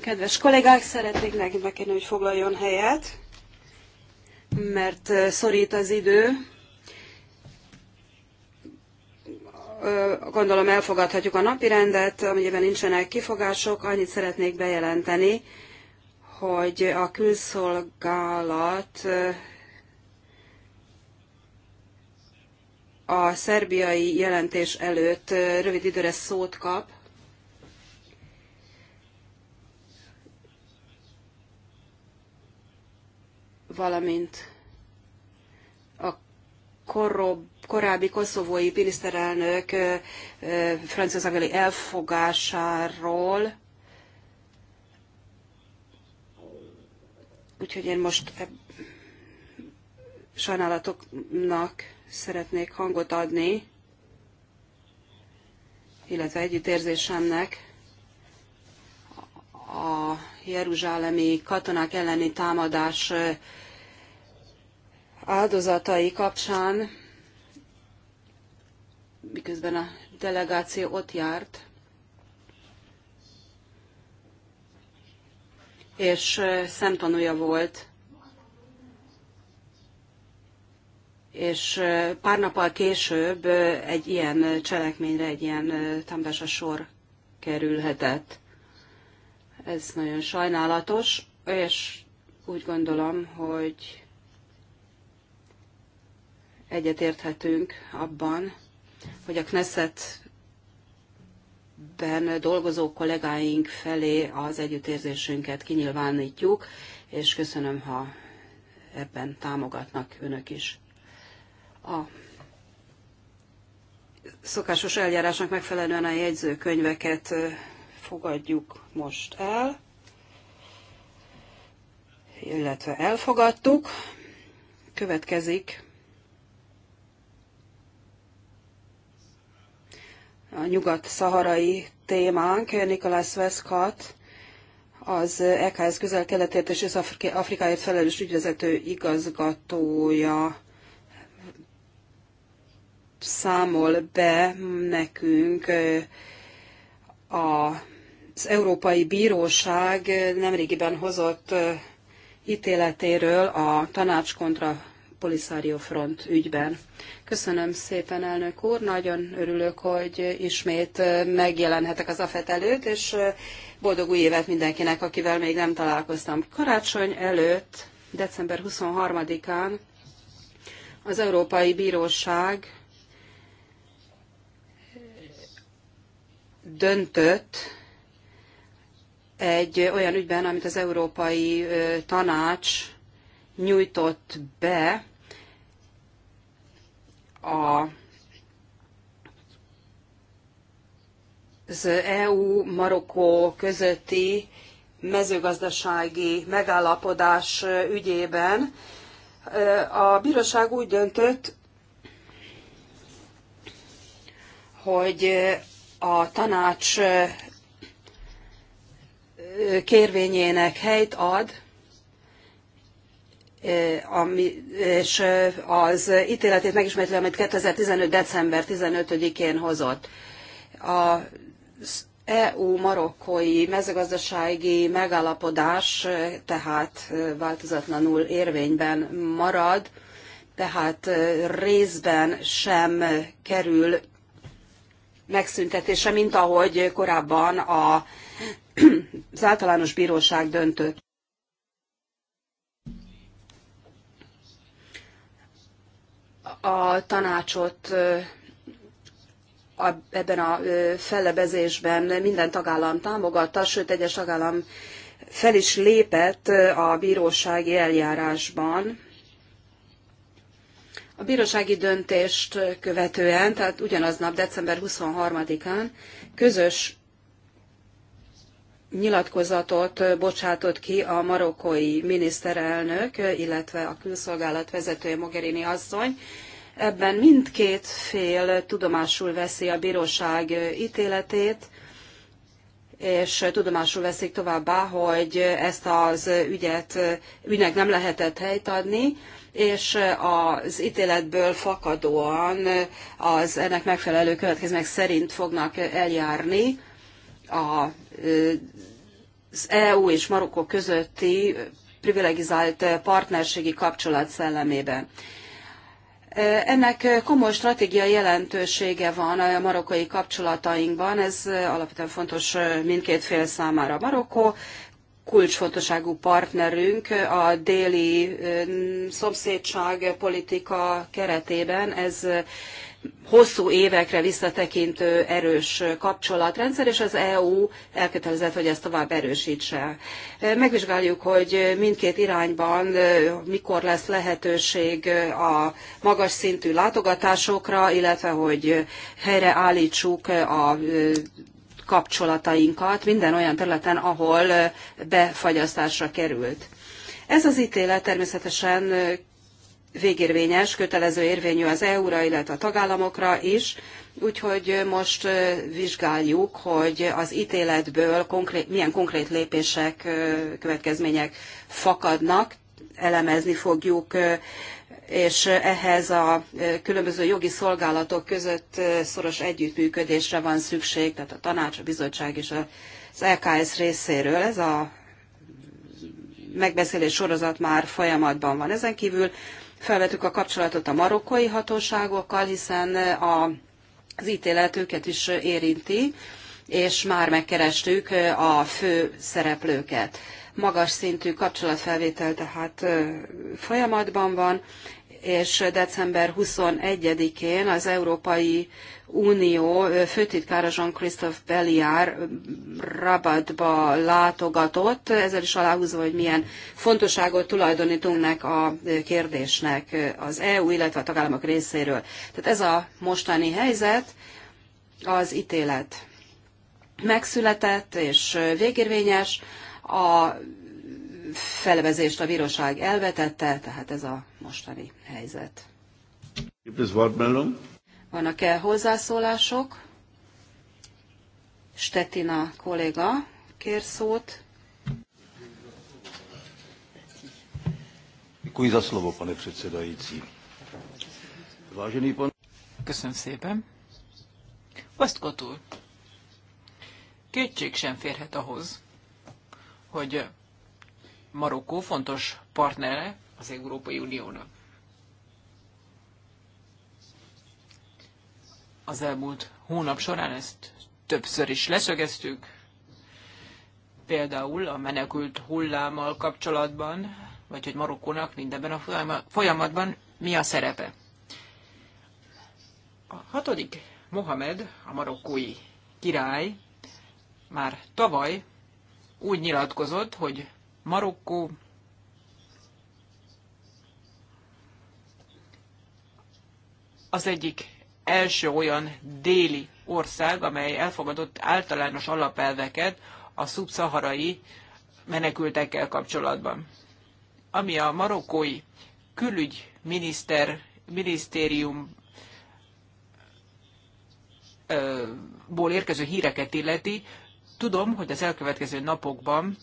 Kedves kollégák, szeretnék neki bekérni, hogy foglaljon helyet, mert szorít az idő. Gondolom elfogadhatjuk a napirendet, amelyben nincsenek kifogások. Annyit szeretnék bejelenteni, hogy a külszolgálat a szerbiai jelentés előtt rövid időre szót kap. Valamint a korábbi koszovói miniszterelnök Francia Zaveli elfogásáról. Úgyhogy én most e- sajnálatoknak szeretnék hangot adni, illetve együttérzésemnek a jeruzsálemi katonák elleni támadás áldozatai kapcsán, miközben a delegáció ott járt, és szemtanúja volt és pár nappal később egy ilyen cselekményre, egy ilyen támadásra sor kerülhetett. Ez nagyon sajnálatos, és úgy gondolom, hogy egyetérthetünk abban, hogy a Ben dolgozó kollégáink felé az együttérzésünket kinyilvánítjuk, és köszönöm, ha ebben támogatnak önök is a szokásos eljárásnak megfelelően a jegyzőkönyveket fogadjuk most el, illetve elfogadtuk. Következik a nyugat-szaharai témánk, Nikolász Veszkat, az EKS közel-keletért és Afrikáért felelős ügyvezető igazgatója számol be nekünk az Európai Bíróság nemrégiben hozott ítéletéről a tanács kontra Polisario Front ügyben. Köszönöm szépen, elnök úr, nagyon örülök, hogy ismét megjelenhetek az AFET előtt, és boldog új évet mindenkinek, akivel még nem találkoztam. Karácsony előtt, december 23-án az Európai Bíróság döntött egy olyan ügyben, amit az Európai Tanács nyújtott be a az EU-Marokkó közötti mezőgazdasági megállapodás ügyében. A bíróság úgy döntött, hogy a tanács kérvényének helyt ad, ami, és az ítéletét megismétli, amit 2015. december 15-én hozott. Az EU-marokkói mezőgazdasági megállapodás tehát változatlanul érvényben marad, tehát részben sem kerül megszüntetése, mint ahogy korábban a, az általános bíróság döntött. A tanácsot ebben a fellebezésben minden tagállam támogatta, sőt egyes tagállam fel is lépett a bírósági eljárásban. A bírósági döntést követően, tehát ugyanaznap, december 23-án közös nyilatkozatot bocsátott ki a marokkói miniszterelnök, illetve a külszolgálat vezetője Mogherini asszony. Ebben mindkét fél tudomásul veszi a bíróság ítéletét, és tudomásul veszik továbbá, hogy ezt az ügyet, ügynek nem lehetett helyt adni és az ítéletből fakadóan az ennek megfelelő következmények szerint fognak eljárni a, az EU és Marokkó közötti privilegizált partnerségi kapcsolat szellemében. Ennek komoly stratégiai jelentősége van a marokkai kapcsolatainkban, ez alapvetően fontos mindkét fél számára. Marokkó kulcsfontosságú partnerünk a déli szomszédság politika keretében. Ez hosszú évekre visszatekintő erős kapcsolatrendszer, és az EU elkötelezett, hogy ezt tovább erősítse. Megvizsgáljuk, hogy mindkét irányban mikor lesz lehetőség a magas szintű látogatásokra, illetve hogy helyreállítsuk a kapcsolatainkat minden olyan területen, ahol befagyasztásra került. Ez az ítélet természetesen végérvényes, kötelező érvényű az EU-ra, illetve a tagállamokra is, úgyhogy most vizsgáljuk, hogy az ítéletből konkrét, milyen konkrét lépések, következmények fakadnak, elemezni fogjuk és ehhez a e, különböző jogi szolgálatok között e, szoros együttműködésre van szükség, tehát a tanács, a bizottság és az LKS részéről. Ez a megbeszélés sorozat már folyamatban van. Ezen kívül felvetük a kapcsolatot a marokkói hatóságokkal, hiszen a, az ítéletüket is érinti, és már megkerestük a fő szereplőket. Magas szintű kapcsolatfelvétel tehát e, folyamatban van, és december 21-én az Európai Unió főtitkára Jean-Christophe Belliard Rabatba látogatott, ezzel is aláhúzva, hogy milyen fontosságot tulajdonítunk nek a kérdésnek az EU, illetve a tagállamok részéről. Tehát ez a mostani helyzet, az ítélet megszületett és végérvényes, a felvezést a bíróság elvetette, tehát ez a mostani helyzet. Vannak-e hozzászólások? Stetina kolléga kér szót. pane Köszönöm szépen. Azt úr, kétség sem férhet ahhoz, hogy Marokkó fontos partnere az Európai Uniónak. Az elmúlt hónap során ezt többször is leszögeztük, például a menekült hullámmal kapcsolatban, vagy hogy Marokkónak mindenben a folyamatban mi a szerepe. A hatodik Mohamed, a marokkói király, már tavaly úgy nyilatkozott, hogy Marokkó, az egyik első olyan déli ország, amely elfogadott általános alapelveket a szubszaharai menekültekkel kapcsolatban. Ami a marokkói külügyminiszter minisztérium ból érkező híreket illeti, tudom, hogy az elkövetkező napokban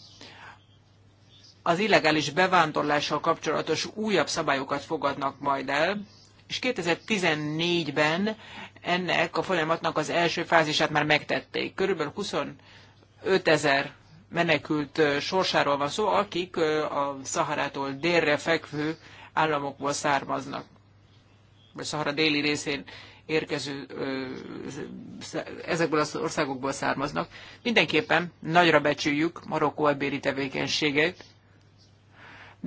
az illegális bevándorlással kapcsolatos újabb szabályokat fogadnak majd el, és 2014-ben ennek a folyamatnak az első fázisát már megtették. Körülbelül 25 ezer menekült sorsáról van szó, akik a Szaharától délre fekvő államokból származnak, vagy Szahara déli részén érkező ezekből az országokból származnak. Mindenképpen nagyra becsüljük Marokkó ebbéri tevékenységét,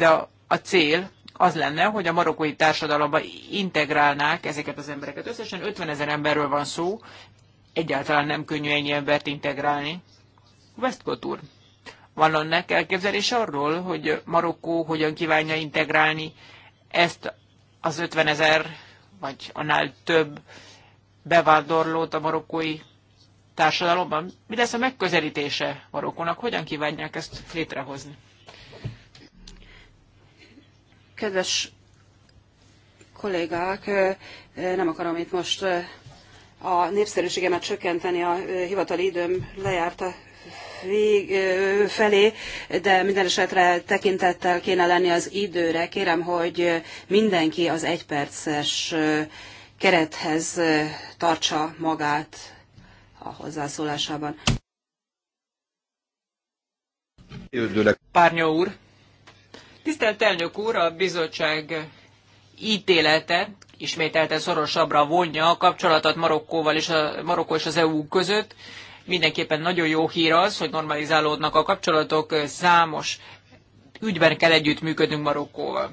de a, a cél az lenne, hogy a marokkói társadalomba integrálnák ezeket az embereket. Összesen 50 ezer emberről van szó, egyáltalán nem könnyű ennyi embert integrálni. Westcott úr, van önnek elképzelés arról, hogy Marokkó hogyan kívánja integrálni ezt az 50 ezer, vagy annál több bevándorlót a marokkói társadalomban? Mi lesz a megközelítése Marokkónak? Hogyan kívánják ezt létrehozni? Kedves kollégák, nem akarom itt most a népszerűségemet csökkenteni, a hivatali időm lejárta vég, felé, de minden esetre tekintettel kéne lenni az időre. Kérem, hogy mindenki az egyperces kerethez tartsa magát a hozzászólásában. Párnya úr! Tisztelt elnök úr, a bizottság ítélete ismételten szorosabbra vonja a kapcsolatot Marokkóval és a, Marokkó és az EU között. Mindenképpen nagyon jó hír az, hogy normalizálódnak a kapcsolatok, számos ügyben kell együttműködnünk Marokkóval.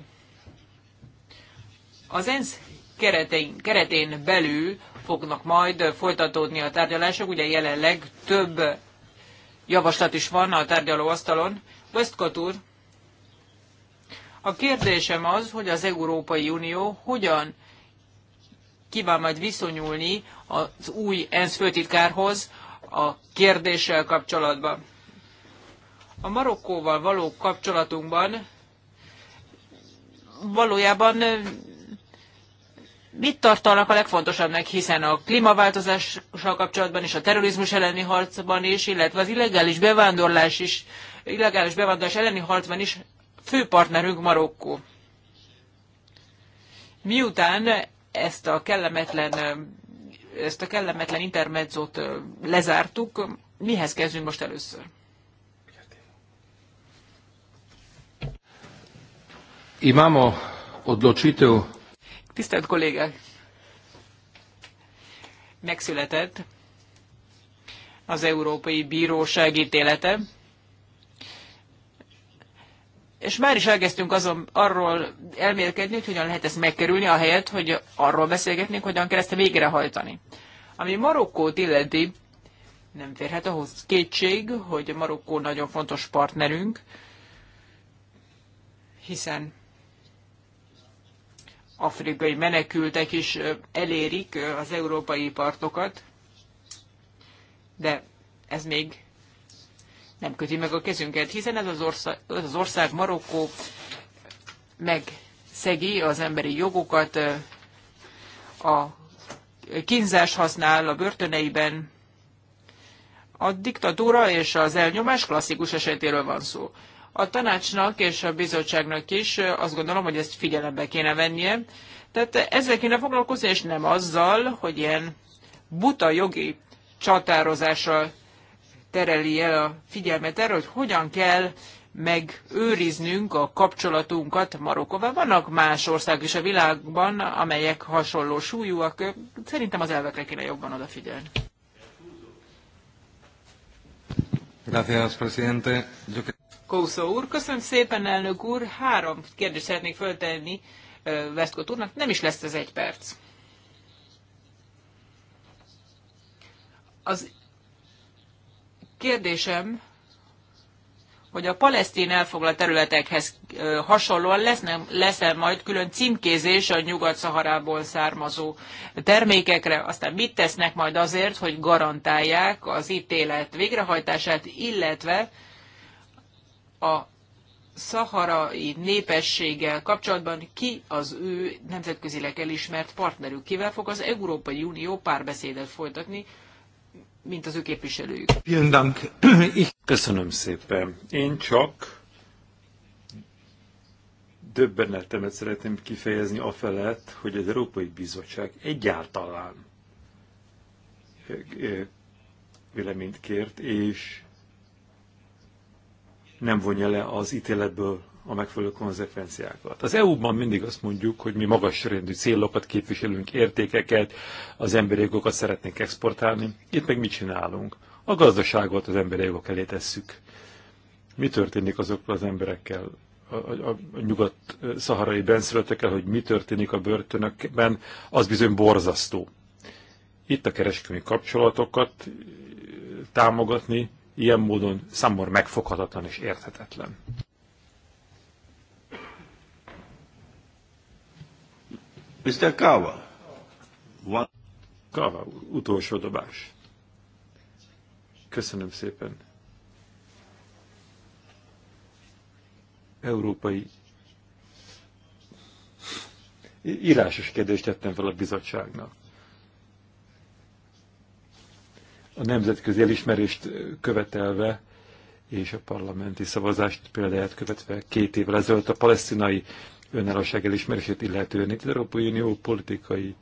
Az ENSZ keretein, keretén belül fognak majd folytatódni a tárgyalások, ugye jelenleg több javaslat is van a tárgyalóasztalon. Westcott úr a kérdésem az, hogy az Európai Unió hogyan kíván majd viszonyulni az új ENSZ főtitkárhoz a kérdéssel kapcsolatban. A Marokkóval való kapcsolatunkban valójában mit tartalnak a legfontosabbnak, hiszen a klímaváltozással kapcsolatban is, a terrorizmus elleni harcban is, illetve az illegális bevándorlás is, illegális bevándorlás elleni harcban is fő partnerünk Marokkó. Miután ezt a kellemetlen, ezt a kellemetlen intermedzót lezártuk, mihez kezdünk most először? Imamo odločitev. Tisztelt kollégák! Megszületett az Európai Bíróság ítélete és már is elkezdtünk azon arról elmélkedni, hogy hogyan lehet ezt megkerülni, ahelyett, hogy arról beszélgetnénk, hogyan kell ezt végrehajtani. Ami Marokkót illeti, nem férhet ahhoz kétség, hogy Marokkó nagyon fontos partnerünk, hiszen afrikai menekültek is elérik az európai partokat, de ez még nem köti meg a kezünket, hiszen ez az ország, ez az ország Marokkó megszegi az emberi jogokat, a kínzás használ a börtöneiben. A diktatúra és az elnyomás klasszikus esetéről van szó. A tanácsnak és a bizottságnak is azt gondolom, hogy ezt figyelembe kéne vennie. Tehát ezzel kéne foglalkozni, és nem azzal, hogy ilyen buta jogi csatározással tereli el a figyelmet erre, hogy hogyan kell megőriznünk a kapcsolatunkat Marokkóval. Vannak más ország is a világban, amelyek hasonló súlyúak. Szerintem az elvekre kéne jobban odafigyelni. Gracias, presidente. Yo... Kószó úr, köszönöm szépen, elnök úr. Három kérdést szeretnék föltenni Westcott úrnak. Nem is lesz ez egy perc. Az Kérdésem, hogy a palesztin elfoglalt területekhez hasonlóan lesz, nem, lesz -e majd külön címkézés a Nyugat-Szaharából származó termékekre, aztán mit tesznek majd azért, hogy garantálják az ítélet végrehajtását, illetve a szaharai népességgel kapcsolatban ki az ő nemzetközileg elismert partnerük, kivel fog az Európai Unió párbeszédet folytatni, mint az ő képviselőjük. Köszönöm szépen. Én csak döbbenetemet szeretném kifejezni afelett, hogy az Európai Bizottság egyáltalán véleményt kért, és nem vonja le az ítéletből a megfelelő konzekvenciákat. Az EU-ban mindig azt mondjuk, hogy mi magas rendű célokat képviselünk, értékeket, az emberi jogokat szeretnénk exportálni. Itt meg mit csinálunk? A gazdaságot az emberi jogok elé tesszük. Mi történik azokkal az emberekkel, a, a, a nyugat-szaharai benszülöttekkel, hogy mi történik a börtönökben, az bizony borzasztó. Itt a kereskedelmi kapcsolatokat támogatni ilyen módon számomra megfoghatatlan és érthetetlen. Mr. Kawa. One... Kawa, utolsó dobás. Köszönöm szépen. Európai írásos kérdést tettem fel a bizottságnak. A nemzetközi elismerést követelve és a parlamenti szavazást példáját követve két évvel ezelőtt a palesztinai önállóság elismerését illetően. Itt az Európai Unió politikai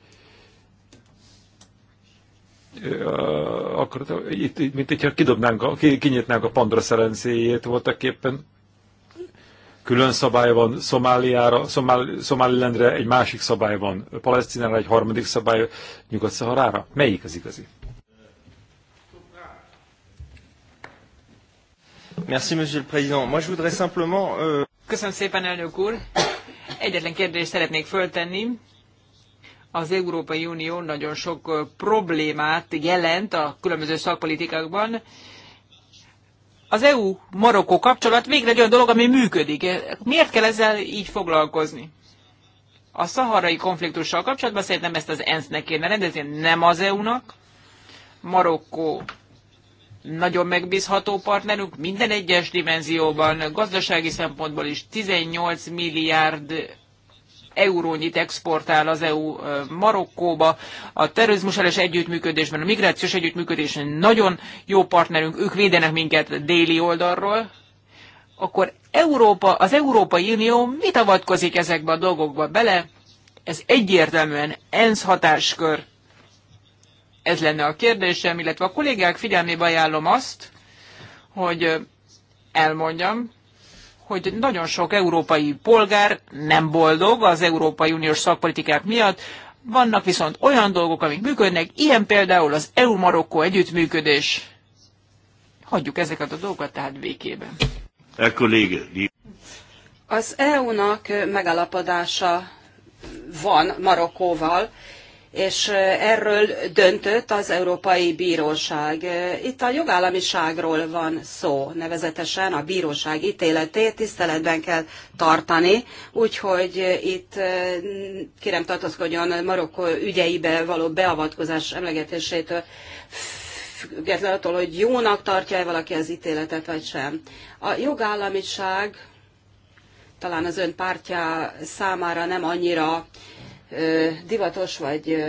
akkor, itt, mint hogyha kidobnánk, kinyitnánk a Pandora szerencéjét voltak éppen. Külön szabály van Szomáliára, Szomál, Szomálilendre egy másik szabály van, Palesztinára egy harmadik szabály, Nyugat-Szaharára. Melyik az igazi? Merci, Monsieur le Président. Moi, je voudrais simplement... Euh... Köszönöm szépen, elnök úr. Egyetlen kérdést szeretnék föltenni. Az Európai Unió nagyon sok problémát jelent a különböző szakpolitikákban. Az EU-Marokkó kapcsolat végre egy olyan dolog, ami működik. Miért kell ezzel így foglalkozni? A szaharai konfliktussal kapcsolatban szerintem ezt az ENSZ-nek kéne rendezni, nem az EU-nak. Marokkó nagyon megbízható partnerünk minden egyes dimenzióban, gazdasági szempontból is 18 milliárd eurónyit exportál az EU Marokkóba. A terrorizmus ellenes együttműködésben, a migrációs együttműködésben nagyon jó partnerünk, ők védenek minket déli oldalról. Akkor Európa, az Európai Unió mit avatkozik ezekbe a dolgokba bele? Ez egyértelműen ENSZ hatáskör. Ez lenne a kérdésem, illetve a kollégák figyelmébe ajánlom azt, hogy elmondjam, hogy nagyon sok európai polgár nem boldog az Európai Uniós szakpolitikák miatt, vannak viszont olyan dolgok, amik működnek, ilyen például az EU-Marokkó együttműködés. Hagyjuk ezeket a dolgokat tehát békében. Az EU-nak megalapodása van Marokkóval, és erről döntött az Európai Bíróság. Itt a jogállamiságról van szó, nevezetesen a bíróság ítéletét tiszteletben kell tartani, úgyhogy itt kérem tartozkodjon Marokkó ügyeibe való beavatkozás emlegetésétől függetlenül attól, hogy jónak tartja-e valaki az ítéletet, vagy sem. A jogállamiság talán az ön pártja számára nem annyira divatos vagy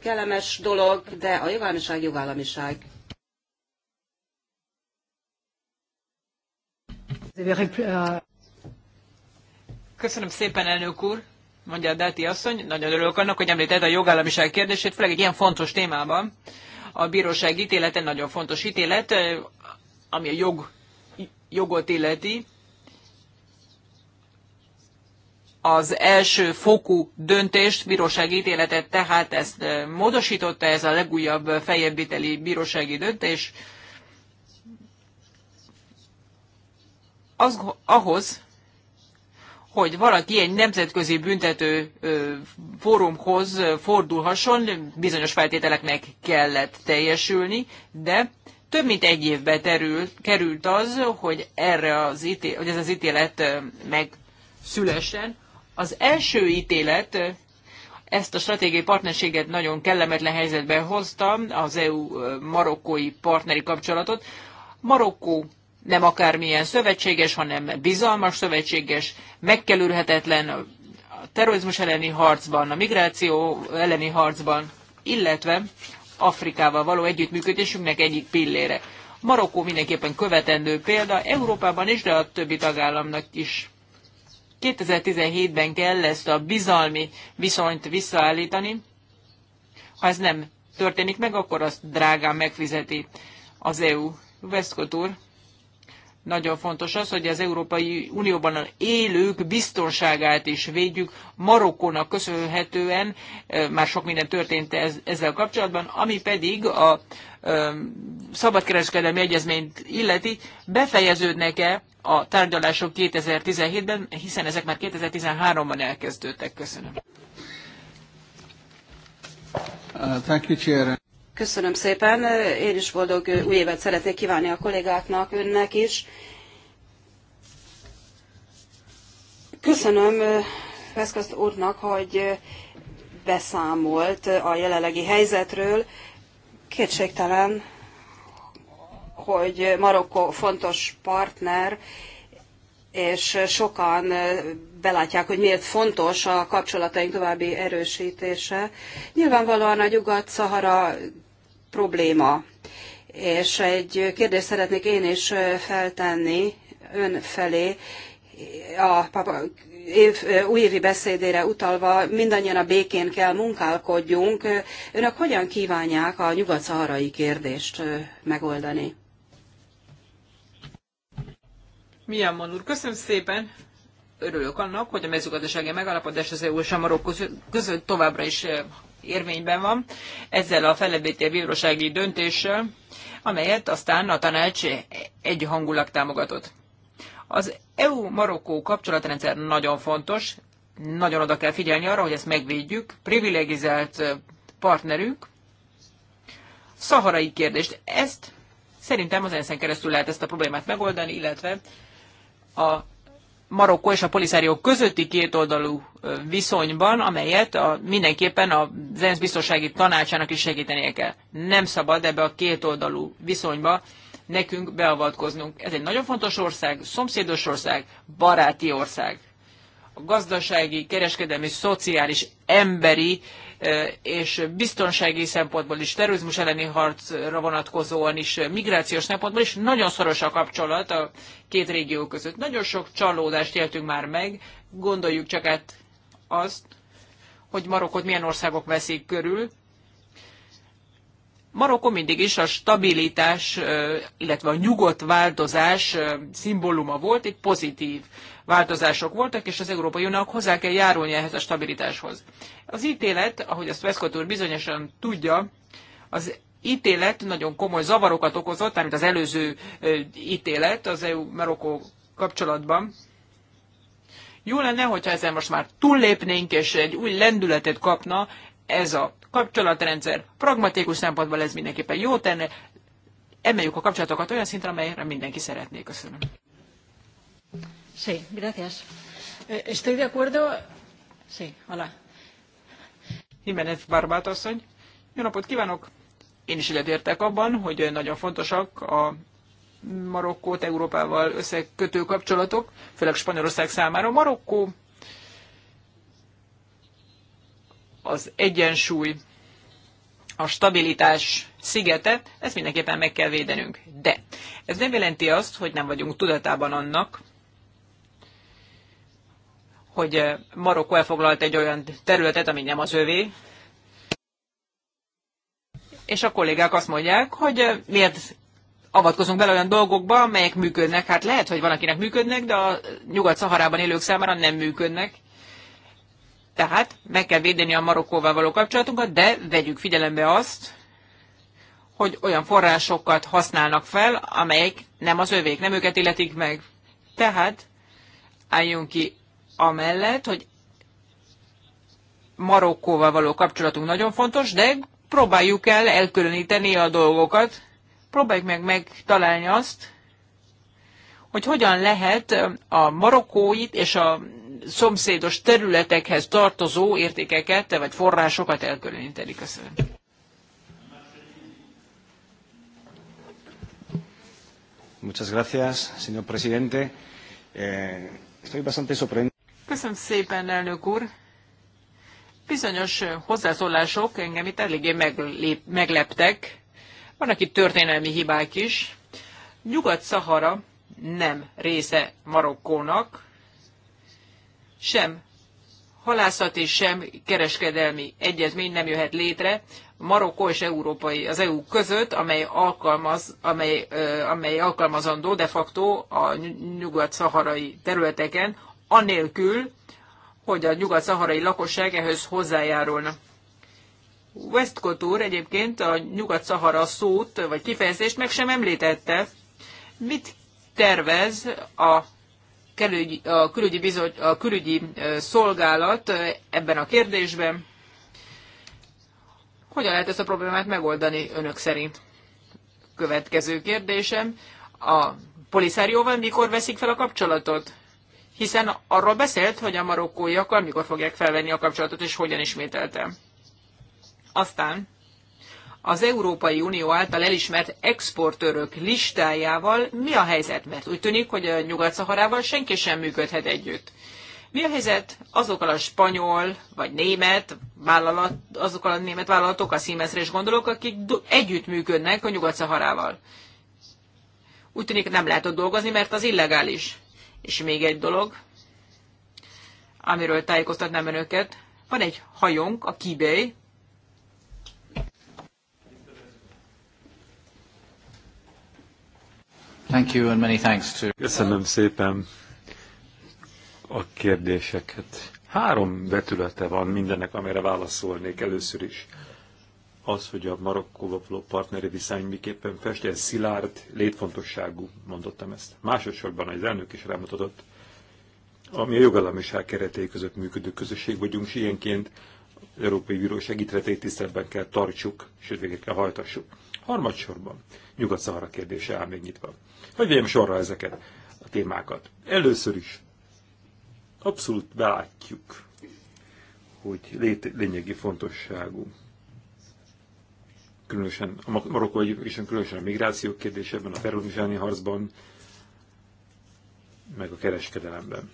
kellemes dolog, de a jogállamiság jogállamiság. Köszönöm szépen, elnök úr, mondja a Dáti asszony. Nagyon örülök annak, hogy említed a jogállamiság kérdését, főleg egy ilyen fontos témában. A bíróság ítélete nagyon fontos ítélet, ami a jog, jogot illeti. az első fokú döntést, bírósági ítéletet, tehát ezt módosította ez a legújabb fejebbíteli bírósági döntés. Az, ahhoz, hogy valaki egy nemzetközi büntető fórumhoz fordulhasson, bizonyos feltételeknek kellett teljesülni, de több mint egy évbe terül, került az, hogy erre az ítélet, hogy ez az ítélet megszülessen. Az első ítélet ezt a stratégiai partnerséget nagyon kellemetlen helyzetbe hozta, az EU-marokkói partneri kapcsolatot. Marokkó nem akármilyen szövetséges, hanem bizalmas szövetséges, megkelülhetetlen a terrorizmus elleni harcban, a migráció elleni harcban, illetve Afrikával való együttműködésünknek egyik pillére. Marokkó mindenképpen követendő példa Európában is, de a többi tagállamnak is 2017-ben kell ezt a bizalmi viszonyt visszaállítani. Ha ez nem történik meg, akkor azt drágán megfizeti az EU. Veszkot úr, nagyon fontos az, hogy az Európai Unióban élők biztonságát is védjük. Marokkónak köszönhetően már sok minden történt ez, ezzel kapcsolatban, ami pedig a ö, szabadkereskedelmi egyezményt illeti, befejeződnek-e a tárgyalások 2017-ben, hiszen ezek már 2013-ban elkezdődtek. Köszönöm. Uh, Köszönöm szépen. Én is boldog új évet szeretnék kívánni a kollégáknak, önnek is. Köszönöm Veszkaszt uh, úrnak, hogy uh, beszámolt a jelenlegi helyzetről. Kétségtelen, hogy Marokkó fontos partner, és sokan eh, belátják, hogy miért fontos a kapcsolataink további erősítése. Nyilvánvalóan a Nyugat-Szahara probléma. És egy kérdést szeretnék én is eh, feltenni ön felé, a papa év, eh, újévi beszédére utalva mindannyian a békén kell munkálkodjunk. Önök hogyan kívánják a nyugat-szaharai kérdést megoldani? Milyen úr, köszönöm szépen. Örülök annak, hogy a mezőgazdasági megállapodás az EU és a Marokkó között továbbra is eh, érvényben van, ezzel a felebétér bírósági döntéssel, amelyet aztán a tanács egyhangulag támogatott. Az EU-Marokkó kapcsolatrendszer nagyon fontos, nagyon oda kell figyelni arra, hogy ezt megvédjük. Privilegizált eh, partnerünk. Szaharai kérdést. Ezt szerintem az ENSZ-en keresztül lehet ezt a problémát megoldani, illetve a Marokkó és a Poliszárió közötti kétoldalú viszonyban, amelyet a, mindenképpen a ENSZ biztonsági tanácsának is segítenie kell. Nem szabad ebbe a kétoldalú viszonyba nekünk beavatkoznunk. Ez egy nagyon fontos ország, szomszédos ország, baráti ország. A gazdasági, kereskedelmi, szociális, emberi és biztonsági szempontból is, terrorizmus elleni harcra vonatkozóan is, migrációs szempontból is nagyon szoros a kapcsolat a két régió között. Nagyon sok csalódást éltünk már meg, gondoljuk csak át azt, hogy Marokkot milyen országok veszik körül, Marokko mindig is a stabilitás, illetve a nyugodt változás szimbóluma volt, itt pozitív változások voltak, és az Európai Uniónak hozzá kell járulni ehhez a stabilitáshoz. Az ítélet, ahogy azt Veszkot úr bizonyosan tudja, az ítélet nagyon komoly zavarokat okozott, amit az előző ítélet az eu marokko kapcsolatban. Jó lenne, hogyha ezzel most már túllépnénk, és egy új lendületet kapna ez a kapcsolatrendszer. Pragmatikus szempontból ez mindenképpen jó tenne. Emeljük a kapcsolatokat olyan szintre, amelyre mindenki szeretné. Köszönöm. Sí, gracias. Eh, estoy de acuerdo. Sí, hola. Jiménez Barbát asszony. Jó napot kívánok! Én is egyetértek abban, hogy nagyon fontosak a Marokkót Európával összekötő kapcsolatok, főleg Spanyolország számára. Marokkó az egyensúly, a stabilitás szigete, ezt mindenképpen meg kell védenünk. De ez nem jelenti azt, hogy nem vagyunk tudatában annak, hogy eh, Marokko elfoglalt egy olyan területet, ami nem az övé, és a kollégák azt mondják, hogy eh, miért avatkozunk bele olyan dolgokba, amelyek működnek. Hát lehet, hogy van, akinek működnek, de a Nyugat-Szaharában élők számára nem működnek. Tehát meg kell védeni a Marokkóval való kapcsolatunkat, de vegyük figyelembe azt, hogy olyan forrásokat használnak fel, amelyek nem az övék, nem őket illetik meg. Tehát álljunk ki amellett, hogy Marokkóval való kapcsolatunk nagyon fontos, de próbáljuk el elkülöníteni a dolgokat, próbáljuk meg megtalálni azt, hogy hogyan lehet a marokkóit és a szomszédos területekhez tartozó értékeket, vagy forrásokat elkülöníteni. Köszönöm. Muchas gracias, señor presidente. Eh, estoy bastante sorprendido. Köszönöm szépen, elnök úr. Bizonyos hozzászólások engem itt eléggé megleptek. Vannak itt történelmi hibák is. Nyugat-Szahara nem része Marokkónak, sem halászati, sem kereskedelmi egyezmény nem jöhet létre Marokkó és Európai, az EU között, amely, alkalmaz, amely, amely alkalmazandó de facto a nyugat-szaharai területeken, anélkül, hogy a nyugat-szaharai lakosság ehhez hozzájárulna. Westcott úr egyébként a nyugat-szahara szót, vagy kifejezést meg sem említette. Mit tervez a külügyi, a, külügyi bizot, a külügyi szolgálat ebben a kérdésben. Hogyan lehet ezt a problémát megoldani önök szerint? Következő kérdésem. A poliszárióval mikor veszik fel a kapcsolatot? Hiszen arról beszélt, hogy a marokkóiakkal mikor fogják felvenni a kapcsolatot, és hogyan ismételtem. Aztán az Európai Unió által elismert exportőrök listájával mi a helyzet? Mert úgy tűnik, hogy a Nyugat-Szaharával senki sem működhet együtt. Mi a helyzet azokkal a spanyol vagy német vállalat, azokkal a német vállalatok, a Siemensre is gondolok, akik együttműködnek a Nyugat-Szaharával? Úgy tűnik, nem lehet ott dolgozni, mert az illegális. És még egy dolog, amiről tájékoztatnám önöket, van egy hajónk, a Kibély, Köszönöm szépen a kérdéseket. Három vetülete van mindennek, amire válaszolnék először is. Az, hogy a Marokkóba partneri viszony miképpen fest, ez szilárd, létfontosságú, mondottam ezt. Másodszorban az elnök is rámutatott, ami a jogállamiság keretei között működő közösség vagyunk, és ilyenként Európai Bíró segítretét tiszteletben kell tartsuk, sőt végre kell hajtassuk. Harmadsorban Nyugat-Szahara kérdése áll még nyitva. Hogy vegyem sorra ezeket a témákat. Először is abszolút belátjuk, hogy lét, lényegi fontosságú. Különösen a Marokkó egyébként különösen a migráció kérdésében, a terrorizálni harcban, meg a kereskedelemben.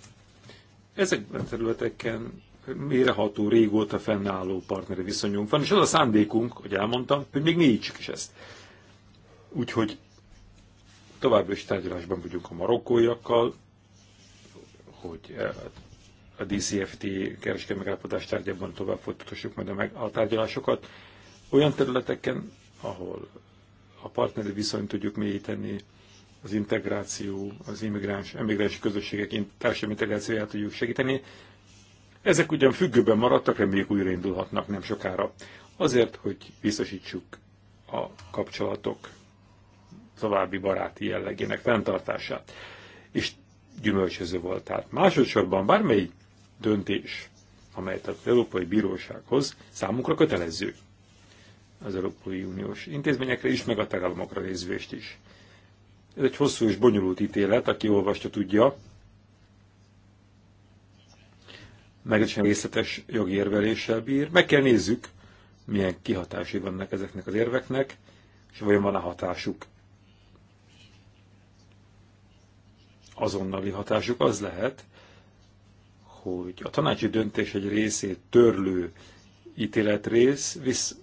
Ezekben a területeken méreható, régóta fennálló partneri viszonyunk van, és az a szándékunk, hogy elmondtam, hogy még mélyítsük is ezt. Úgyhogy továbbra is tárgyalásban vagyunk a marokkóiakkal, hogy a DCFT kereskedelmi megállapodás tárgyában tovább folytatjuk, majd a, meg, a tárgyalásokat. Olyan területeken, ahol a partneri viszonyt tudjuk mélyíteni, az integráció, az immigráns, emigráns közösségek társadalmi integrációját tudjuk segíteni, ezek ugyan függőben maradtak, reméljük újraindulhatnak nem sokára. Azért, hogy biztosítsuk a kapcsolatok további baráti jellegének fenntartását. És gyümölcsöző volt. Tehát másodszorban bármely döntés, amelyet az Európai Bírósághoz számunkra kötelező az Európai Uniós intézményekre is, meg a tagállamokra nézvést is. Ez egy hosszú és bonyolult ítélet, aki olvasta tudja, meglehetősen részletes jogi érveléssel bír. Meg kell nézzük, milyen kihatásai vannak ezeknek az érveknek, és vajon van a hatásuk. Azonnali hatásuk az lehet, hogy a tanácsi döntés egy részét törlő ítéletrész visz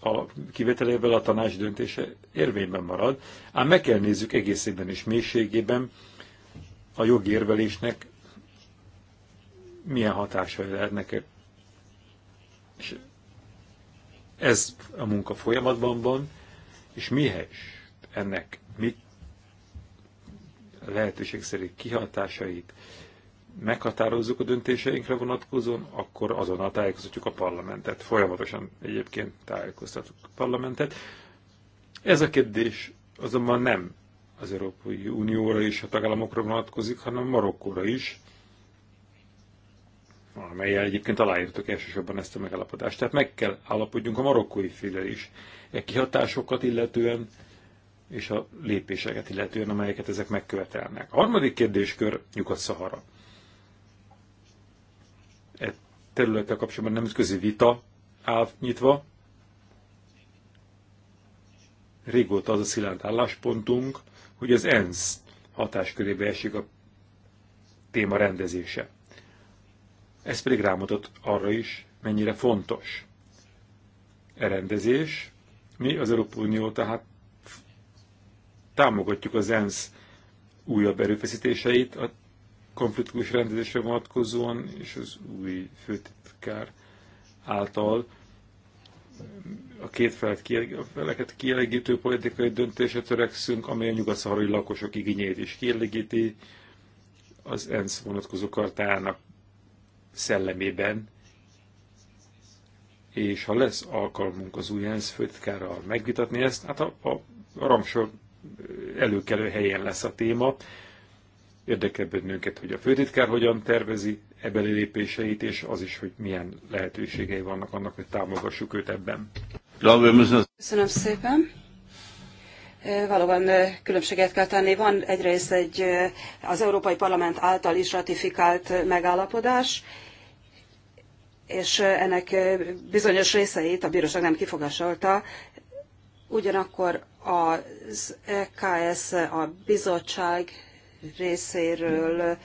a kivételével a tanács döntése érvényben marad, ám meg kell nézzük egészében és mélységében a jogérvelésnek milyen hatásai lehetnek. És ez a munka folyamatban van, és mihez ennek mit lehetőség szerint kihatásait meghatározzuk a döntéseinkre vonatkozóan, akkor azonnal tájékoztatjuk a parlamentet. Folyamatosan egyébként tájékoztatjuk a parlamentet. Ez a kérdés azonban nem az Európai Unióra és a tagállamokra vonatkozik, hanem Marokkóra is, amelyel egyébként aláírtuk elsősorban ezt a megállapodást. Tehát meg kell állapodjunk a marokkói félel is, e kihatásokat illetően, és a lépéseket illetően, amelyeket ezek megkövetelnek. A harmadik kérdéskör Nyugat-Szahara. E területtel kapcsolatban nemzetközi vita áll nyitva. Régóta az a szilárd álláspontunk, hogy az ENSZ hatáskörébe esik a téma rendezése. Ez pedig rámutat arra is, mennyire fontos e rendezés. Mi az Európai Unió tehát támogatjuk az ENSZ újabb erőfeszítéseit a konfliktus rendezésre vonatkozóan, és az új főtitkár által a két feleket kielégítő politikai döntésre törekszünk, amely a nyugat lakosok igényét is kielégíti, az ENSZ vonatkozó kartának szellemében, és ha lesz alkalmunk az új ENSZ főtitkárral megvitatni ezt, hát a, a Ramsor előkelő helyen lesz a téma. Érdekel bennünket, hogy a főtitkár hogyan tervezi ebeli lépéseit, és az is, hogy milyen lehetőségei vannak annak, hogy támogassuk őt ebben. Köszönöm szépen. Valóban különbséget kell tenni. Van egyrészt egy az Európai Parlament által is ratifikált megállapodás, és ennek bizonyos részeit a bíróság nem kifogásolta, ugyanakkor az EKS a bizottság részéről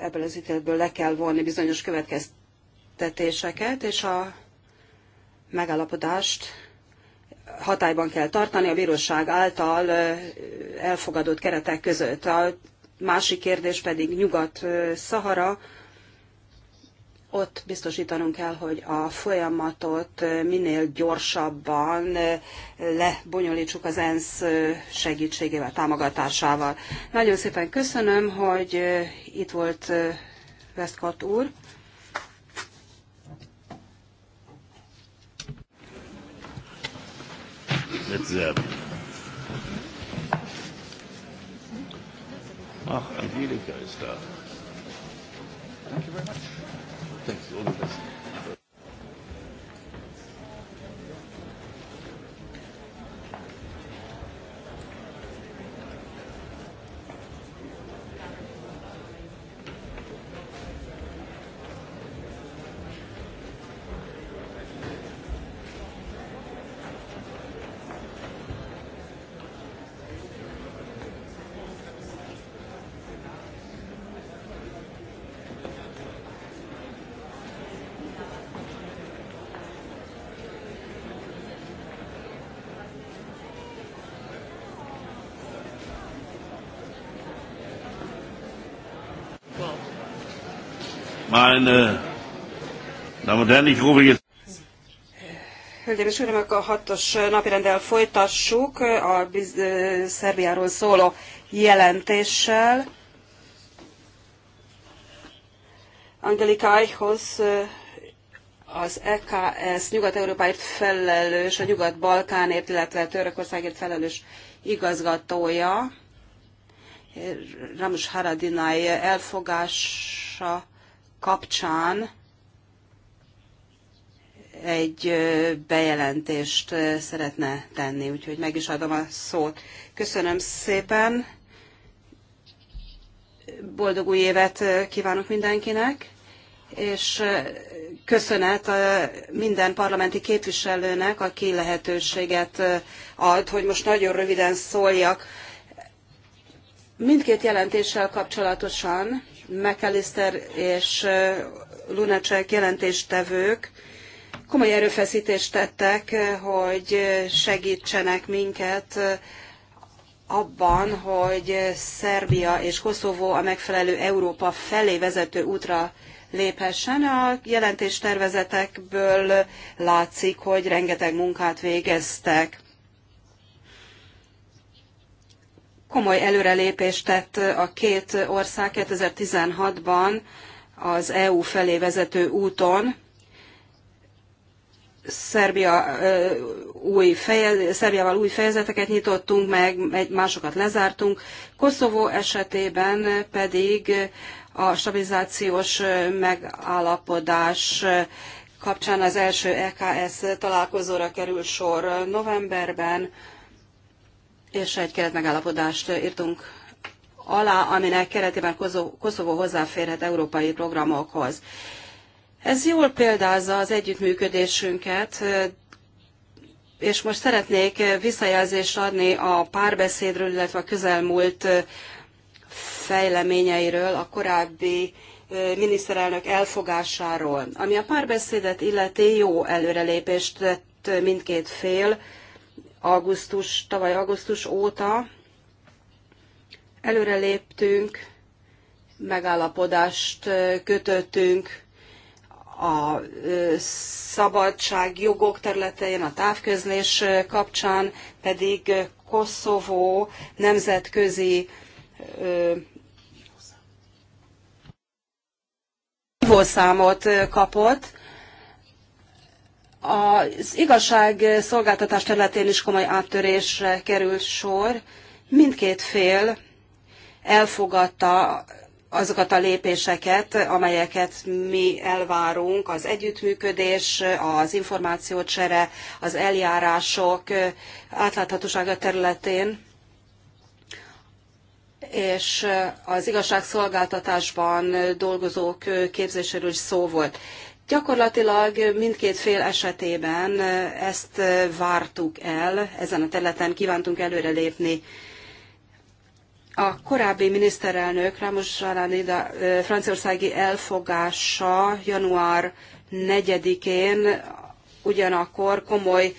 ebből az ítéletből le kell vonni bizonyos következtetéseket, és a megállapodást hatályban kell tartani a bíróság által elfogadott keretek között. A másik kérdés pedig Nyugat-Szahara, ott biztosítanunk kell, hogy a folyamatot minél gyorsabban lebonyolítsuk az ENSZ segítségével, támogatásával. Nagyon szépen köszönöm, hogy itt volt Westcott úr. Ach, Angelika ist da. Thank you very much best. meine Damen und Herren, ich rufe jetzt. Hölgyeim és Uraim, a hatos napirendel folytassuk a Szerbiáról szóló jelentéssel. Angelika Eichhoz az EKS Nyugat-Európáért felelős, a Nyugat-Balkánért, illetve Törökországért felelős igazgatója, Ramos Haradinai elfogása kapcsán egy bejelentést szeretne tenni, úgyhogy meg is adom a szót. Köszönöm szépen, boldog új évet kívánok mindenkinek, és köszönet minden parlamenti képviselőnek, aki lehetőséget ad, hogy most nagyon röviden szóljak. Mindkét jelentéssel kapcsolatosan McAllister és Lunacek jelentéstevők komoly erőfeszítést tettek, hogy segítsenek minket abban, hogy Szerbia és Koszovó a megfelelő Európa felé vezető útra léphessen. A jelentéstervezetekből látszik, hogy rengeteg munkát végeztek. komoly előrelépést tett a két ország 2016-ban az EU felé vezető úton. Szerbia, új feje, Szerbiával új fejezeteket nyitottunk meg, másokat lezártunk. Koszovó esetében pedig a stabilizációs megállapodás kapcsán az első EKS találkozóra kerül sor novemberben és egy keretmegállapodást írtunk alá, aminek keretében Koszovó hozzáférhet európai programokhoz. Ez jól példázza az együttműködésünket, és most szeretnék visszajelzést adni a párbeszédről, illetve a közelmúlt fejleményeiről, a korábbi miniszterelnök elfogásáról. Ami a párbeszédet illeti, jó előrelépést tett mindkét fél, augusztus, tavaly augusztus óta előre léptünk, megállapodást kötöttünk a szabadságjogok területén, a távközlés kapcsán pedig Koszovó nemzetközi hívószámot kapott, az igazságszolgáltatás területén is komoly áttörésre került sor. Mindkét fél elfogadta azokat a lépéseket, amelyeket mi elvárunk, az együttműködés, az információcsere, az eljárások átláthatósága területén, és az igazságszolgáltatásban dolgozók képzéséről is szó volt. Gyakorlatilag mindkét fél esetében ezt vártuk el, ezen a területen kívántunk előrelépni. A korábbi miniszterelnök Ramos Zsalanida franciaországi elfogása január 4-én ugyanakkor komoly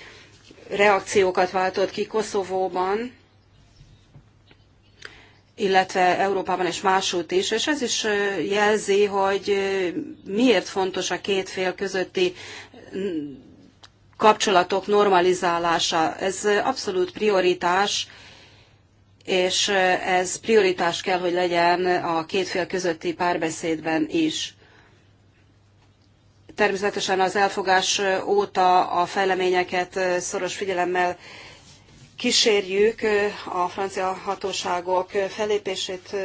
reakciókat váltott ki Koszovóban, illetve Európában és máshogy is, és ez is jelzi, hogy miért fontos a két fél közötti kapcsolatok normalizálása. Ez abszolút prioritás, és ez prioritás kell, hogy legyen a két fél közötti párbeszédben is. Természetesen az elfogás óta a fejleményeket szoros figyelemmel kísérjük a francia hatóságok felépését,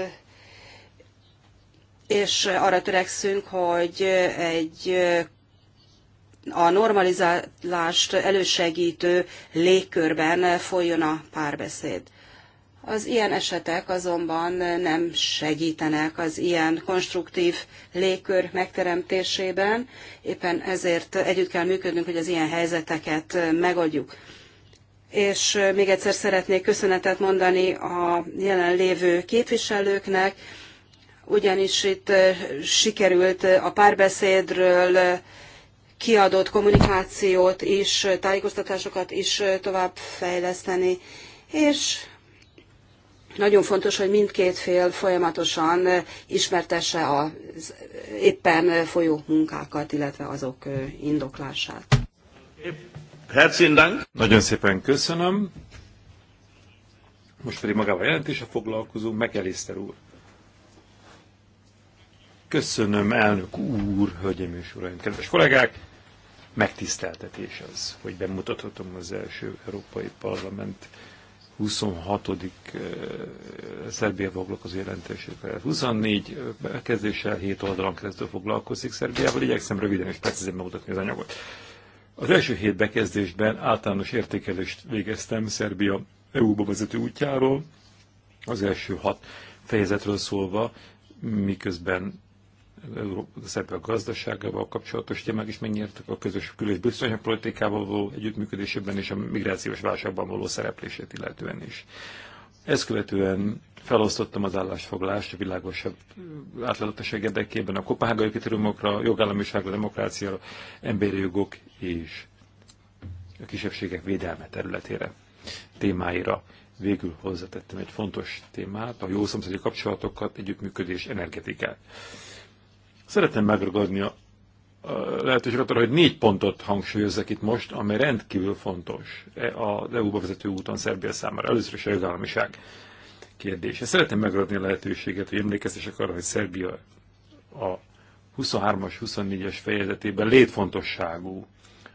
és arra törekszünk, hogy egy a normalizálást elősegítő légkörben folyjon a párbeszéd. Az ilyen esetek azonban nem segítenek az ilyen konstruktív légkör megteremtésében, éppen ezért együtt kell működnünk, hogy az ilyen helyzeteket megoldjuk és még egyszer szeretnék köszönetet mondani a jelenlévő képviselőknek, ugyanis itt sikerült a párbeszédről kiadott kommunikációt is, tájékoztatásokat is továbbfejleszteni, és nagyon fontos, hogy mindkét fél folyamatosan ismertesse az éppen folyó munkákat, illetve azok indoklását. Épp. Herzlichen Dank. Nagyon szépen köszönöm. Most pedig magával jelentése foglalkozó McAllister úr. Köszönöm, elnök úr, hölgyeim és uraim, kedves kollégák! Megtiszteltetés az, hogy bemutathatom az első Európai Parlament 26. Eh, Szerbia foglalkozó jelentésével. 24 eh, bekezdéssel 7 oldalon keresztül foglalkozik Szerbiával. Igyekszem röviden és precízen megmutatni az anyagot. Az első hét bekezdésben általános értékelést végeztem Szerbia EU-ba vezető útjáról, az első hat fejezetről szólva, miközben a szerbia gazdaságával kapcsolatos témák is megnyertek a közös külös biztonságpolitikával való együttműködésében és a migrációs válságban való szereplését illetően is. Ezt követően felosztottam az állásfoglalást a világosabb átláthatóság érdekében a kopenhágai kritériumokra, jogállamiságra, demokráciára, emberi jogok és a kisebbségek védelme területére, témáira. Végül hozzátettem egy fontos témát, a jó szomszédi kapcsolatokat, együttműködés, energetikát. Szeretném megragadni a lehetőséget arra, hogy négy pontot hangsúlyozzak itt most, amely rendkívül fontos e az EU-ba vezető úton Szerbia számára. Először is a jogállamiság kérdése. Szeretném megadni a lehetőséget, hogy emlékeztesek arra, hogy Szerbia a 23-as, 24-es fejezetében létfontosságú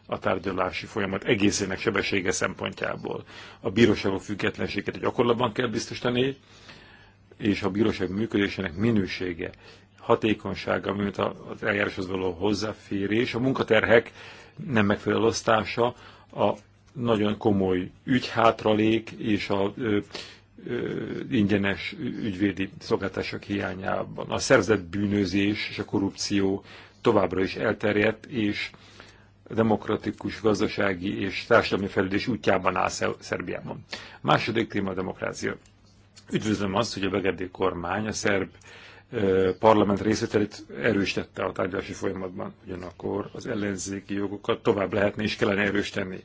a tárgyalási folyamat egészének sebessége szempontjából. A bíróságok függetlenséget egy gyakorlatban kell biztosítani, és a bíróság működésének minősége hatékonysága, mint az eljáráshoz való hozzáférés, a munkaterhek nem megfelelő osztása, a nagyon komoly ügyhátralék és a ö, ö, ingyenes ügyvédi szolgáltások hiányában. A szerzett bűnözés és a korrupció továbbra is elterjedt, és demokratikus gazdasági és társadalmi fejlődés útjában áll Szerbiában. A második téma a demokrácia. Üdvözlöm azt, hogy a Begedé kormány a szerb parlament részvételét erősítette a tárgyalási folyamatban. Ugyanakkor az ellenzéki jogokat tovább lehetne és kellene erősíteni.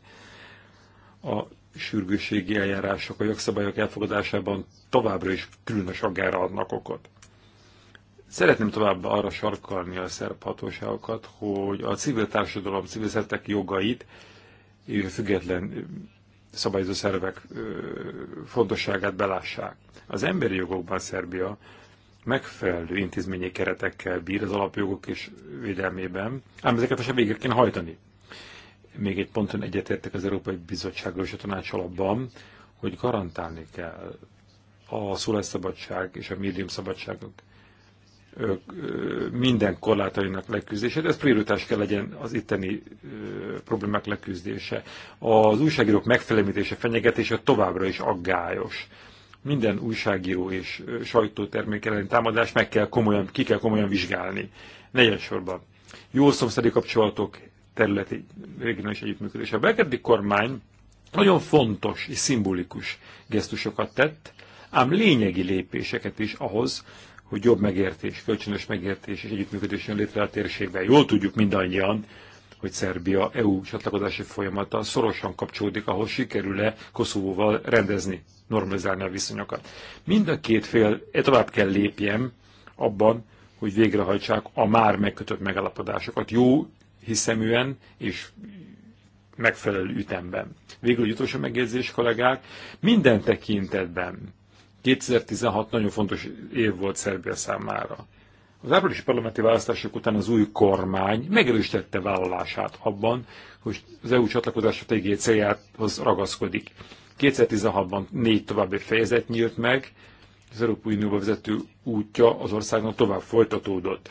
A sürgősségi eljárások a jogszabályok elfogadásában továbbra is különös aggára adnak okot. Szeretném tovább arra sarkalni a szerb hatóságokat, hogy a civil társadalom, civil szertek jogait és a független szabályozó szervek fontosságát belássák. Az emberi jogokban Szerbia megfelelő intézményi keretekkel bír az alapjogok és védelmében, ám ezeket a végre kéne hajtani. Még egy ponton egyetértek az Európai Bizottsággal és a tanács alapban, hogy garantálni kell a szólásszabadság és a médiumszabadságok minden korlátainak leküzdése, de ez prioritás kell legyen az itteni problémák leküzdése. Az újságírók megfelelmítése, fenyegetése továbbra is aggályos minden újságíró és sajtótermék elleni támadást meg kell komolyan, ki kell komolyan vizsgálni. Negyedsorban. Jó szomszédi kapcsolatok területi regionális együttműködés. A belgrádi kormány nagyon fontos és szimbolikus gesztusokat tett, ám lényegi lépéseket is ahhoz, hogy jobb megértés, kölcsönös megértés és együttműködés jön létre a térségben. Jól tudjuk mindannyian, hogy Szerbia EU csatlakozási folyamata szorosan kapcsolódik, ahol sikerül-e Koszovóval rendezni, normalizálni a viszonyokat. Mind a két fél e tovább kell lépjem abban, hogy végrehajtsák a már megkötött megállapodásokat jó hiszeműen és megfelelő ütemben. Végül egy utolsó megjegyzés, kollégák, minden tekintetben 2016 nagyon fontos év volt Szerbia számára. Az áprilisi parlamenti választások után az új kormány megerősítette vállalását abban, hogy az EU csatlakozás stratégiai céljához ragaszkodik. 2016-ban négy további fejezet nyílt meg, az Európai Unióba vezető útja az országnak tovább folytatódott.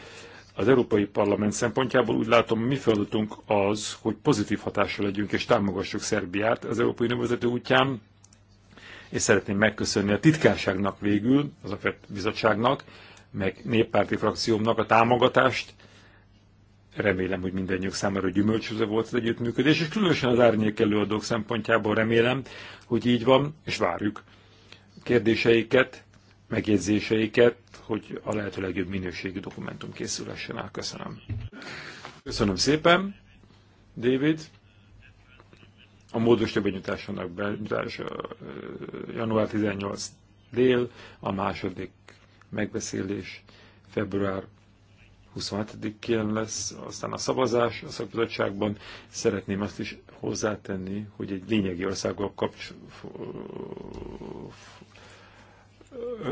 Az Európai Parlament szempontjából úgy látom, mi feladatunk az, hogy pozitív hatással legyünk és támogassuk Szerbiát az Európai Unió vezető útján, és szeretném megköszönni a titkárságnak végül, az a bizottságnak, meg néppárti frakciómnak a támogatást. Remélem, hogy mindannyiuk számára gyümölcsöző volt az együttműködés, és különösen az árnyék előadók szempontjából remélem, hogy így van, és várjuk kérdéseiket, megjegyzéseiket, hogy a lehető legjobb minőségű dokumentum készülhessen el. Köszönöm. Köszönöm szépen, David. A módos többenyújtásának benyújtása január 18 dél, a második megbeszélés február 27 én lesz, aztán a szavazás a szakbizottságban. Szeretném azt is hozzátenni, hogy egy lényegi országgal kapcs...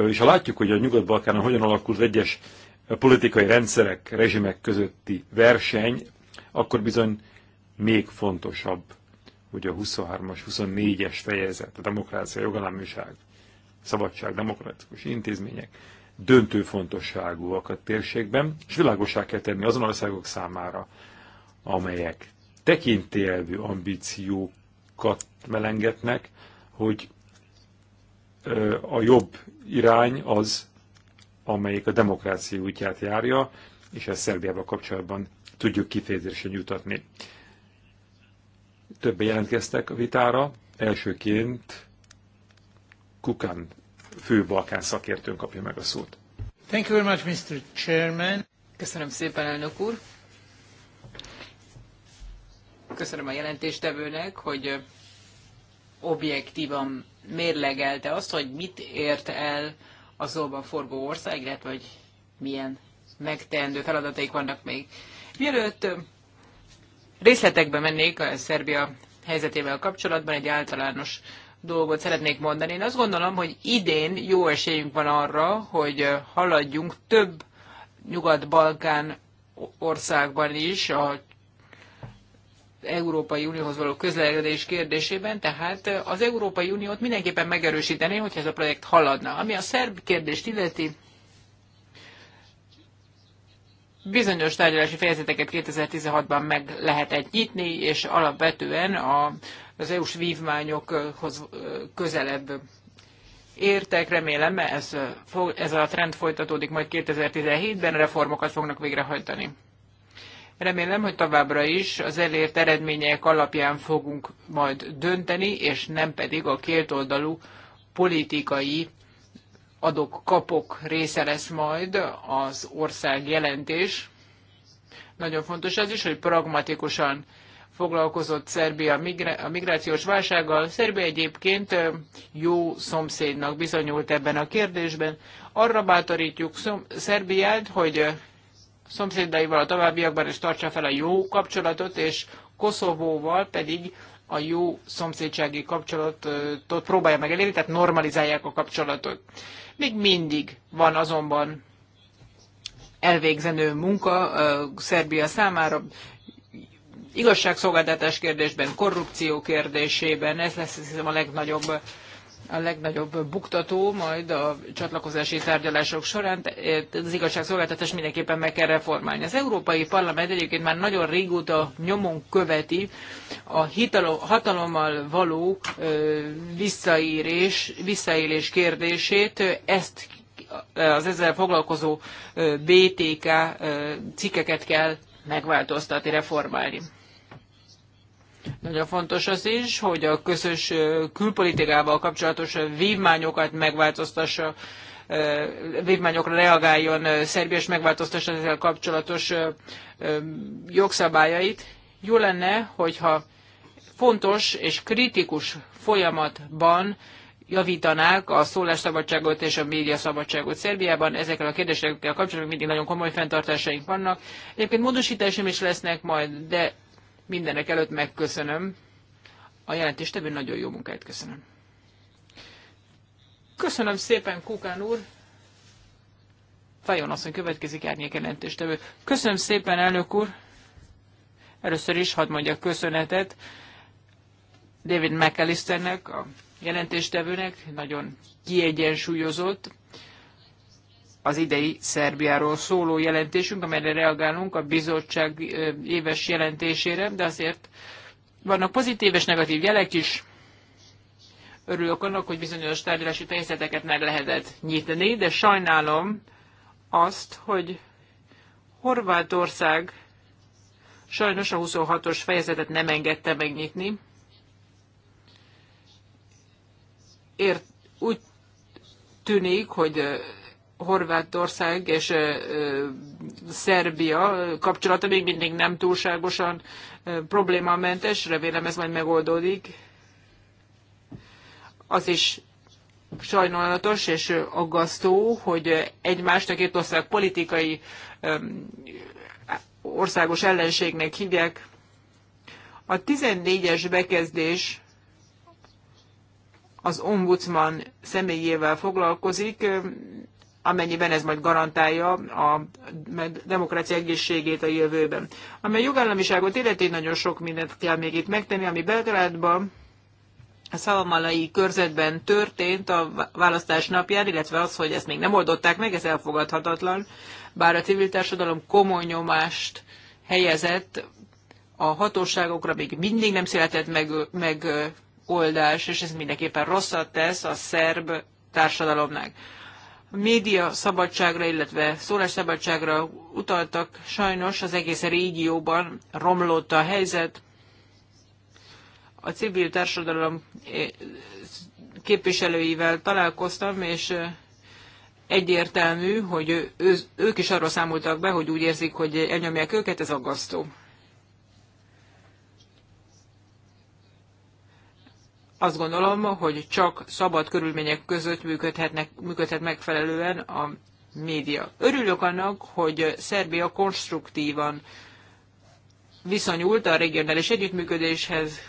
És ha látjuk, hogy a Nyugat-Balkánon hogyan alakul az egyes politikai rendszerek, rezsimek közötti verseny, akkor bizony még fontosabb, hogy a 23-as, 24-es fejezet, a demokrácia, jogalámiság, szabadság, demokratikus intézmények döntő fontosságúak a térségben, és világosá kell tenni azon országok számára, amelyek tekintélyelvű ambíciókat melengetnek, hogy a jobb irány az, amelyik a demokrácia útját járja, és ezt Szerbiával kapcsolatban tudjuk kifejezésen jutatni. Többen jelentkeztek a vitára, elsőként Kukán fő Balkán szakértőn kapja meg a szót. Thank you very much, Mr. Chairman. Köszönöm szépen, elnök úr. Köszönöm a jelentéstevőnek, hogy objektívan mérlegelte azt, hogy mit ért el a szóban forgó ország, illetve hogy milyen megteendő feladataik vannak még. Mielőtt részletekbe mennék a Szerbia helyzetével kapcsolatban, egy általános dolgot szeretnék mondani. Én azt gondolom, hogy idén jó esélyünk van arra, hogy haladjunk több nyugat-balkán országban is a Európai Unióhoz való közlekedés kérdésében, tehát az Európai Uniót mindenképpen megerősíteni, hogyha ez a projekt haladna. Ami a szerb kérdést illeti, bizonyos tárgyalási fejezeteket 2016-ban meg lehetett nyitni, és alapvetően a az EU-s vívmányokhoz közelebb értek, remélem, mert ez, ez a trend folytatódik majd 2017-ben, reformokat fognak végrehajtani. Remélem, hogy továbbra is az elért eredmények alapján fogunk majd dönteni, és nem pedig a kétoldalú politikai adok-kapok része lesz majd az ország jelentés. Nagyon fontos az is, hogy pragmatikusan foglalkozott Szerbia a migrációs válsággal. Szerbia egyébként jó szomszédnak bizonyult ebben a kérdésben. Arra bátorítjuk Szerbiát, hogy szomszédaival a továbbiakban is tartsa fel a jó kapcsolatot, és Koszovóval pedig a jó szomszédsági kapcsolatot próbálja meg elérni, tehát normalizálják a kapcsolatot. Még mindig van azonban elvégzenő munka Szerbia számára igazságszolgáltatás kérdésben, korrupció kérdésében, ez lesz hiszem a legnagyobb a legnagyobb buktató majd a csatlakozási tárgyalások során. Az igazságszolgáltatás mindenképpen meg kell reformálni. Az Európai Parlament egyébként már nagyon régóta nyomon követi a hitalo, hatalommal való ö, visszaírés, visszaélés kérdését. Ezt az ezzel foglalkozó BTK cikkeket kell megváltoztatni, reformálni. Nagyon fontos az is, hogy a közös külpolitikával kapcsolatos vívmányokat megváltoztassa, vívmányokra reagáljon Szerbia, és megváltoztassa ezzel kapcsolatos jogszabályait. Jó lenne, hogyha fontos és kritikus folyamatban javítanák a szólásszabadságot és a médiaszabadságot Szerbiában. Ezekkel a kérdésekkel kapcsolatban mindig nagyon komoly fenntartásaink vannak. Egyébként módosításom is lesznek majd, de Mindenek előtt megköszönöm. A jelentéstevő nagyon jó munkát köszönöm. Köszönöm szépen, Kukán úr. Fajon asszony következik árnyék jelentéstevő. Köszönöm szépen, elnök úr. Először is hadd mondjak köszönetet David McAllisternek, a jelentéstevőnek, nagyon kiegyensúlyozott az idei Szerbiáról szóló jelentésünk, amelyre reagálunk a bizottság éves jelentésére, de azért vannak pozitív és negatív jelek is. Örülök annak, hogy bizonyos tárgyalási fejezeteket meg lehetett nyitni, de sajnálom azt, hogy Horvátország sajnos a 26-os fejezetet nem engedte megnyitni. Ért, úgy tűnik, hogy Horvátország és Szerbia kapcsolata még mindig nem túlságosan problémamentes, remélem ez majd megoldódik. Az is sajnálatos és aggasztó, hogy egymást a két ország politikai országos ellenségnek hívják. A 14-es bekezdés az ombudsman személyével foglalkozik amennyiben ez majd garantálja a demokrácia egészségét a jövőben. Amely jogállamiságot illeti nagyon sok mindent kell még itt megtenni, ami Belgrádban a szavamalai körzetben történt a választás napján, illetve az, hogy ezt még nem oldották meg, ez elfogadhatatlan, bár a civil társadalom komoly nyomást helyezett a hatóságokra, még mindig nem született meg, meg oldás, és ez mindenképpen rosszat tesz a szerb társadalomnak média szabadságra, illetve szólásszabadságra utaltak. Sajnos az egész régióban romlott a helyzet. A civil társadalom eh, képviselőivel találkoztam, és eh, egyértelmű, hogy ők is arról számoltak be, hogy úgy érzik, hogy elnyomják őket, ez aggasztó. Azt gondolom, hogy csak szabad körülmények között működhetnek, működhet megfelelően a média. Örülök annak, hogy Szerbia konstruktívan viszonyult a regionális együttműködéshez.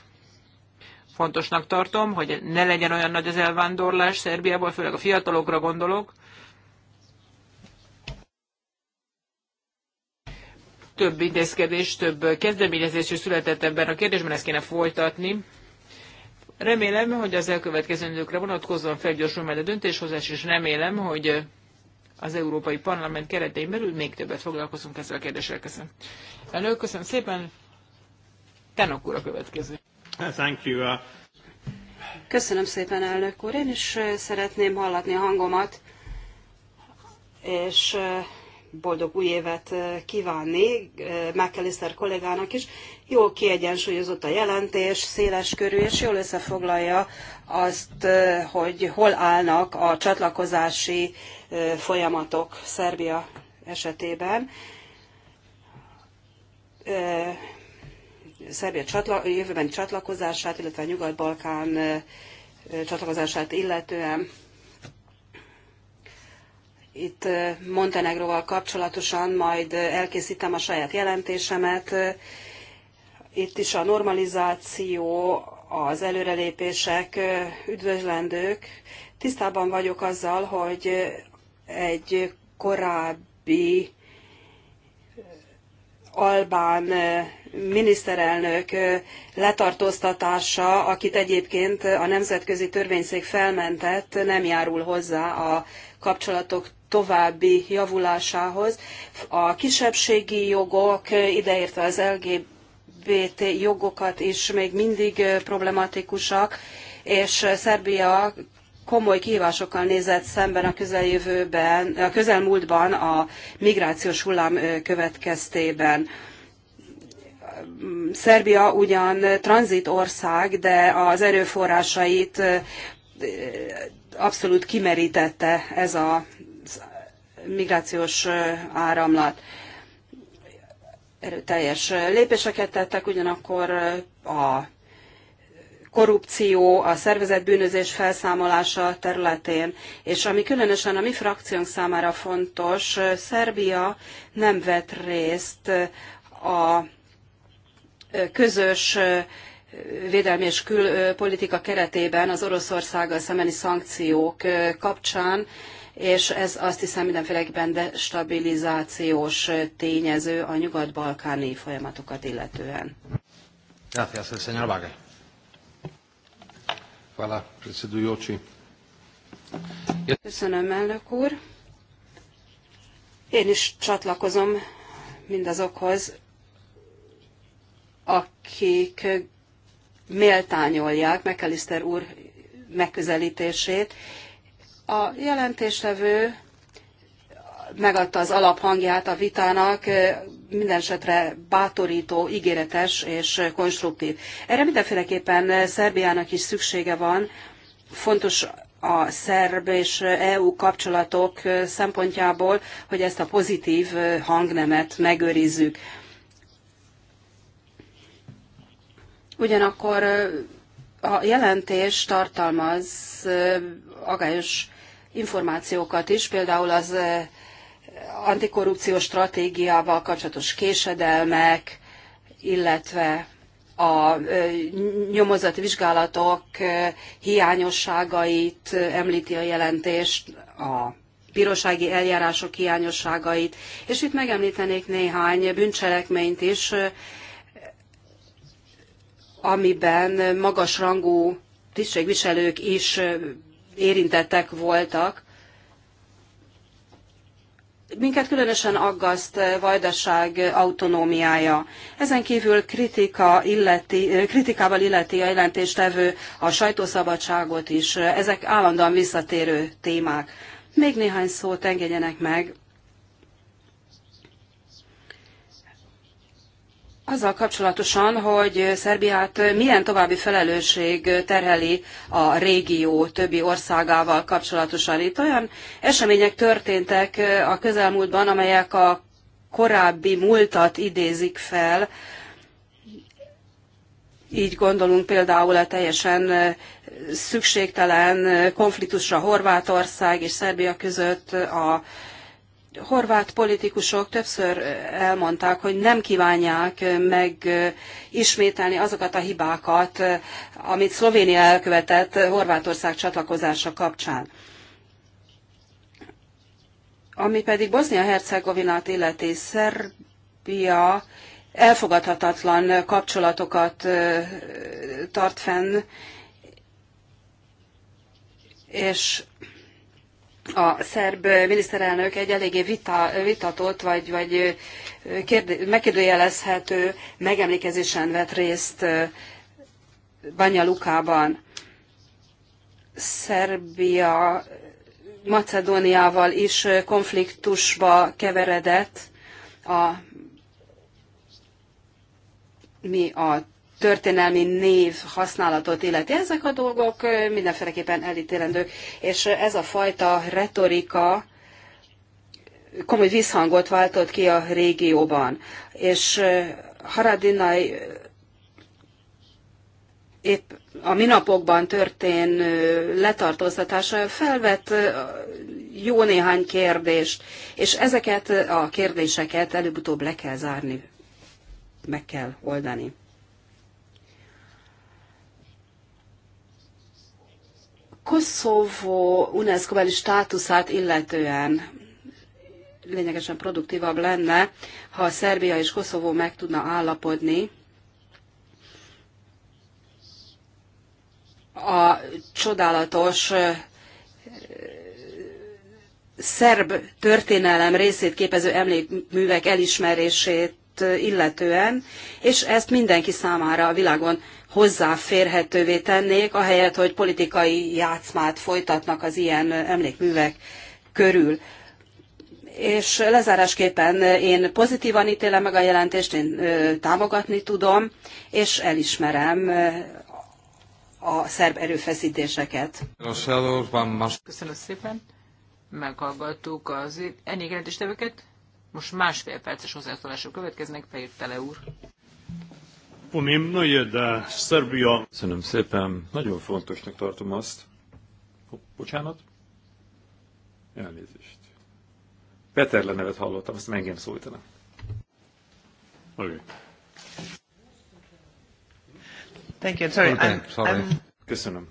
Fontosnak tartom, hogy ne legyen olyan nagy az elvándorlás Szerbiából, főleg a fiatalokra gondolok. Több intézkedés, több kezdeményezés született ebben a kérdésben, ezt kéne folytatni. Remélem, hogy az elkövetkező időkre vonatkozóan felgyorsul majd a döntéshozás, és remélem, hogy az Európai Parlament keretein belül még többet foglalkozunk ezzel a kérdéssel. Köszönöm. Elnök, köszönöm szépen. Tenok úr a következő. Thank you. Uh, köszönöm szépen, elnök úr. Én is uh, szeretném hallatni a hangomat, és uh, boldog új évet eh, kívánni eh, McAllister kollégának is. Jó kiegyensúlyozott a jelentés, széles körű, és jól összefoglalja azt, eh, hogy hol állnak a csatlakozási folyamatok Szerbia esetében. Szerbia csatla- jövőben csatlakozását, illetve a Nyugat-Balkán csatlakozását illetően itt Montenegróval kapcsolatosan majd elkészítem a saját jelentésemet. Itt is a normalizáció, az előrelépések üdvözlendők. Tisztában vagyok azzal, hogy egy korábbi albán miniszterelnök letartóztatása, akit egyébként a Nemzetközi Törvényszék felmentett, nem járul hozzá a kapcsolatok további javulásához. A kisebbségi jogok, ideértve az LGBT jogokat is még mindig problematikusak, és Szerbia komoly kihívásokkal nézett szemben a közeljövőben, a közelmúltban a migrációs hullám következtében. Szerbia ugyan ország de az erőforrásait abszolút kimerítette ez a migrációs áramlat. Erőteljes lépéseket tettek, ugyanakkor a korrupció, a szervezett bűnözés felszámolása területén, és ami különösen a mi frakciónk számára fontos, Szerbia nem vett részt a közös védelmi és külpolitika keretében az Oroszországgal szembeni szankciók kapcsán, és ez azt hiszem mindenféleképpen destabilizációs tényező a nyugat-balkáni folyamatokat illetően. Gracias, señor Vague. Hvala, predsedujoči. Köszönöm, elnök úr. Én is csatlakozom mindazokhoz, akik méltányolják McAllister úr megközelítését, a jelentéstevő megadta az alaphangját a vitának, minden esetre bátorító, ígéretes és konstruktív. Erre mindenféleképpen Szerbiának is szüksége van. Fontos a szerb és EU kapcsolatok szempontjából, hogy ezt a pozitív hangnemet megőrizzük. Ugyanakkor a jelentés tartalmaz agályos információkat is, például az eh, antikorrupciós stratégiával kapcsolatos késedelmek, illetve a eh, nyomozati vizsgálatok eh, hiányosságait említi a jelentés, a bírósági eljárások hiányosságait, és itt megemlítenék néhány bűncselekményt is, amiben magas rangú tisztségviselők is érintettek voltak. Minket különösen aggaszt Vajdaság autonómiája. Ezen kívül kritika illeti, kritikával illeti a jelentéstevő a sajtószabadságot is. Ezek állandóan visszatérő témák. Még néhány szót engedjenek meg Azzal kapcsolatosan, hogy Szerbiát milyen további felelősség terheli a régió többi országával kapcsolatosan. Itt olyan események történtek a közelmúltban, amelyek a korábbi múltat idézik fel. Így gondolunk például a teljesen szükségtelen konfliktusra Horvátország és Szerbia között a horvát politikusok többször elmondták, hogy nem kívánják megismételni azokat a hibákat, amit Szlovénia elkövetett Horvátország csatlakozása kapcsán. Ami pedig Bosznia-Hercegovinát illeti, Szerbia elfogadhatatlan kapcsolatokat tart fenn, és a szerb miniszterelnök egy eléggé vita, vitatott, vagy, vagy kérdé, megkérdőjelezhető megemlékezésen vett részt Banya Lukában. Szerbia Macedóniával is konfliktusba keveredett, a, mi a történelmi név használatot illeti. Ezek a dolgok mindenféleképpen elítélendők, és ez a fajta retorika komoly visszhangot váltott ki a régióban. És Haradinai épp a minapokban történ letartóztatása felvett jó néhány kérdést, és ezeket a kérdéseket előbb-utóbb le kell zárni, meg kell oldani. Koszovó UNESCO-beli státuszát illetően lényegesen produktívabb lenne, ha Szerbia és Koszovó meg tudna állapodni a csodálatos szerb történelem részét képező emlékművek elismerését illetően, és ezt mindenki számára a világon hozzáférhetővé tennék, ahelyett, hogy politikai játszmát folytatnak az ilyen emlékművek körül. És lezárásképpen én pozitívan ítélem meg a jelentést, én támogatni tudom, és elismerem a szerb erőfeszítéseket. Köszönöm szépen. Meghallgattuk az ennyi jelentéstevőket. Most másfél perces hozzászólások következnek, Fehér Tele úr. Köszönöm szépen. Nagyon fontosnak tartom azt. Bocsánat? Elnézést. le nevet hallottam, azt engem szólítanak. Okay. Thank you. Sorry, Sorry. I'm... Köszönöm.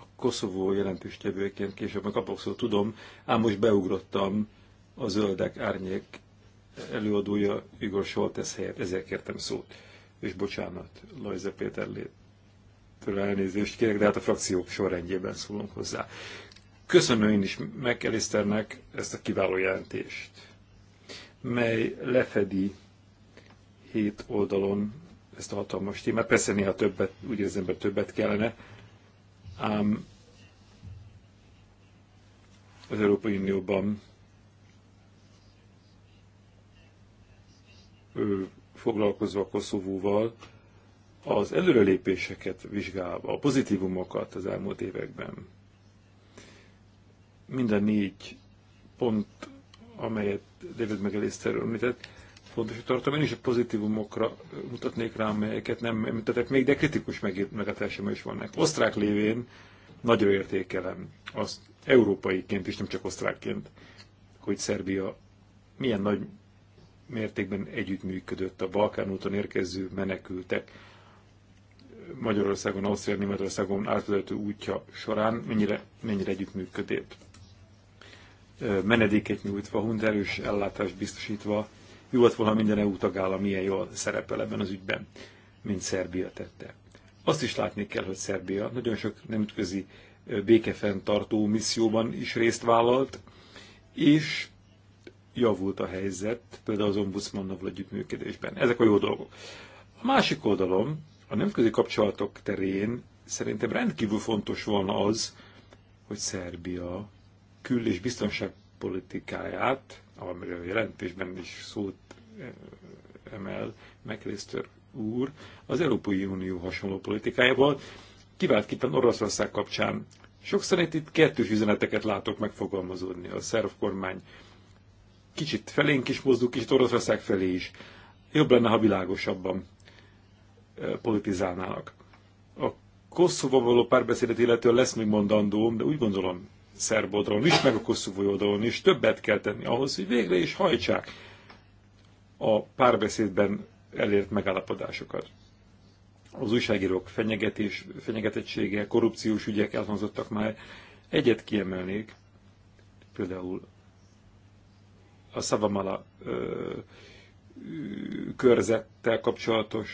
A Koszovó jelentős tevőként később kapok tudom, ám most beugrottam a zöldek árnyék előadója Igor Soltesz helyett, ezért kértem szót. És bocsánat, Lajza Péter lét. elnézést kérek, de hát a frakciók sorrendjében szólunk hozzá. Köszönöm én is McAllisternek ezt a kiváló jelentést, mely lefedi hét oldalon ezt a hatalmas témát. Persze néha többet, úgy érzem, hogy többet kellene, ám az Európai Unióban foglalkozva Koszovóval, az előrelépéseket vizsgálva, a pozitívumokat az elmúlt években. Minden négy pont, amelyet David Megelészter említett, hogy tartom. Én is a pozitívumokra mutatnék rá, amelyeket nem említettek még, de kritikus megállításom is vannak. Osztrák lévén nagyra értékelem azt európaiként is, nem csak osztrákként, hogy Szerbia milyen nagy mértékben együttműködött a Balkán úton érkező menekültek Magyarországon, Ausztria, Németországon átvezető útja során mennyire, mennyire együttműködött. Menedéket nyújtva, hunderős ellátást biztosítva, jó volt volna minden EU tagállam milyen jól szerepel ebben az ügyben, mint Szerbia tette. Azt is látni kell, hogy Szerbia nagyon sok nemzetközi békefenntartó misszióban is részt vállalt, és javult a helyzet, például az ombudsmannal együttműködésben. Ezek a jó dolgok. A másik oldalon, a nemzetközi kapcsolatok terén szerintem rendkívül fontos volna az, hogy Szerbia kül- és biztonságpolitikáját, amiről a jelentésben is szót eh, emel McAllister úr, az Európai Unió hasonló politikájával, kiváltképpen Oroszország kapcsán Sokszor itt, itt kettős üzeneteket látok megfogalmazódni. A szerv kormány kicsit felénk is mozdul, kicsit Oroszország felé is. Jobb lenne, ha világosabban politizálnának. A Koszovóval való párbeszédet illetően lesz még mondandóm, de úgy gondolom, szerb oldalon is, meg a koszovói oldalon is többet kell tenni ahhoz, hogy végre is hajtsák a párbeszédben elért megállapodásokat. Az újságírók fenyegetés, fenyegetettsége, korrupciós ügyek elhangzottak már. Egyet kiemelnék, például a Szavamala körzettel kapcsolatos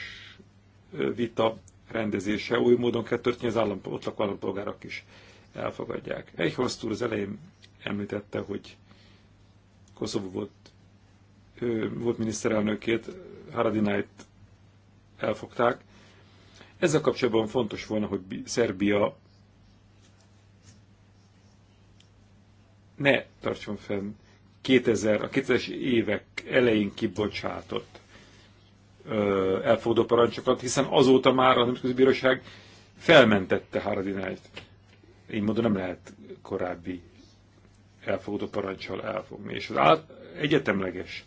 vita rendezése. Új módon kell történni, az állampol, ott lakó állampolgárok is elfogadják. Egy úr az elején említette, hogy Koszovó volt, volt miniszterelnökét, Haradinájt elfogták. Ezzel kapcsolatban fontos volna, hogy Szerbia ne tartson fenn 2000, a 2000-es évek elején kibocsátott elfogadó parancsokat, hiszen azóta már a Nemzetközi Bíróság felmentette Haradinájt. Így módon nem lehet korábbi elfogadó parancsal elfogni. És az át, egyetemleges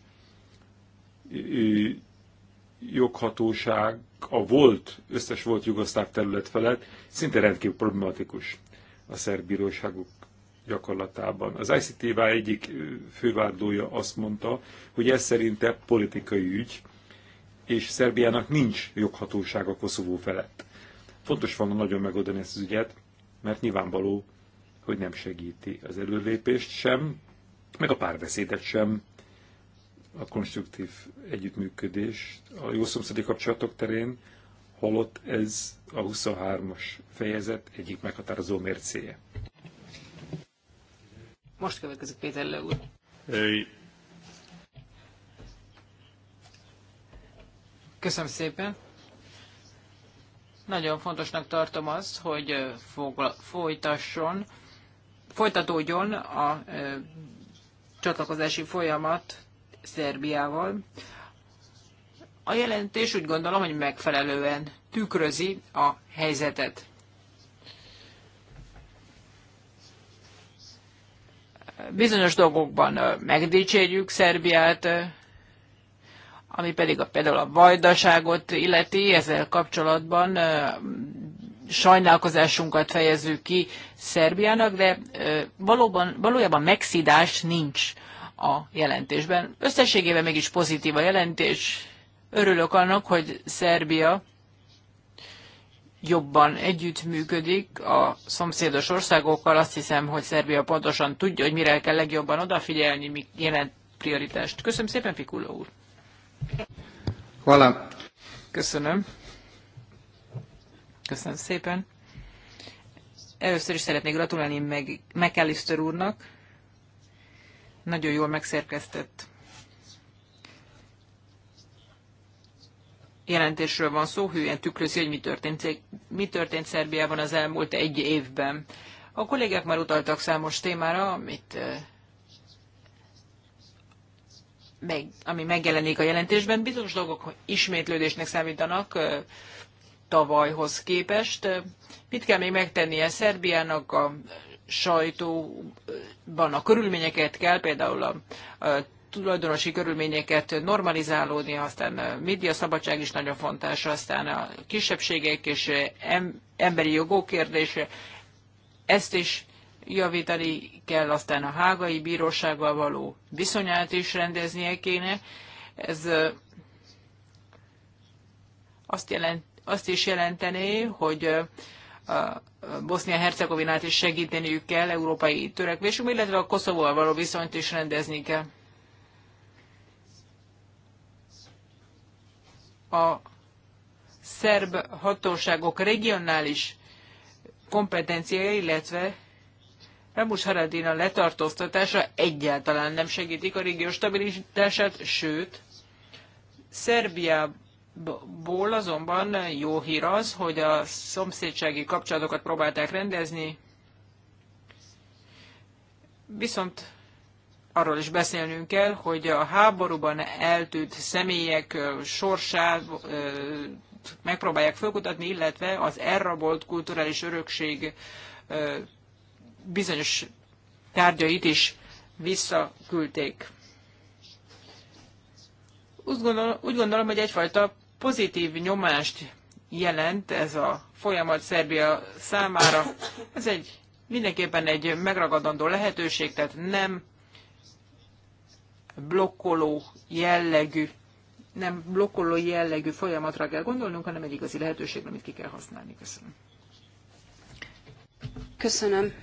joghatóság a volt, összes volt jugoszláv terület felett szinte rendkívül problematikus a szerb bíróságok gyakorlatában. Az ict egyik fővádlója azt mondta, hogy ez szerinte politikai ügy, és Szerbiának nincs joghatósága Koszovó felett. Fontos van nagyon megoldani ezt az ügyet, mert nyilvánvaló, hogy nem segíti az előlépést sem, meg a párbeszédet sem, a konstruktív együttműködés a jó szomszédi kapcsolatok terén, holott ez a 23-as fejezet egyik meghatározó mércéje. Most következik Péter Le úr. Hey. Köszönöm szépen. Nagyon fontosnak tartom azt, hogy folytasson, folytatódjon a csatlakozási folyamat Szerbiával. A jelentés úgy gondolom, hogy megfelelően tükrözi a helyzetet. bizonyos dolgokban megdicsérjük Szerbiát, ami pedig a, például a vajdaságot illeti, ezzel kapcsolatban sajnálkozásunkat fejezzük ki Szerbiának, de valóban, valójában megszidás nincs a jelentésben. Összességében mégis pozitív a jelentés. Örülök annak, hogy Szerbia jobban együttműködik a szomszédos országokkal. Azt hiszem, hogy Szerbia pontosan tudja, hogy mire kell legjobban odafigyelni, mi jelent prioritást. Köszönöm szépen, Pikuló úr. Valam. Köszönöm. Köszönöm szépen. Először is szeretnék gratulálni meg McAllister úrnak. Nagyon jól megszerkesztett jelentésről van szó, hülyen tükrözi, hogy mi történt, mi történt Szerbiában az elmúlt egy évben. A kollégák már utaltak számos témára, amit meg, ami megjelenik a jelentésben. Bizonyos dolgok ismétlődésnek számítanak tavalyhoz képest. Mit kell még megtennie Szerbiának a sajtóban? A körülményeket kell például a, a tulajdonosi körülményeket normalizálódni, aztán a média szabadság is nagyon fontos, aztán a kisebbségek és emberi jogok kérdése, ezt is javítani kell, aztán a hágai bírósággal való viszonyát is rendeznie kéne. Ez azt, jelent, azt is jelentené, hogy Bosznia-Hercegovinát is segíteniük kell európai törekvésünk, illetve a Koszovóval való viszonyt is rendezni kell. a szerb hatóságok regionális kompetenciája, illetve Ramus Haradina letartóztatása egyáltalán nem segítik a régió stabilitását, sőt, Szerbiából azonban jó hír az, hogy a szomszédsági kapcsolatokat próbálták rendezni, viszont arról is beszélnünk kell, hogy a háborúban eltűnt személyek sorsát megpróbálják felkutatni, illetve az elrabolt kulturális örökség bizonyos tárgyait is visszaküldték. Úgy gondolom, úgy gondolom, hogy egyfajta pozitív nyomást jelent ez a folyamat Szerbia számára. Ez egy mindenképpen egy megragadandó lehetőség, tehát nem blokkoló jellegű nem blokkoló jellegű folyamatra kell gondolnunk, hanem egy igazi lehetőségre, amit ki kell használni. Köszönöm. Köszönöm.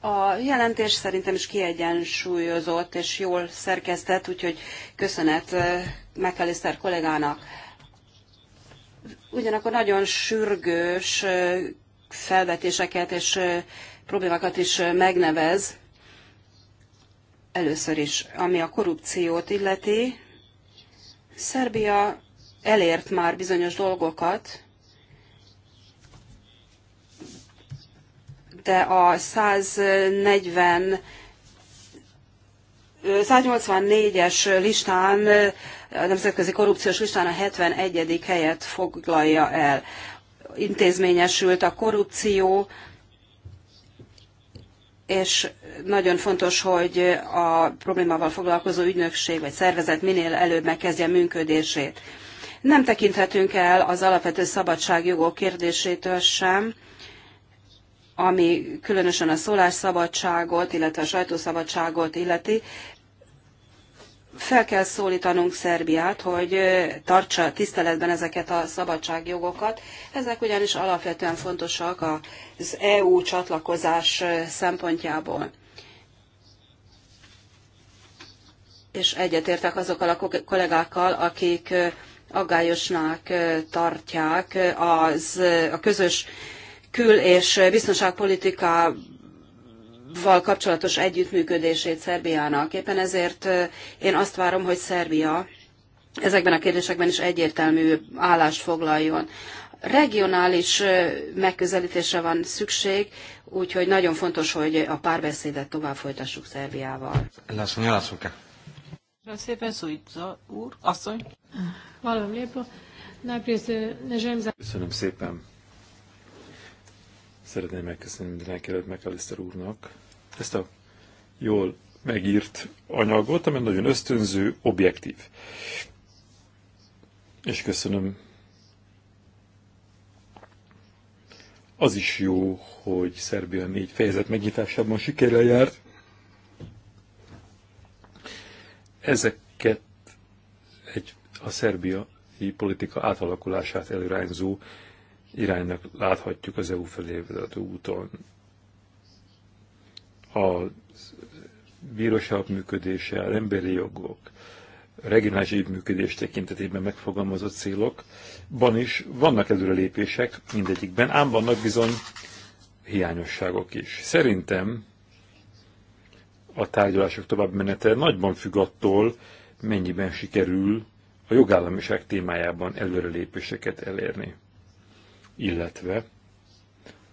A jelentés szerintem is kiegyensúlyozott és jól szerkesztett, úgyhogy köszönet eh, McAllister kollégának. Ugyanakkor nagyon sürgős eh, felvetéseket és eh, problémákat is megnevez, Először is, ami a korrupciót illeti, Szerbia elért már bizonyos dolgokat, de a 140 184-es listán, a nemzetközi korrupciós listán a 71. helyet foglalja el. Intézményesült a korrupció, és nagyon fontos, hogy a problémával foglalkozó ügynökség vagy szervezet minél előbb megkezdje működését. Nem tekinthetünk el az alapvető szabadságjogok kérdésétől sem, ami különösen a szólásszabadságot, illetve a sajtószabadságot illeti fel kell szólítanunk Szerbiát, hogy tartsa tiszteletben ezeket a szabadságjogokat. Ezek ugyanis alapvetően fontosak az EU csatlakozás szempontjából. És egyetértek azokkal a kollégákkal, akik aggályosnak tartják az, a közös kül- és biztonságpolitikában val kapcsolatos együttműködését Szerbiának. Éppen ezért én azt várom, hogy Szerbia ezekben a kérdésekben is egyértelmű állást foglaljon. Regionális megközelítésre van szükség, úgyhogy nagyon fontos, hogy a párbeszédet tovább folytassuk Szerbiával. úr, Köszönöm szépen. Szeretném megköszönni mindenek előtt McAllister úrnak ezt a jól megírt anyagot, amely nagyon ösztönző, objektív. És köszönöm. Az is jó, hogy Szerbia négy fejezet megnyitásában sikerrel járt. Ezeket egy a szerbiai politika átalakulását előrányzó iránynak láthatjuk az EU felé vezető úton. A bíróság működése, az emberi jogok, regionális működés tekintetében megfogalmazott célokban is vannak előrelépések mindegyikben, ám vannak bizony hiányosságok is. Szerintem a tárgyalások tovább menete nagyban függ attól, mennyiben sikerül a jogállamiság témájában előrelépéseket elérni illetve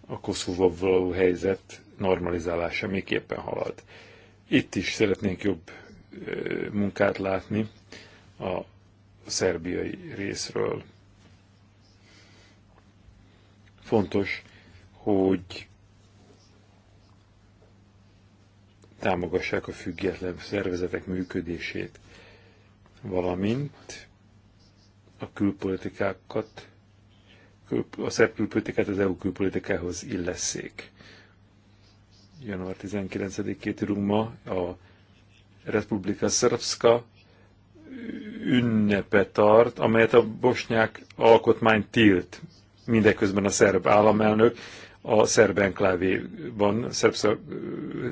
a Koszovóval való helyzet normalizálása miképpen halad. Itt is szeretnénk jobb munkát látni a szerbiai részről. Fontos, hogy támogassák a független szervezetek működését, valamint a külpolitikákat a szerb külpolitikát az EU külpolitikához illesszék. Január 19-ét írunk ma a Republika Srpska ünnepe tart, amelyet a bosnyák alkotmány tilt. Mindeközben a szerb államelnök a szerb enklávéban, szerb,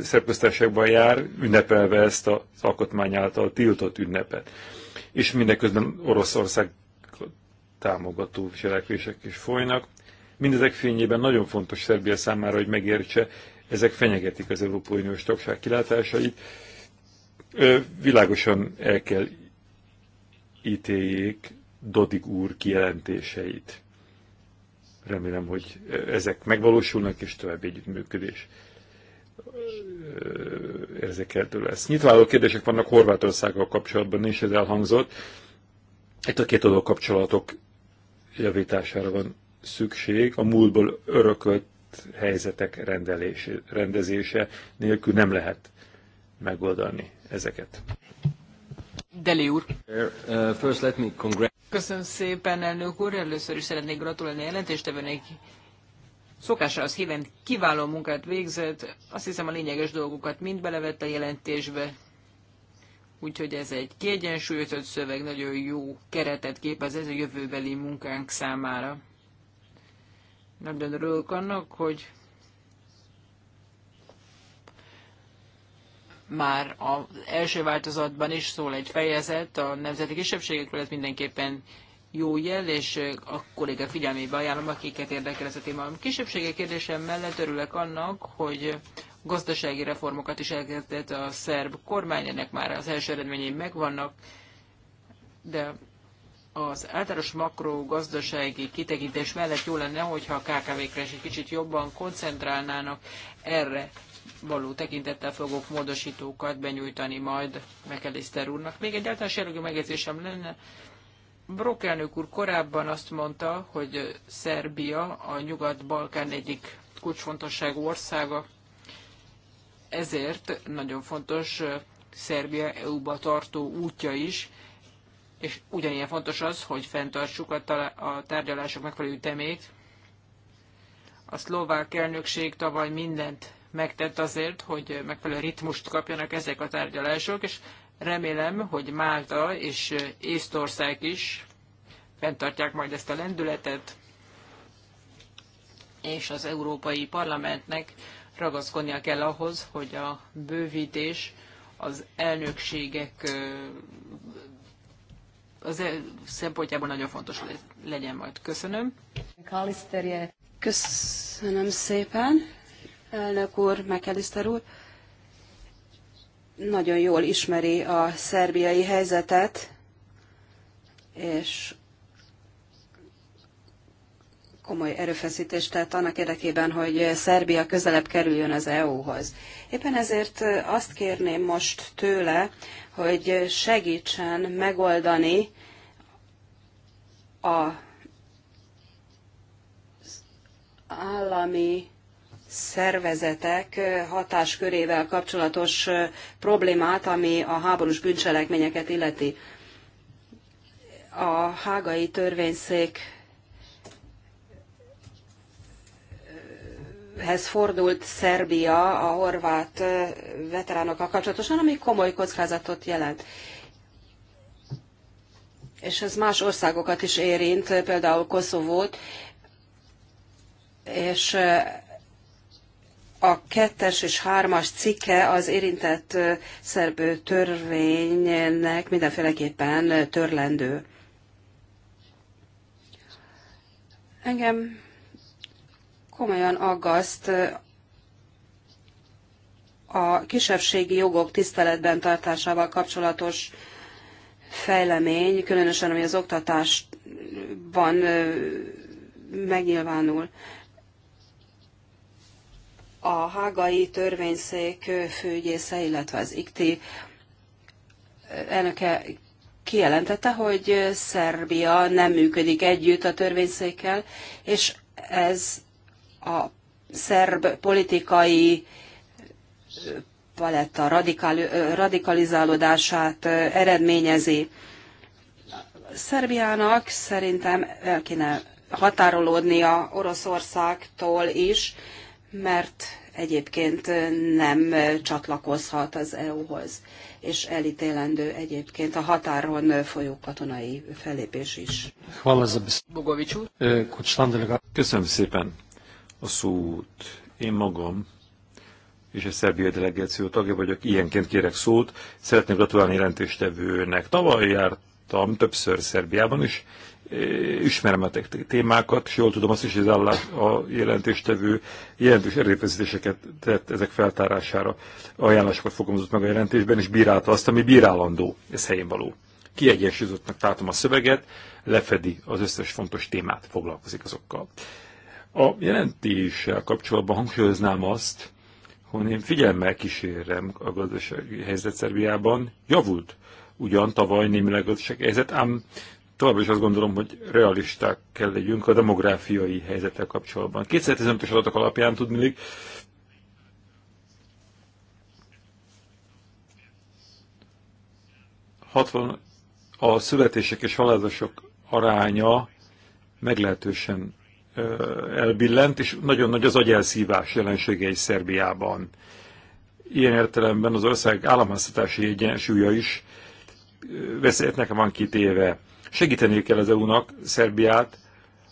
szerb köztársaságban jár, ünnepelve ezt az alkotmány által tiltott ünnepet. És mindeközben Oroszország támogató cselekvések is folynak. Mindezek fényében nagyon fontos Szerbia számára, hogy megértse, ezek fenyegetik az Európai Uniós tagság kilátásait. Ö, világosan el kell ítéljék Dodig úr kijelentéseit. Remélem, hogy ezek megvalósulnak, és további együttműködés érzékeltő lesz. Nyitváló kérdések vannak Horvátországgal kapcsolatban és ez elhangzott. Itt a két adó kapcsolatok javítására van szükség, a múltból örökölt helyzetek rendelése, rendezése nélkül nem lehet megoldani ezeket. Deli úr. First let me Köszönöm szépen, elnök úr. Először is szeretnék gratulálni a jelentéstevőnek. Szokásra az híven kiváló munkát végzett, azt hiszem a lényeges dolgokat mind belevett a jelentésbe, úgyhogy ez egy kiegyensúlyozott szöveg, nagyon jó keretet képez ez a jövőbeli munkánk számára. Nagyon örülök annak, hogy már az első változatban is szól egy fejezet a nemzeti kisebbségekről, ez mindenképpen jó jel, és a kolléga figyelmébe ajánlom, akiket érdekel ez a téma. A kisebbségek kérdésem mellett örülök annak, hogy gazdasági reformokat is elkezdett a szerb kormány, ennek már az első eredményei megvannak, de az általános makrogazdasági kitekintés mellett jó lenne, hogyha a KKV-kre is egy kicsit jobban koncentrálnának, erre való tekintettel fogok módosítókat benyújtani majd Mekeliszter úrnak. Még egy általános jellegű megjegyzésem lenne, Brok úr korábban azt mondta, hogy Szerbia a Nyugat-Balkán egyik kulcsfontosságú országa ezért nagyon fontos Szerbia EU-ba tartó útja is, és ugyanilyen fontos az, hogy fenntartsuk a, a tárgyalások megfelelő ütemét. A szlovák elnökség tavaly mindent megtett azért, hogy megfelelő ritmust kapjanak ezek a tárgyalások, és remélem, hogy Málta és Észtország is fenntartják majd ezt a lendületet, és az Európai Parlamentnek ragaszkodnia kell ahhoz, hogy a bővítés az elnökségek az el, szempontjából nagyon fontos legyen majd. Köszönöm. Köszönöm szépen, elnök úr, McAllister úr. Nagyon jól ismeri a szerbiai helyzetet, és komoly erőfeszítést tett annak érdekében, hogy Szerbia közelebb kerüljön az EU-hoz. Éppen ezért azt kérném most tőle, hogy segítsen megoldani a állami szervezetek hatáskörével kapcsolatos problémát, ami a háborús bűncselekményeket illeti. A hágai törvényszék hez fordult Szerbia a horvát veteránokkal kapcsolatosan, ami komoly kockázatot jelent. És ez más országokat is érint, például Koszovót, és a kettes és hármas cikke az érintett szerb törvénynek mindenféleképpen törlendő. Engem komolyan aggaszt a kisebbségi jogok tiszteletben tartásával kapcsolatos fejlemény, különösen ami az oktatásban megnyilvánul. A hágai törvényszék főügyésze, illetve az IKTI elnöke kijelentette, hogy Szerbia nem működik együtt a törvényszékkel, és ez a szerb politikai paletta radikál, radikalizálódását eredményezi. Szerbiának szerintem el kéne határolódnia Oroszországtól is, mert egyébként nem csatlakozhat az EU-hoz, és elítélendő egyébként a határon folyó katonai fellépés is. Köszönöm szépen a szót. Én magam és a Szerbia delegáció tagja vagyok, ilyenként kérek szót. Szeretnék gratulálni jelentéstevőnek. Tavaly jártam többször Szerbiában is, e, ismerem a témákat, és jól tudom azt is, hogy az állás, a jelentéstevő jelentős erőfeszítéseket tett ezek feltárására, ajánlásokat fogalmazott meg a jelentésben, és bírálta azt, ami bírálandó, ez helyén való. Kiegyensúlyozottnak tartom a szöveget, lefedi az összes fontos témát, foglalkozik azokkal. A jelentéssel kapcsolatban hangsúlyoznám azt, hogy én figyelemmel kísérem a gazdasági helyzet Szerbiában. Javult ugyan tavaly némileg a gazdasági helyzet, ám továbbra is azt gondolom, hogy realisták kell legyünk a demográfiai helyzettel kapcsolatban. 2015-ös adatok alapján tudnék, a születések és halálozások aránya meglehetősen elbillent, és nagyon nagy az agyelszívás jelensége is Szerbiában. Ilyen értelemben az ország államháztatási egyensúlya is nekem van két éve. Segíteni kell az EU-nak Szerbiát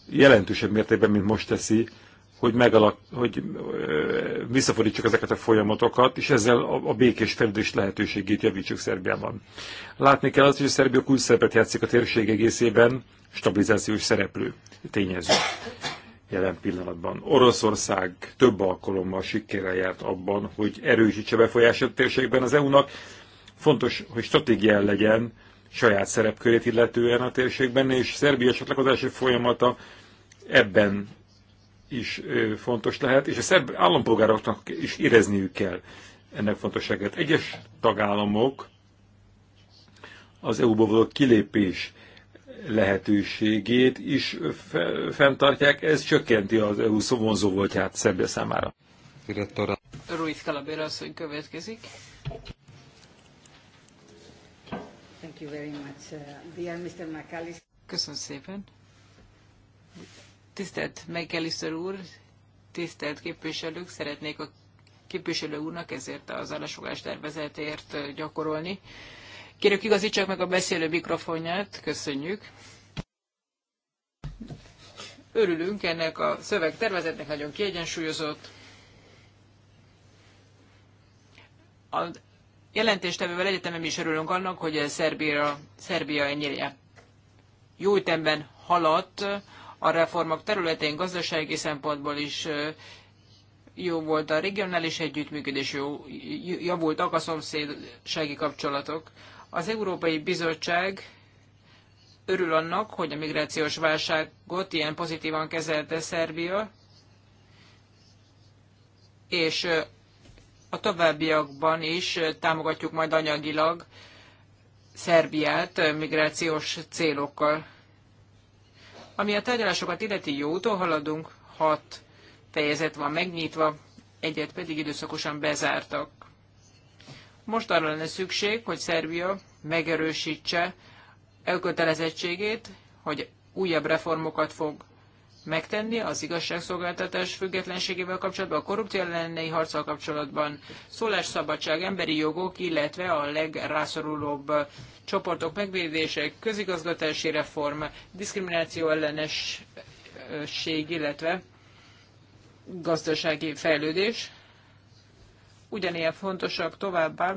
jelentősebb mértékben, mint most teszi, hogy, megalak, hogy visszafordítsuk ezeket a folyamatokat, és ezzel a, a békés fejlődés lehetőségét javítsuk Szerbiában. Látni kell azt, hogy a Szerbia kulcs szerepet játszik a térség egészében, stabilizációs szereplő tényező jelen pillanatban. Oroszország több alkalommal sikerrel járt abban, hogy erősítse befolyását térségben az EU-nak. Fontos, hogy stratégián legyen saját szerepkörét illetően a térségben, és Szerbia csatlakozási folyamata ebben is fontos lehet, és a szerb állampolgároknak is érezniük kell ennek fontosságát. Egyes tagállamok az EU-ból való kilépés lehetőségét is fenntartják, ez csökkenti az EU vonzó voltját Szerbia számára. Ruiz Calabera asszony következik. Thank you very much. Uh, dear Mr. McAllister. Köszönöm szépen. Tisztelt McAllister úr, tisztelt képviselők, szeretnék a képviselő úrnak ezért az állásfogás tervezetért gyakorolni. Kérjük igazítsák meg a beszélő mikrofonját, köszönjük. Örülünk ennek a szövegtervezetnek, nagyon kiegyensúlyozott. A jelentéstevővel egyetemem is örülünk annak, hogy a Szerbia, Szerbia ennyire jó ütemben haladt a reformok területén, gazdasági szempontból is jó volt a regionális együttműködés, jó, javultak a szomszédsági kapcsolatok. Az Európai Bizottság örül annak, hogy a migrációs válságot ilyen pozitívan kezelte Szerbia, és a továbbiakban is támogatjuk majd anyagilag Szerbiát migrációs célokkal. Ami a tárgyalásokat illeti jó úton haladunk, hat fejezet van megnyitva, egyet pedig időszakosan bezártak. Most arra lenne szükség, hogy Szerbia megerősítse elkötelezettségét, hogy újabb reformokat fog megtenni az igazságszolgáltatás függetlenségével kapcsolatban, a korrupció elleni harccal kapcsolatban, szólásszabadság, emberi jogok, illetve a legrászorulóbb csoportok megvédése, közigazgatási reform, diszkrimináció ellenesség, illetve gazdasági fejlődés. Ugyanilyen fontosak továbbá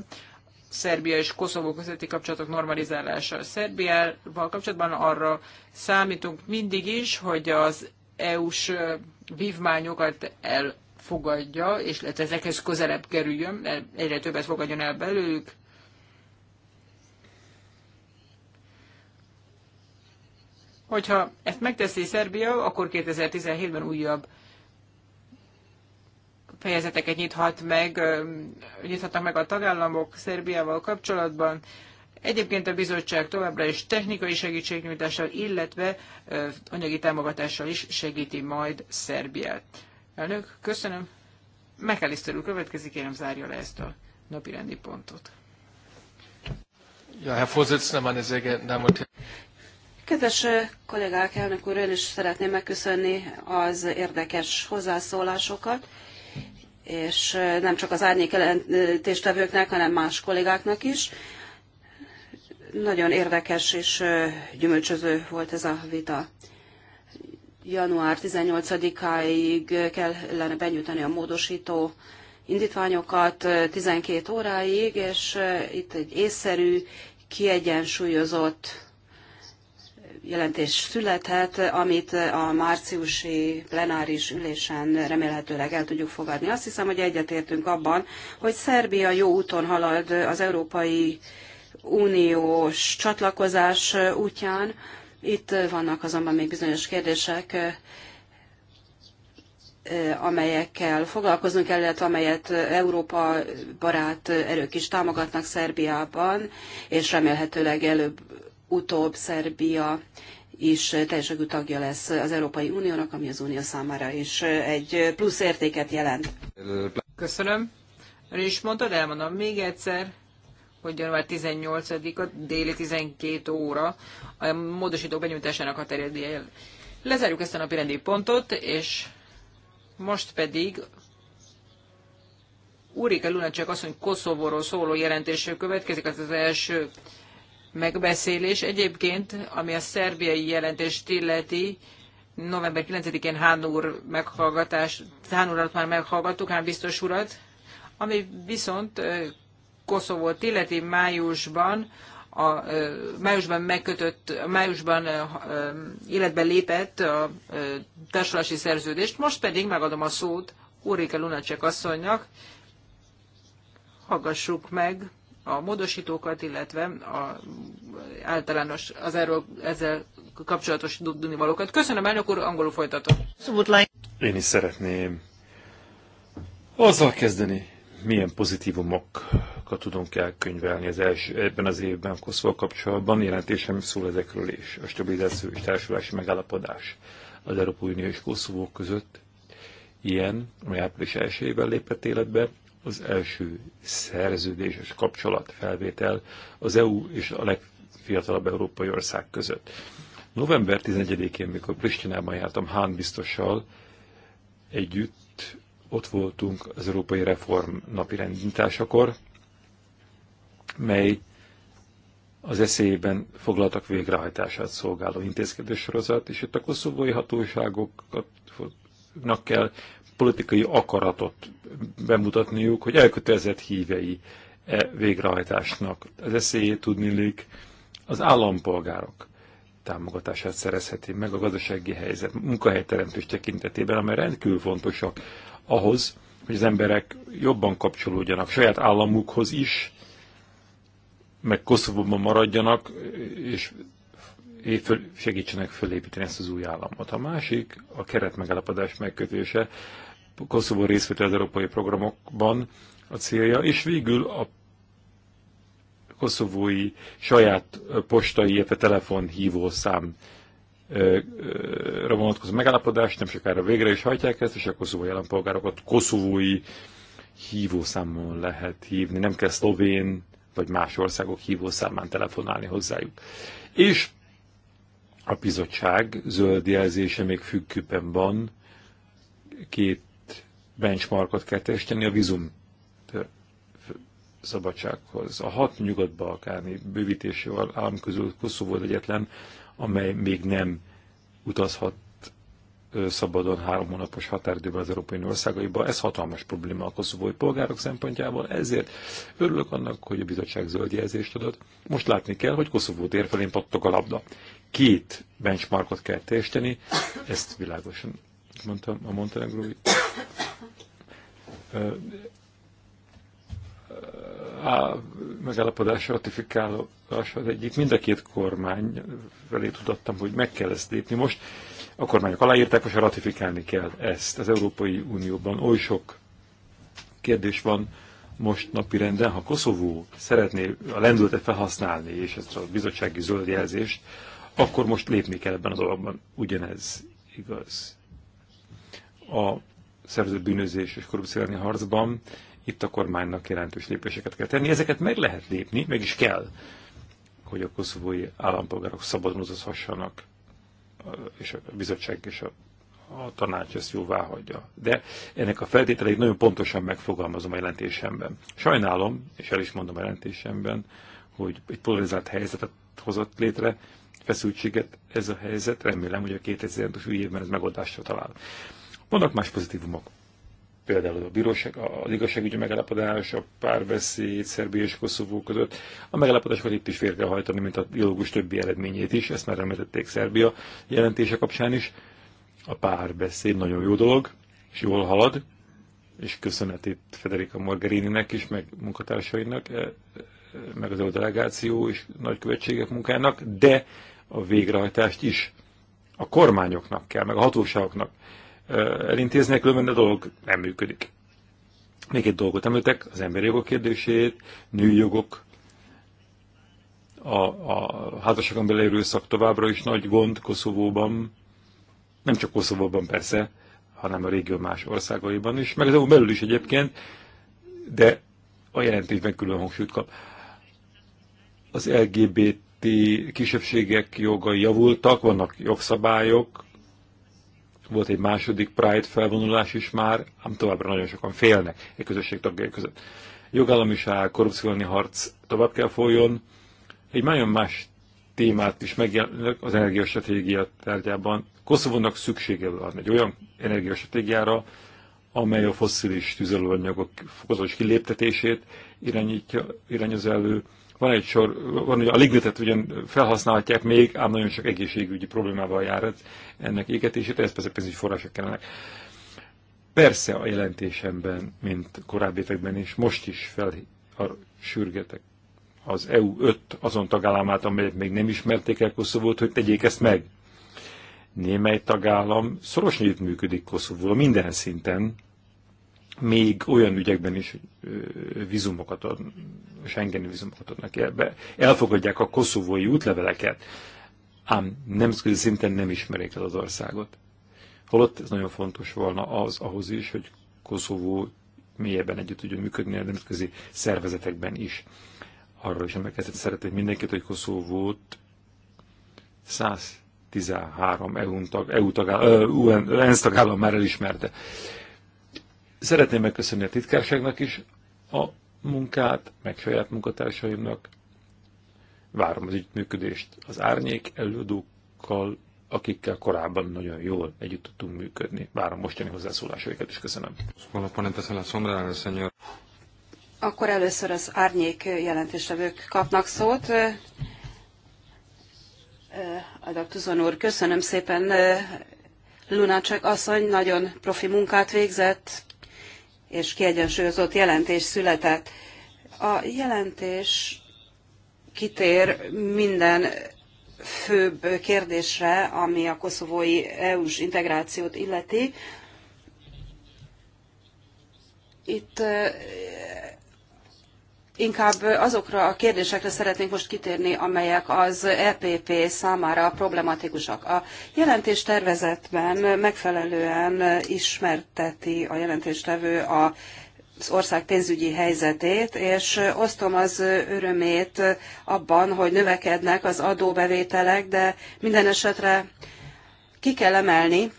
Szerbia és Koszovó közötti kapcsolatok normalizálása. Szerbiával kapcsolatban arra számítunk mindig is, hogy az EU-s vívmányokat elfogadja, és lehet ezekhez közelebb kerüljön, egyre többet fogadjon el belőlük. Hogyha ezt megteszi Szerbia, akkor 2017-ben újabb fejezeteket nyithat meg, nyithatnak meg a tagállamok Szerbiával kapcsolatban. Egyébként a bizottság továbbra is technikai segítségnyújtással, illetve anyagi támogatással is segíti majd Szerbiát. Elnök, köszönöm. Mekelisztörül következik, kérem zárja le ezt a napi rendi pontot. Ja, Herr Vorsitzender, meine sehr geehrten Damen und Herren. Kedves kollégák, elnök úr, én is szeretném megköszönni az érdekes hozzászólásokat és nem csak az árnyék jelentéstevőknek, hanem más kollégáknak is. Nagyon érdekes és gyümölcsöző volt ez a vita. Január 18-áig kellene benyújtani a módosító indítványokat 12 óráig, és itt egy észszerű, kiegyensúlyozott jelentés születhet, amit a márciusi plenáris ülésen remélhetőleg el tudjuk fogadni. Azt hiszem, hogy egyetértünk abban, hogy Szerbia jó úton halad az Európai Uniós csatlakozás útján. Itt vannak azonban még bizonyos kérdések, amelyekkel foglalkoznunk kell, illetve amelyet Európa barát erők is támogatnak Szerbiában, és remélhetőleg előbb utóbb Szerbia is teljes tagja lesz az Európai Uniónak, ami az Unió számára is egy plusz értéket jelent. Köszönöm. Ön is mondtad, elmondom még egyszer, hogy január 18-a déli 12 óra a módosító benyújtásának a terjedéjel. Lezárjuk ezt a napi rendi pontot, és most pedig Ulrike Lunacek asszony Koszovóról szóló jelentésről következik, az az első megbeszélés. Egyébként, ami a szerbiai jelentést illeti, november 9-én Hán úr meghallgatás, Hán urat már meghallgattuk, Hán biztos urat, ami viszont Koszovót illeti májusban, a májusban megkötött, májusban életbe lépett a társulási szerződést, most pedig megadom a szót Urika Lunacek asszonynak. Hallgassuk meg a módosítókat, illetve a általános az erről, ezzel kapcsolatos valókat. Köszönöm, elnök úr, angolul folytatom. Én is szeretném azzal kezdeni, milyen pozitívumokat tudunk elkönyvelni az első, ebben az évben Koszva kapcsolatban. Jelentésem szól ezekről is. A stabilizáció és társulási megállapodás az Európai Unió és Koszovó között ilyen, ami április 1 lépett életbe, az első szerződéses kapcsolatfelvétel az EU és a legfiatalabb európai ország között. November 11-én, mikor Pristinában jártam Hán biztossal, együtt ott voltunk az Európai Reform napi rendításakor, mely az eszélyében foglaltak végrehajtását szolgáló intézkedés sorozat, és itt a koszovói hatóságoknak kell politikai akaratot bemutatniuk, hogy elkötelezett hívei e végrehajtásnak. Az eszélyét tudnilik az állampolgárok támogatását szerezheti meg a gazdasági helyzet, munkahelyteremtés tekintetében, amely rendkívül fontosak ahhoz, hogy az emberek jobban kapcsolódjanak saját államukhoz is, meg Koszovóban maradjanak, és segítsenek fölépíteni ezt az új államot. A másik, a keretmegállapodás megkötése, Koszovó részvétel az európai programokban a célja, és végül a koszovói saját postai, illetve telefonhívószám ra vonatkozó megállapodást, nem sokára végre is hajtják ezt, és a koszovói állampolgárokat koszovói hívószámon lehet hívni, nem kell szlovén vagy más országok hívószámán telefonálni hozzájuk. És a bizottság zöld jelzése még függőben van, két benchmarkot kell teljesíteni a vizum szabadsághoz. A hat nyugat-balkáni bővítési állam közül Koszovó volt egyetlen, amely még nem utazhat szabadon három hónapos határidőben az európai országaiba. Ez hatalmas probléma a koszovói polgárok szempontjából, ezért örülök annak, hogy a bizottság zöld jelzést adott. Most látni kell, hogy Koszovó térfelén pattog a labda. Két benchmarkot kell teljesíteni, ezt világosan mondtam, a montenegrói a megállapodás ratifikálása az egyik, mind a két kormány felé tudattam, hogy meg kell ezt lépni. Most a kormányok aláírták, most ratifikálni kell ezt az Európai Unióban. Oly sok kérdés van most napi renden, ha Koszovó szeretné a lendületet felhasználni, és ezt a bizottsági zöld jelzést, akkor most lépni kell ebben a dologban. Ugyanez igaz a szervezett bűnözés és korrupció elleni harcban, itt a kormánynak jelentős lépéseket kell tenni. Ezeket meg lehet lépni, meg is kell, hogy a koszovói állampolgárok szabadon utazhassanak, és a bizottság és a, a tanács ezt jóvá hagyja. De ennek a feltételeit nagyon pontosan megfogalmazom a jelentésemben. Sajnálom, és el is mondom a jelentésemben, hogy egy polarizált helyzetet hozott létre, feszültséget ez a helyzet, remélem, hogy a 2000-es új évben ez megoldásra talál. Vannak más pozitívumok. Például a bíróság, az igazságügyi megállapodás, a párbeszéd Szerbia és Koszovó között. A megállapodásokat itt is félre kell hajtani, mint a dialógus többi eredményét is, ezt már említették Szerbia jelentése kapcsán is. A párbeszéd nagyon jó dolog, és jól halad, és köszönet itt Federica Margarininek is, meg munkatársainak, e, e, meg az delegáció és nagykövetségek munkának, de a végrehajtást is a kormányoknak kell, meg a hatóságoknak elintéznek, különben a dolog nem működik. Még egy dolgot említek, az emberi jogok kérdését, női jogok, a, a házasságon belül erőszak továbbra is nagy gond Koszovóban, nem csak Koszovóban persze, hanem a régió más országaiban is, meg az EU belül is egyébként, de a jelentésben külön hangsúlyt kap. Az LGBT kisebbségek jogai javultak, vannak jogszabályok, volt egy második Pride felvonulás is már, ám továbbra nagyon sokan félnek egy közösség tagjai között. Jogállamiság, korrupcióni harc tovább kell folyjon. Egy nagyon más témát is megjelenik az energiastratégia tárgyában. Koszovónak szüksége van egy olyan energiastratégiára, amely a fosszilis tüzelőanyagok fokozatos kiléptetését irányítja, irányoz elő, van egy sor, van ugye a lignitet ugyan felhasználhatják még, ám nagyon sok egészségügyi problémával jár ennek égetését, ez persze pénzügyi források kellenek. Persze a jelentésemben, mint korábbi években is, most is fel a sürgetek az EU 5 azon tagállamát, amelyet még nem ismerték el Koszovót, hogy tegyék ezt meg. Némely tagállam szorosan működik Koszovóval minden szinten, még olyan ügyekben is vizumokat ad, Schengeni vizumokat adnak ebbe. Elfogadják a koszovói útleveleket, ám nemzetközi szinten nem ismerik el az országot. Holott ez nagyon fontos volna az ahhoz is, hogy Koszovó mélyebben együtt tudjon működni a nemzetközi szervezetekben is. Arra is emlékeztet szeretnék mindenkit, hogy Koszovót 113 EU, tagállam, EU tagállam, UN, ENSZ tagállam már elismerte. Szeretném megköszönni a titkárságnak is a munkát, meg saját munkatársaimnak. Várom az együttműködést az árnyék előadókkal, akikkel korábban nagyon jól együtt tudtunk működni. Várom mostani hozzászólásaikat is. Köszönöm. Akkor először az árnyék jelentéstevők kapnak szót. Adag Tuzon úr, köszönöm szépen. Lunácsek asszony nagyon profi munkát végzett, és kiegyensúlyozott jelentés született. A jelentés kitér minden főbb kérdésre, ami a koszovói EU-s integrációt illeti. Itt Inkább azokra a kérdésekre szeretnénk most kitérni, amelyek az EPP számára problematikusak. A jelentés tervezetben megfelelően ismerteti a jelentéstevő a az ország pénzügyi helyzetét, és osztom az örömét abban, hogy növekednek az adóbevételek, de minden esetre ki kell emelni,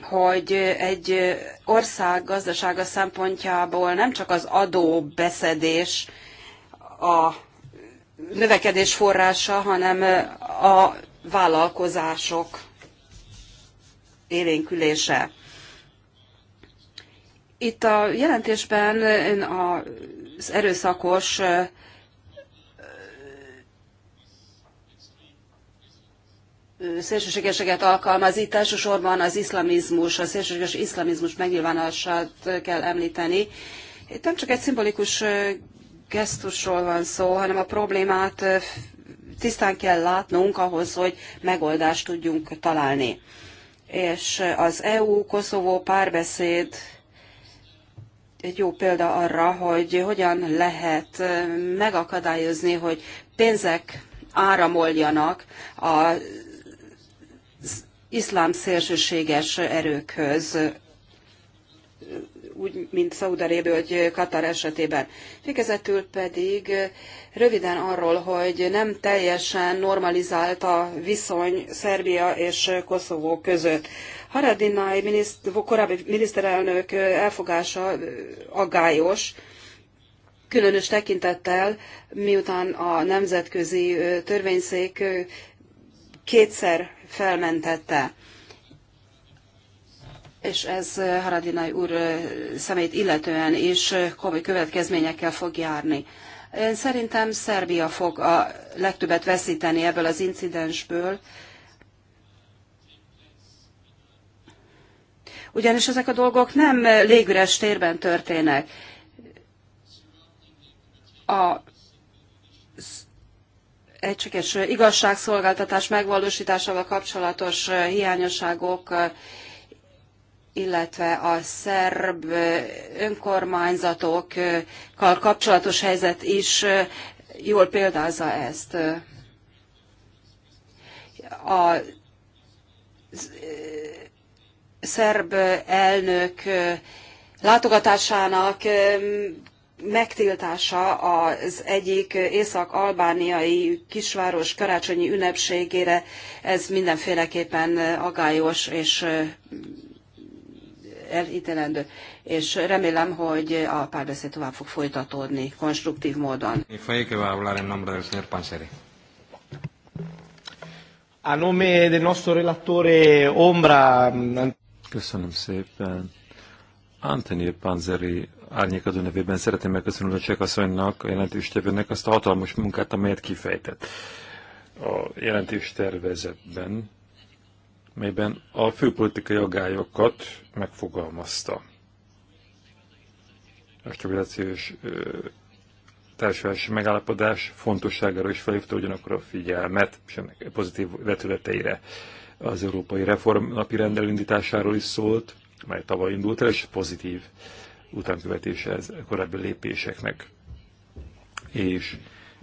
hogy egy ország gazdasága szempontjából nem csak az adóbeszedés a növekedés forrása, hanem a vállalkozások élénkülése. Itt a jelentésben az erőszakos szélsőségeseket alkalmaz. Itt elsősorban az iszlamizmus, a szélsőséges iszlamizmus megnyilvánulását kell említeni. Itt nem csak egy szimbolikus gesztusról van szó, hanem a problémát tisztán kell látnunk ahhoz, hogy megoldást tudjunk találni. És az EU-Koszovó párbeszéd egy jó példa arra, hogy hogyan lehet megakadályozni, hogy pénzek áramoljanak a iszlám szélsőséges erőkhöz, úgy, mint Szaudarébi vagy Katar esetében. Végezetül pedig röviden arról, hogy nem teljesen normalizált a viszony Szerbia és Koszovó között. Haradinai miniszt, korábbi miniszterelnök elfogása aggályos, különös tekintettel, miután a nemzetközi törvényszék kétszer felmentette. És ez eh, Haradinai úr eh, szemét illetően is eh, komoly következményekkel fog járni. Én szerintem Szerbia fog a legtöbbet veszíteni ebből az incidensből, ugyanis ezek a dolgok nem légüres térben történnek. A egységes igazságszolgáltatás megvalósításával kapcsolatos hiányosságok, illetve a szerb önkormányzatokkal kapcsolatos helyzet is jól példázza ezt. A szerb elnök látogatásának megtiltása az egyik észak-albániai kisváros karácsonyi ünnepségére, ez mindenféleképpen agályos és elítélendő. És remélem, hogy a párbeszéd tovább fog folytatódni konstruktív módon. A nome del nostro relatore Ombra. Mm, Köszönöm szépen. Anthony Panzeri árnyékadó nevében szeretném megköszönni a Csekasszonynak, a jelentéstevőnek azt a hatalmas munkát, amelyet kifejtett a jelentős tervezetben, melyben a főpolitikai agályokat megfogalmazta. A stabilizációs társadalmi megállapodás fontosságára is felhívta ugyanakkor a figyelmet, és ennek pozitív vetületeire az európai reform napi rendelindításáról is szólt, mely tavaly indult el, és pozitív utánkövetése ez a korábbi lépéseknek, és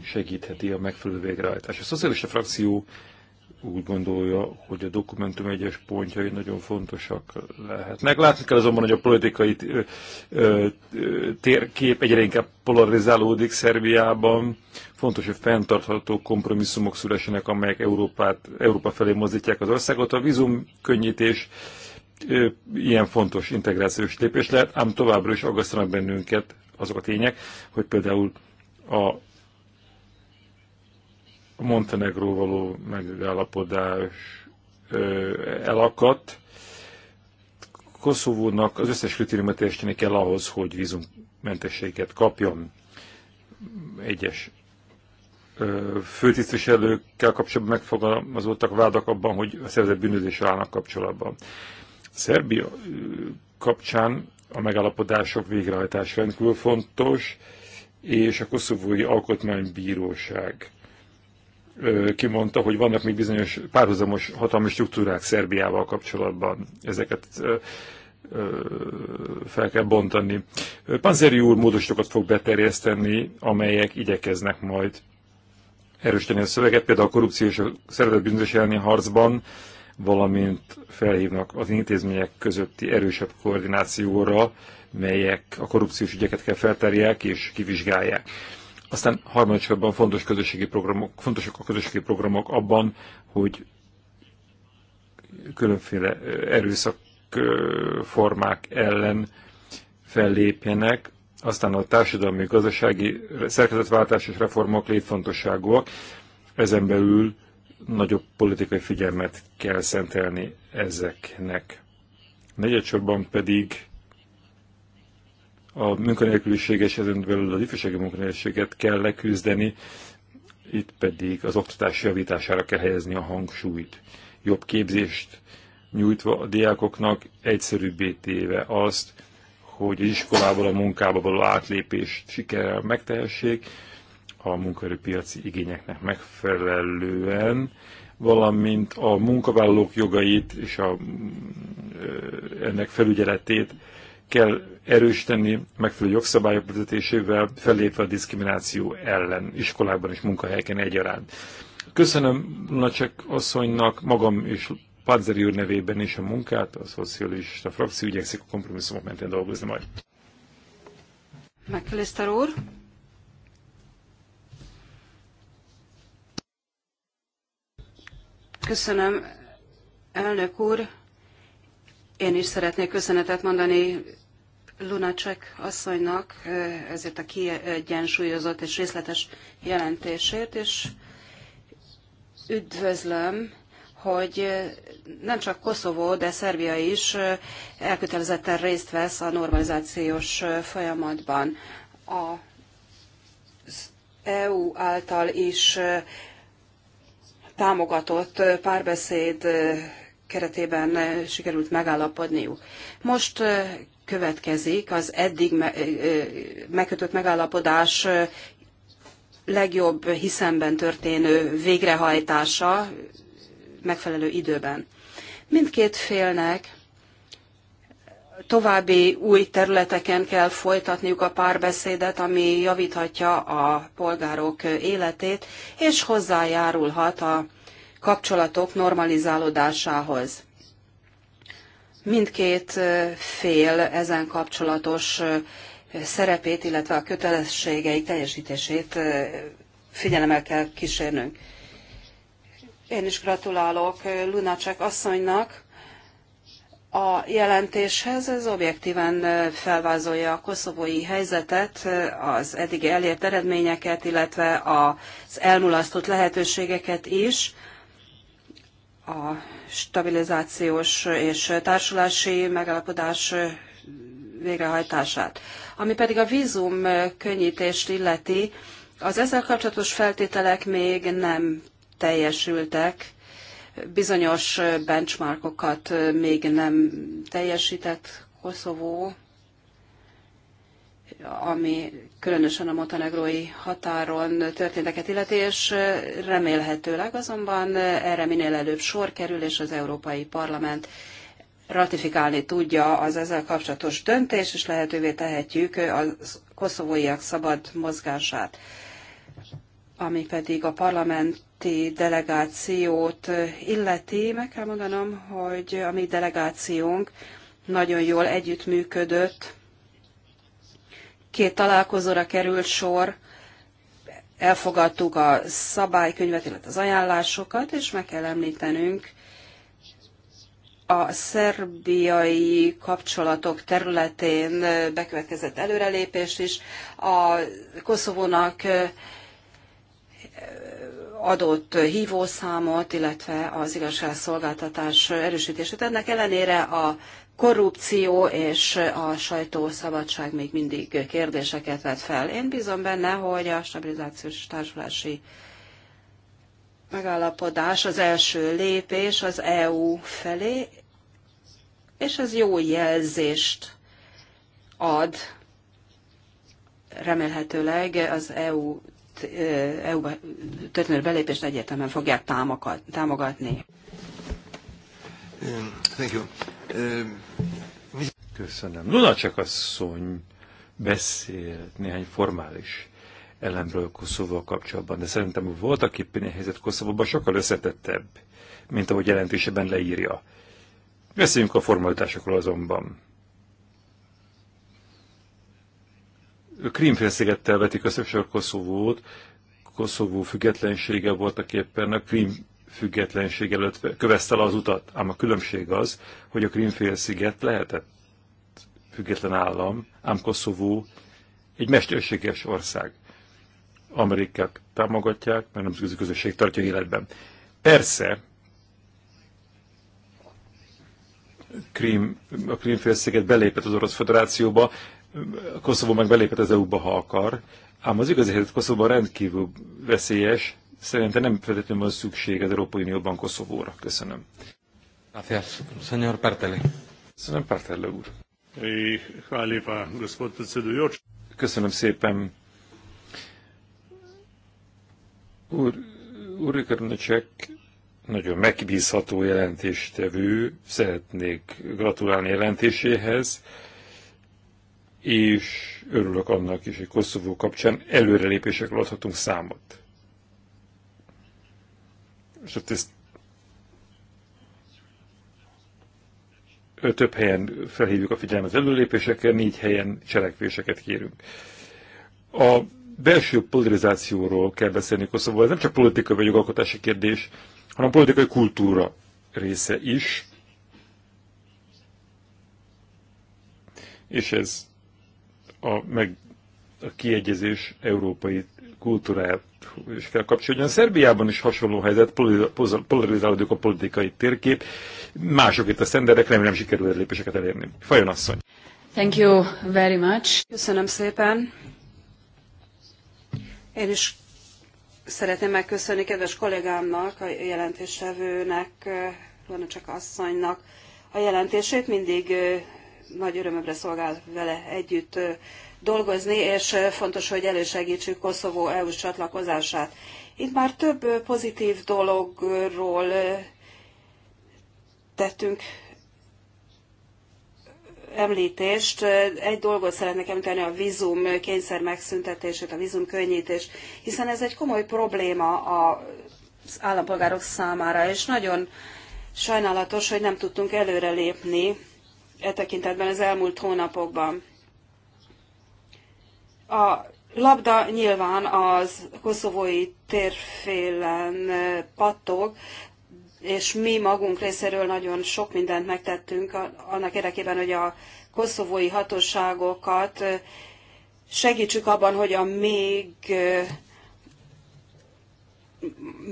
segítheti a megfelelő végrehajtást. A szocialista frakció úgy gondolja, hogy a dokumentum egyes pontjai nagyon fontosak lehetnek. Látni kell azonban, hogy a politikai térkép egyre inkább polarizálódik Szerbiában. Fontos, hogy fenntartható kompromisszumok szülessenek, amelyek Európát, Európa felé mozdítják az országot. A vízum könnyítés ilyen fontos integrációs lépés lehet, ám továbbra is aggasztanak bennünket azok a tények, hogy például a Montenegró való megállapodás elakadt. Koszovónak az összes kritériumot teljesíteni kell ahhoz, hogy vízummentességet kapjon. Egyes főtisztviselőkkel kapcsolatban megfogalmazottak vádak abban, hogy a szervezet bűnözéssel állnak kapcsolatban. Szerbia kapcsán a megalapodások végrehajtás rendkívül fontos, és a Koszovói Alkotmánybíróság kimondta, hogy vannak még bizonyos párhuzamos hatalmi struktúrák Szerbiával kapcsolatban. Ezeket fel kell bontani. Panzeri úr módosítókat fog beterjeszteni, amelyek igyekeznek majd erősíteni a szöveget, például a korrupció és a szervezetbűnözés elleni harcban valamint felhívnak az intézmények közötti erősebb koordinációra, melyek a korrupciós ügyeket kell feltárják és kivizsgálják. Aztán harmadsorban fontos közösségi programok, fontosak a közösségi programok abban, hogy különféle formák ellen fellépjenek, aztán a társadalmi gazdasági szerkezetváltás és reformok létfontosságúak, ezen belül nagyobb politikai figyelmet kell szentelni ezeknek. Negyedsorban pedig a munkanélküliség és ezen belül az ifjúsági munkanélküliséget kell leküzdeni, itt pedig az oktatás javítására kell helyezni a hangsúlyt. Jobb képzést nyújtva a diákoknak, egyszerűbbé téve azt, hogy az iskolából a munkába való átlépést sikerrel megtehessék, a munkaerőpiaci igényeknek megfelelően, valamint a munkavállalók jogait és a, ennek felügyeletét kell erősíteni megfelelő jogszabályok vezetésével, fellépve a diszkrimináció ellen, iskolában és munkahelyeken egyaránt. Köszönöm Nacsek asszonynak, magam és Panzeri úr nevében is a munkát, a szocialista frakció igyekszik a kompromisszumok mentén dolgozni majd. McAllister úr. Köszönöm, elnök úr. Én is szeretnék köszönetet mondani Lunacek asszonynak ezért a kiegyensúlyozott és részletes jelentésért, és üdvözlöm, hogy nem csak Koszovó, de Szerbia is elkötelezetten részt vesz a normalizációs folyamatban. A EU által is támogatott párbeszéd keretében sikerült megállapodniuk. Most következik az eddig megkötött megállapodás legjobb hiszemben történő végrehajtása megfelelő időben. Mindkét félnek további új területeken kell folytatniuk a párbeszédet, ami javíthatja a polgárok életét, és hozzájárulhat a kapcsolatok normalizálódásához. Mindkét fél ezen kapcsolatos szerepét, illetve a kötelességei teljesítését figyelemmel kell kísérnünk. Én is gratulálok Lunacek asszonynak a jelentéshez. Ez objektíven felvázolja a koszovói helyzetet, az eddigi elért eredményeket, illetve az elmulasztott lehetőségeket is a stabilizációs és társulási megalapodás végrehajtását. Ami pedig a vízum könnyítést illeti, az ezzel kapcsolatos feltételek még nem teljesültek, Bizonyos benchmarkokat még nem teljesített Koszovó, ami különösen a montenegrói határon történteket illeti, és remélhetőleg azonban erre minél előbb sor kerül, és az Európai Parlament ratifikálni tudja az ezzel kapcsolatos döntés, és lehetővé tehetjük a koszovóiak szabad mozgását ami pedig a parlamenti delegációt illeti, meg kell mondanom, hogy a mi delegációnk nagyon jól együttműködött. Két találkozóra került sor, elfogadtuk a szabálykönyvet, illetve az ajánlásokat, és meg kell említenünk a szerbiai kapcsolatok területén bekövetkezett előrelépést is. A Koszovónak adott hívószámot, illetve az igazságszolgáltatás erősítését. Ennek ellenére a korrupció és a sajtószabadság még mindig kérdéseket vet fel. Én bízom benne, hogy a stabilizációs társulási megállapodás az első lépés az EU felé, és ez jó jelzést ad remélhetőleg az EU EU-ba történő belépést egyértelműen fogják támogatni. Köszönöm. you. Köszönöm. a asszony beszélt néhány formális elemről Koszovóval kapcsolatban, de szerintem volt a a helyzet Koszovóban sokkal összetettebb, mint ahogy jelentésében leírja. Beszéljünk a formalitásokról azonban. Krímfélszigettel vetik összekösör Koszovót. Koszovó függetlensége voltak éppen a Krím függetlenség előtt kövesztel az utat. Ám a különbség az, hogy a Krímfélsziget lehetett független állam, ám Koszovó egy mesterséges ország. Amerikák támogatják, mert nemzetközi közösség tartja életben. Persze, Krím, a Krímfélsziget belépett az Orosz Föderációba, Koszovó meg belépett az EU-ba, ha akar, ám az igazi helyzet Koszovóban rendkívül veszélyes, szerintem nem feltétlenül van szükség az Európai Unióban Koszovóra. Köszönöm. Gracias, señor Pertele. Köszönöm, Pertele úr. Köszönöm szépen. Úr, úr Körnöcsek, nagyon megbízható jelentéstevő, szeretnék gratulálni jelentéséhez és örülök annak is, hogy Koszovó kapcsán előrelépésekről adhatunk számot. És ott ezt több helyen felhívjuk a figyelmet előlépésekre, négy helyen cselekvéseket kérünk. A belső polarizációról kell beszélni Koszovóval. Ez nem csak politikai vagy jogalkotási kérdés, hanem politikai kultúra része is. És ez a, meg, a kiegyezés európai kultúráját és felkapcsolódjon. Szerbiában is hasonló helyzet, polarizálódik a politikai térkép, mások itt a szenderek, remélem sikerül lépéseket elérni. Fajon asszony! Thank you very much. Köszönöm szépen. Én is szeretném megköszönni kedves kollégámnak, a jelentéstevőnek, van csak asszonynak a jelentését, mindig nagy örömömre szolgál vele együtt dolgozni, és fontos, hogy elősegítsük Koszovó EU-s csatlakozását. Itt már több pozitív dologról tettünk említést. Egy dolgot szeretnék említeni, a vízum kényszer megszüntetését, a vízum könnyítést, hiszen ez egy komoly probléma az állampolgárok számára, és nagyon sajnálatos, hogy nem tudtunk előrelépni e tekintetben az elmúlt hónapokban. A labda nyilván az koszovói térfélen e, pattog, és mi magunk részéről nagyon sok mindent megtettünk annak érdekében, hogy a koszovói hatóságokat e, segítsük abban, hogy a még e,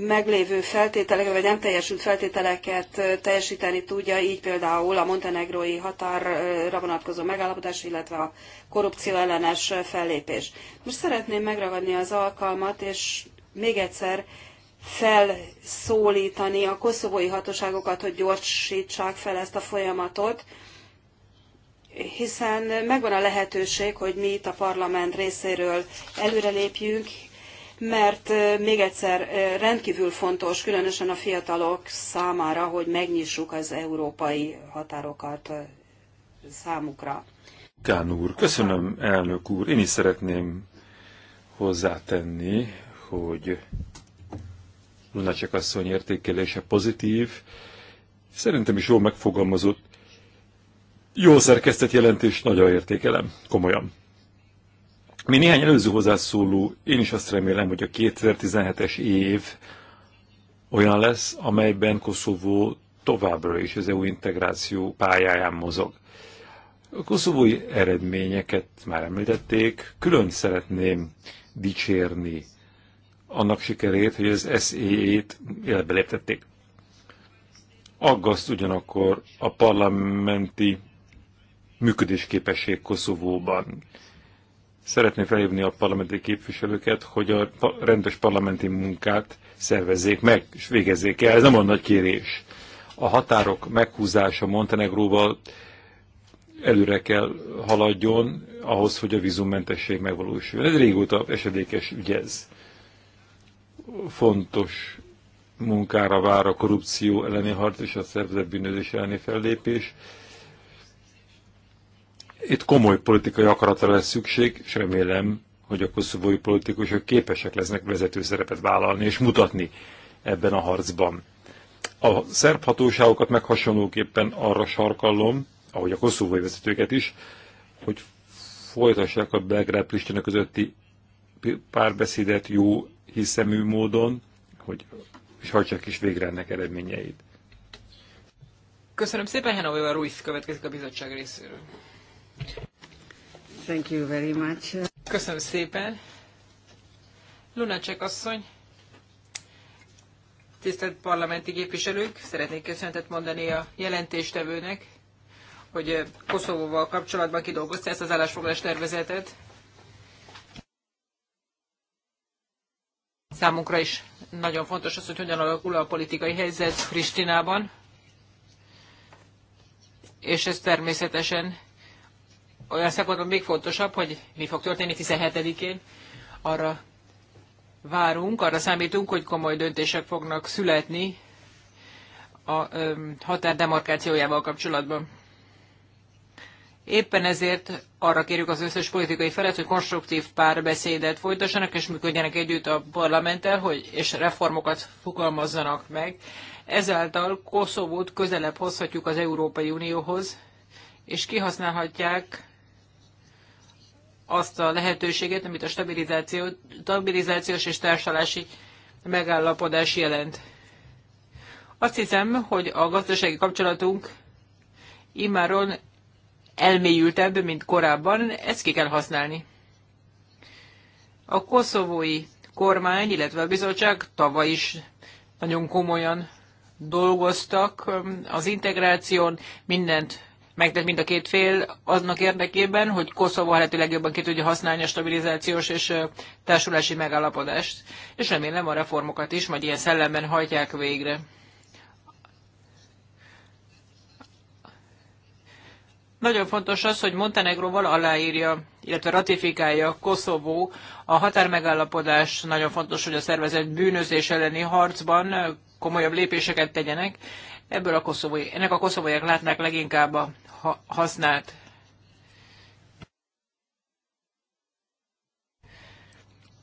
meglévő feltételeket, vagy nem teljesült feltételeket teljesíteni tudja, így például a montenegrói határra vonatkozó megállapodás, illetve a korrupció ellenes fellépés. Most szeretném megragadni az alkalmat, és még egyszer felszólítani a koszovói hatóságokat, hogy gyorsítsák fel ezt a folyamatot, hiszen megvan a lehetőség, hogy mi itt a parlament részéről előrelépjünk, mert még egyszer rendkívül fontos, különösen a fiatalok számára, hogy megnyissuk az európai határokat számukra. Kán úr, köszönöm, elnök úr. Én is szeretném hozzátenni, hogy Lunacek asszony értékelése pozitív, szerintem is jól megfogalmazott, jó szerkesztett jelentést, nagyon értékelem, komolyan. Mi néhány előző hozzászóló, én is azt remélem, hogy a 2017-es év olyan lesz, amelyben Koszovó továbbra is az EU integráció pályáján mozog. A koszovói eredményeket már említették, külön szeretném dicsérni annak sikerét, hogy az sze t életbe léptették. Aggaszt ugyanakkor a parlamenti működésképesség Koszovóban. Szeretném felhívni a parlamenti képviselőket, hogy a rendes parlamenti munkát szervezzék meg, és végezzék el. Ez nem olyan nagy kérés. A határok meghúzása Montenegróval előre kell haladjon ahhoz, hogy a vízummentesség megvalósuljon. Ez régóta esedékes ügy ez. Fontos munkára vár a korrupció elleni harc és a szervezett bűnözés elleni fellépés. Itt komoly politikai akaratra lesz szükség, és remélem, hogy a koszovói politikusok képesek lesznek vezető szerepet vállalni és mutatni ebben a harcban. A szerb hatóságokat meg hasonlóképpen arra sarkallom, ahogy a koszovói vezetőket is, hogy folytassák a Belgrád Pristina közötti párbeszédet jó hiszemű módon, hogy és hagyják is végre ennek eredményeit. Köszönöm szépen, Henovéval Ruiz következik a bizottság részéről. Thank you very much. Köszönöm szépen. Lunacek asszony, tisztelt parlamenti képviselők, szeretnék köszöntet mondani a jelentéstevőnek, hogy Koszovóval kapcsolatban kidolgozta ezt az állásfoglalás tervezetet. Számunkra is nagyon fontos az, hogy hogyan alakul a politikai helyzet Pristinában, és ez természetesen olyan szempontból még fontosabb, hogy mi fog történni 17-én. Arra várunk, arra számítunk, hogy komoly döntések fognak születni a határ demarkációjával kapcsolatban. Éppen ezért arra kérjük az összes politikai felet, hogy konstruktív párbeszédet folytassanak, és működjenek együtt a parlamenttel, hogy, és reformokat fogalmazzanak meg. Ezáltal Koszovót közelebb hozhatjuk az Európai Unióhoz, és kihasználhatják azt a lehetőséget, amit a stabilizáció, stabilizációs és társalási megállapodás jelent. Azt hiszem, hogy a gazdasági kapcsolatunk immáron elmélyültebb, mint korábban, ezt ki kell használni. A koszovói kormány, illetve a bizottság tavaly is nagyon komolyan dolgoztak um, az integráción, mindent megtett mind a két fél aznak érdekében, hogy Koszovó lehető legjobban ki tudja használni a stabilizációs és társulási megállapodást, és remélem a reformokat is majd ilyen szellemben hajtják végre. Nagyon fontos az, hogy Montenegróval aláírja, illetve ratifikálja Koszovó a határmegállapodás. Nagyon fontos, hogy a szervezet bűnözés elleni harcban komolyabb lépéseket tegyenek, Ebből a koszovói, ennek a koszovóiak látnák leginkább a hasznát.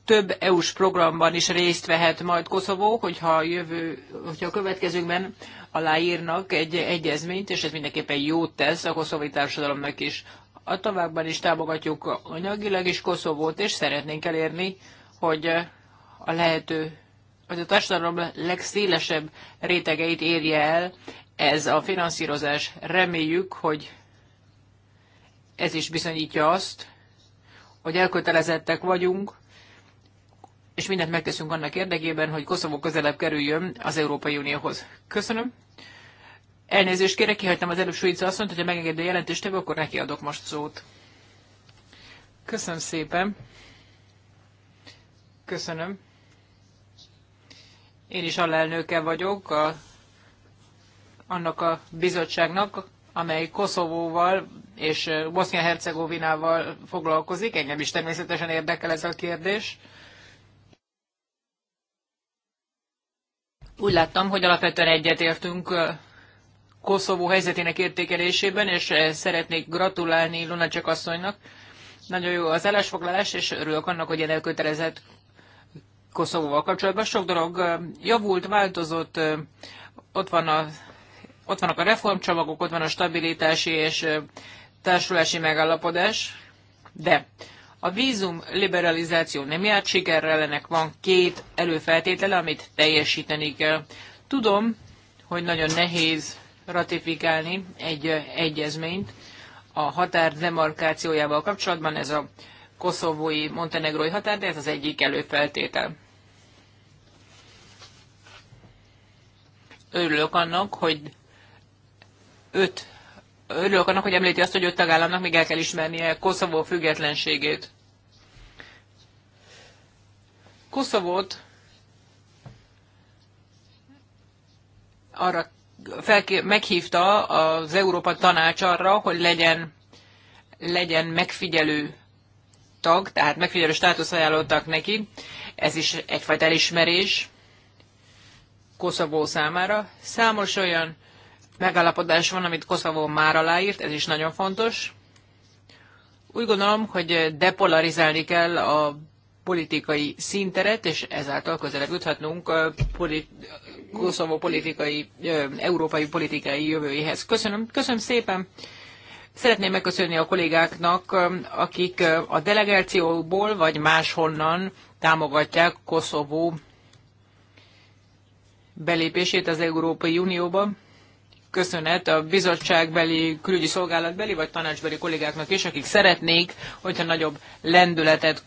Több EU-s programban is részt vehet majd Koszovó, hogyha a, jövő, hogyha a következőkben aláírnak egy egyezményt, és ez mindenképpen jót tesz a koszovói társadalomnak is. A továbbban is támogatjuk anyagilag is Koszovót, és szeretnénk elérni, hogy a lehető hogy a társadalom legszélesebb rétegeit érje el ez a finanszírozás. Reméljük, hogy ez is bizonyítja azt, hogy elkötelezettek vagyunk, és mindent megteszünk annak érdekében, hogy Koszovó közelebb kerüljön az Európai Unióhoz. Köszönöm. Elnézést kérek, kihagytam az előbb Suica azt mondta, hogy ha megengedő jelentést tevő, akkor neki adok most szót. Köszönöm szépen. Köszönöm. Én is alelnöke vagyok a, annak a bizottságnak, amely Koszovóval és Bosznia-Hercegovinával foglalkozik. Engem is természetesen érdekel ez a kérdés. Úgy láttam, hogy alapvetően egyetértünk Koszovó helyzetének értékelésében, és szeretnék gratulálni Lunacek asszonynak. Nagyon jó az állásfoglalás, és örülök annak, hogy ilyen elkötelezett Koszovóval kapcsolatban sok dolog javult, változott, ott, van a, ott vannak a reformcsomagok, ott van a stabilitási és társulási megállapodás, de a vízum liberalizáció nem járt sikerrel, ennek van két előfeltétele, amit teljesíteni kell. Tudom, hogy nagyon nehéz ratifikálni egy egyezményt a határ demarkációjával kapcsolatban, ez a koszovói, montenegrói határ, de ez az egyik előfeltétel. Örülök annak, hogy öt örülök annak, hogy említi azt, hogy öt tagállamnak még el kell ismernie Koszovó függetlenségét. Koszovót arra felké- meghívta az Európa Tanács arra, hogy legyen, legyen megfigyelő tag, tehát megfigyelő státusz ajánlottak neki. Ez is egyfajta elismerés Koszovó számára. Számos olyan megállapodás van, amit Koszovó már aláírt, ez is nagyon fontos. Úgy gondolom, hogy depolarizálni kell a politikai színteret, és ezáltal közelebb juthatnunk a polit Koszovó politikai, európai politikai jövőjéhez. Köszönöm, köszönöm szépen! Szeretném megköszönni a kollégáknak, akik a delegációból vagy máshonnan támogatják Koszovó belépését az Európai Unióba. Köszönet a bizottságbeli, külügyi szolgálatbeli vagy tanácsbeli kollégáknak is, akik szeretnék, hogyha nagyobb lendületet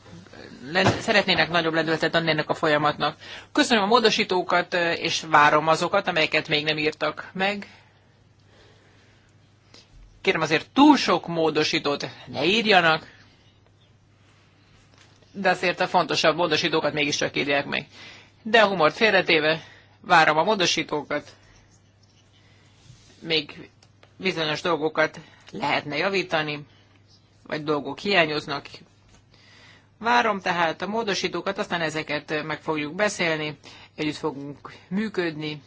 szeretnének nagyobb lendületet adni ennek a folyamatnak. Köszönöm a módosítókat, és várom azokat, amelyeket még nem írtak meg kérem azért túl sok módosítót ne írjanak, de azért a fontosabb módosítókat mégiscsak írják meg. De a humort félretéve várom a módosítókat, még bizonyos dolgokat lehetne javítani, vagy dolgok hiányoznak. Várom tehát a módosítókat, aztán ezeket meg fogjuk beszélni, együtt fogunk működni,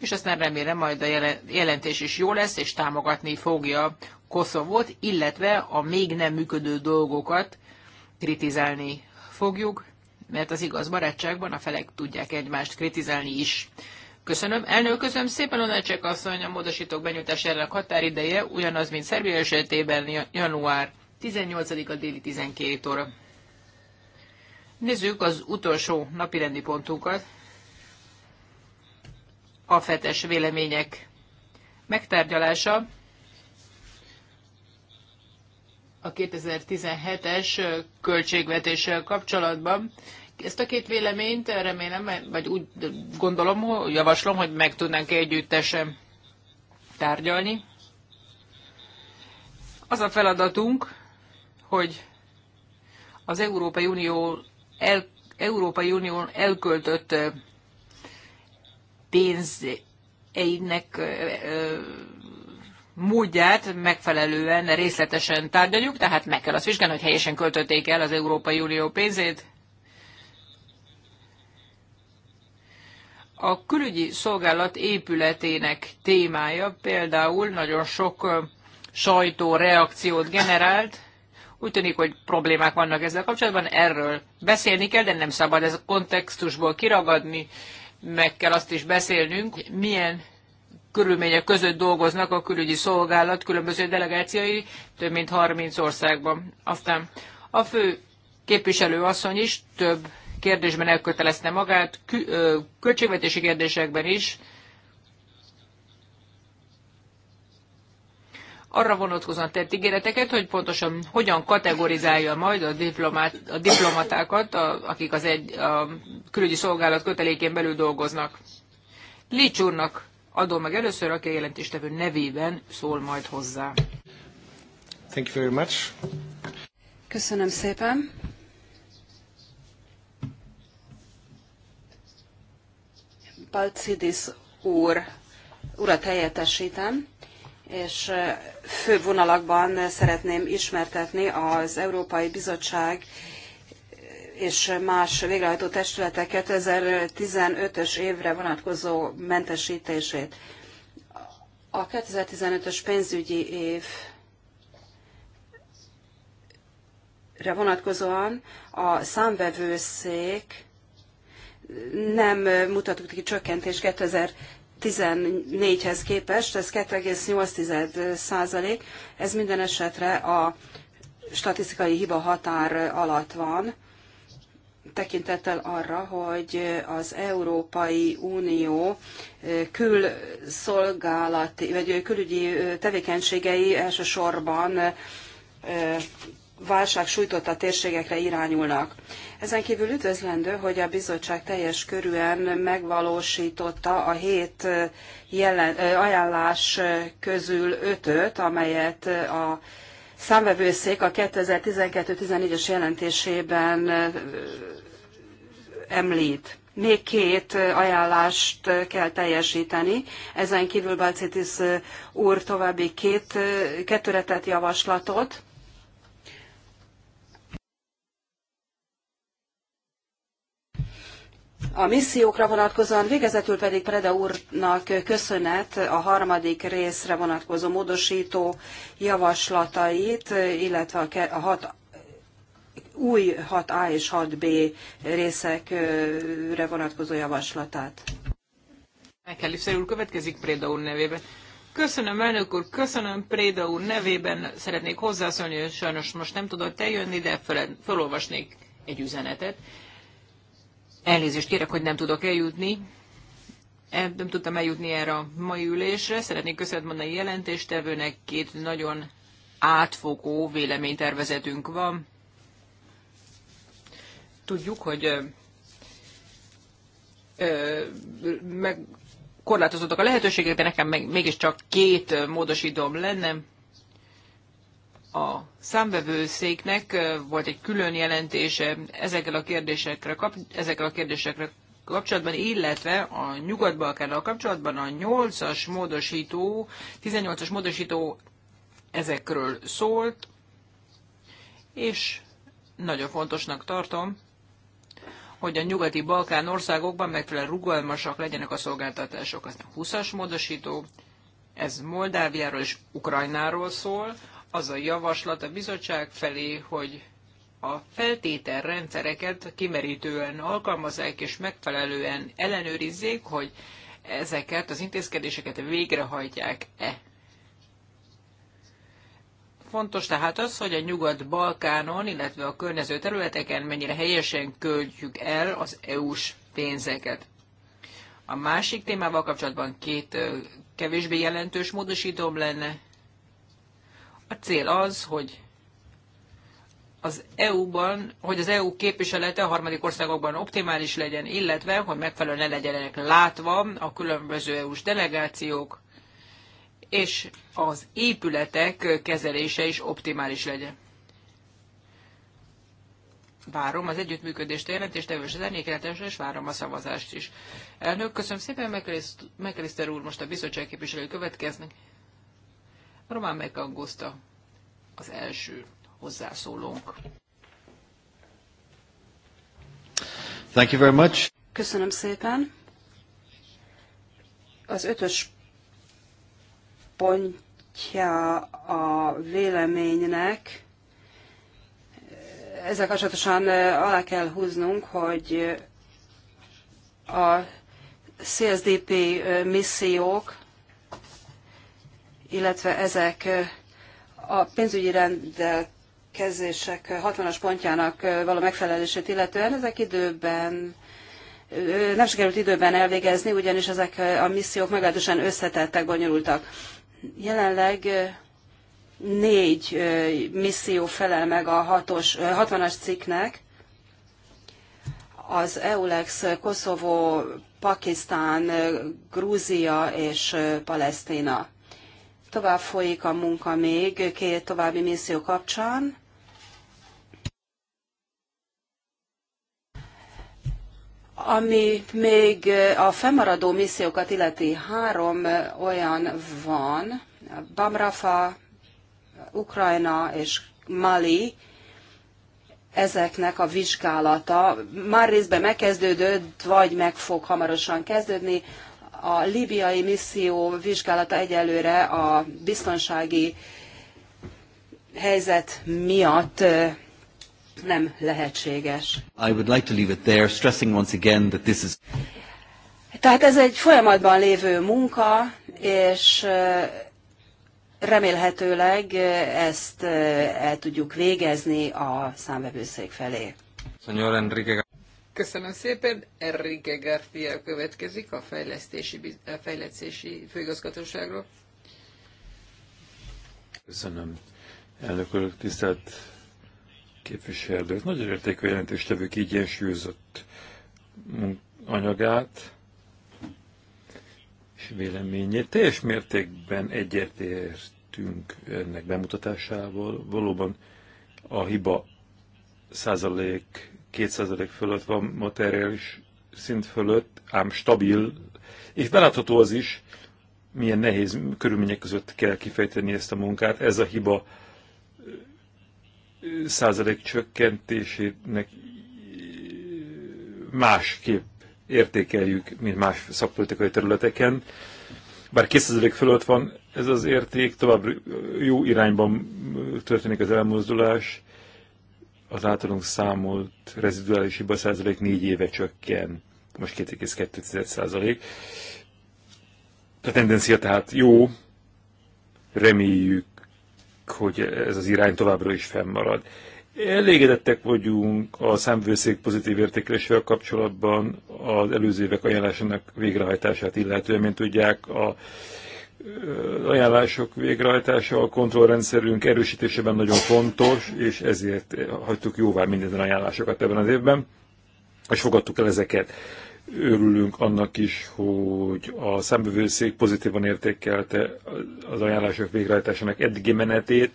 és aztán remélem majd a jelentés is jó lesz, és támogatni fogja Koszovót, illetve a még nem működő dolgokat kritizálni fogjuk, mert az igaz barátságban a felek tudják egymást kritizálni is. Köszönöm. Elnök, köszönöm szépen, csak asszony, a módosítók benyújtásának határideje ugyanaz, mint Szerbia esetében január 18-a déli 12 óra. Nézzük az utolsó napirendi pontunkat fetes vélemények megtárgyalása a 2017-es költségvetéssel kapcsolatban. Ezt a két véleményt remélem, vagy úgy gondolom, hogy javaslom, hogy meg tudnánk együttesen tárgyalni. Az a feladatunk, hogy az Európai Unió el, Európai Unión elköltött pénzeinek módját megfelelően részletesen tárgyaljuk, tehát meg kell azt vizsgálni, hogy helyesen költötték el az Európai Unió pénzét. A külügyi szolgálat épületének témája például nagyon sok sajtó reakciót generált, úgy tűnik, hogy problémák vannak ezzel kapcsolatban, erről beszélni kell, de nem szabad ez a kontextusból kiragadni, meg kell azt is beszélnünk, milyen körülmények között dolgoznak a külügyi szolgálat különböző delegációi több mint 30 országban. Aztán a fő képviselő asszony is több kérdésben elkötelezte magát, költségvetési kérdésekben is, arra vonatkozóan tett ígéreteket, hogy pontosan hogyan kategorizálja majd a, diplomát, a diplomatákat, a, akik az egy a külügyi szolgálat kötelékén belül dolgoznak. Lícs úrnak adom meg először, aki a jelentéstevő nevében szól majd hozzá. Thank you very much. Köszönöm szépen. Balcidis úr urat helyettesítem és főbb vonalakban szeretném ismertetni az Európai Bizottság és más végrehajtó testületek 2015-ös évre vonatkozó mentesítését. A 2015-ös pénzügyi évre vonatkozóan a számvevőszék nem mutatott ki csökkentést 14-hez képest, ez 2,8 százalék, ez minden esetre a statisztikai hiba határ alatt van, tekintettel arra, hogy az Európai Unió külszolgálati, vagy külügyi tevékenységei elsősorban válság sújtotta térségekre irányulnak. Ezen kívül üdvözlendő, hogy a bizottság teljes körűen megvalósította a hét jelen, ajánlás közül ötöt, amelyet a számvevőszék a 2012-14-es jelentésében említ. Még két ajánlást kell teljesíteni, ezen kívül Balcitis úr további két, kettőretett javaslatot, a missziókra vonatkozóan, végezetül pedig Preda úrnak köszönet a harmadik részre vonatkozó módosító javaslatait, illetve a hat új 6A és 6B részekre vonatkozó javaslatát. Kelly úr következik Préda úr nevében. Köszönöm, elnök úr, köszönöm Préda úr nevében. Szeretnék hozzászólni, hogy sajnos most nem tudott eljönni, de fel, felolvasnék egy üzenetet. Elnézést kérek, hogy nem tudok eljutni. nem tudtam eljutni erre a mai ülésre. Szeretnék köszönet mondani jelentéstevőnek. Két nagyon átfogó véleménytervezetünk van. Tudjuk, hogy ö, ö, meg korlátozottak a lehetőségek, de nekem meg, mégiscsak két módosítom lenne. A számbevőszéknek volt egy külön jelentése ezekkel a kérdésekre, kap, ezekkel a kérdésekre kapcsolatban, illetve a Nyugat-Balkánnal kapcsolatban a 8-as módosító, 18-as módosító ezekről szólt, és nagyon fontosnak tartom, hogy a nyugati Balkán országokban megfelelően rugalmasak legyenek a szolgáltatások. az 20-as módosító, ez Moldáviáról és Ukrajnáról szól az a javaslat a bizottság felé, hogy a feltételrendszereket kimerítően alkalmazzák és megfelelően ellenőrizzék, hogy ezeket az intézkedéseket végrehajtják-e. Fontos tehát az, hogy a Nyugat-Balkánon, illetve a környező területeken mennyire helyesen költjük el az EU-s pénzeket. A másik témával kapcsolatban két kevésbé jelentős módosítom lenne. A cél az, hogy az EU-ban, hogy az EU képviselete a harmadik országokban optimális legyen, illetve, hogy megfelelően ne legyenek látva a különböző EU-s delegációk, és az épületek kezelése is optimális legyen. Várom az együttműködést a jelentéstevős zenékeletes, és várom a szavazást is. Elnök, köszönöm szépen, Mekeliszter úr, most a bizottság képviselő következnek. Román megaggózta az első hozzászólónk. Thank you very much. Köszönöm szépen. Az ötös pontja a véleménynek. Ezzel kapcsolatosan alá kell húznunk, hogy a CSDP missziók illetve ezek a pénzügyi rendelkezések 60-as pontjának való megfelelését illetően ezek időben nem sikerült időben elvégezni, ugyanis ezek a missziók meglehetősen összetettek, bonyolultak. Jelenleg négy misszió felel meg a hatos, 60-as cikknek, az EULEX Koszovó, Pakisztán, Grúzia és Palesztina. Tovább folyik a munka még két további misszió kapcsán. Ami még a fennmaradó missziókat illeti, három olyan van, Bamrafa, Ukrajna és Mali, ezeknek a vizsgálata már részben megkezdődött, vagy meg fog hamarosan kezdődni. A líbiai misszió vizsgálata egyelőre a biztonsági helyzet miatt nem lehetséges. I would like to leave it there, stressing once again that this is... Tehát ez egy folyamatban lévő munka, és remélhetőleg ezt el tudjuk végezni a számvevőszék felé. Señor Enrique Köszönöm szépen. Enrique García következik a fejlesztési, a fejlesztési főigazgatóságról. Köszönöm. Elnök úr, tisztelt képviselők. Nagyon értékű jelentéstevők egyensúlyozott anyagát és véleményét. Teljes mértékben egyetértünk ennek bemutatásával. Valóban a hiba százalék 2% fölött van materiális szint fölött, ám stabil, és belátható az is, milyen nehéz körülmények között kell kifejteni ezt a munkát. Ez a hiba százalék csökkentésének másképp értékeljük, mint más szakpolitikai területeken. Bár 2% fölött van ez az érték, tovább jó irányban történik az elmozdulás, az általunk számolt reziduális hiba százalék négy éve csökken, most 2,2 százalék. A tendencia tehát jó, reméljük, hogy ez az irány továbbra is fennmarad. Elégedettek vagyunk a számvőszék pozitív értékelésével kapcsolatban az előző évek ajánlásának végrehajtását illetően, mint tudják, a ajánlások végrehajtása a kontrollrendszerünk erősítésében nagyon fontos, és ezért hagytuk jóvá minden ajánlásokat ebben az évben, és fogadtuk el ezeket. Örülünk annak is, hogy a számbevőszék pozitívan értékelte az ajánlások végrehajtásának eddigi menetét,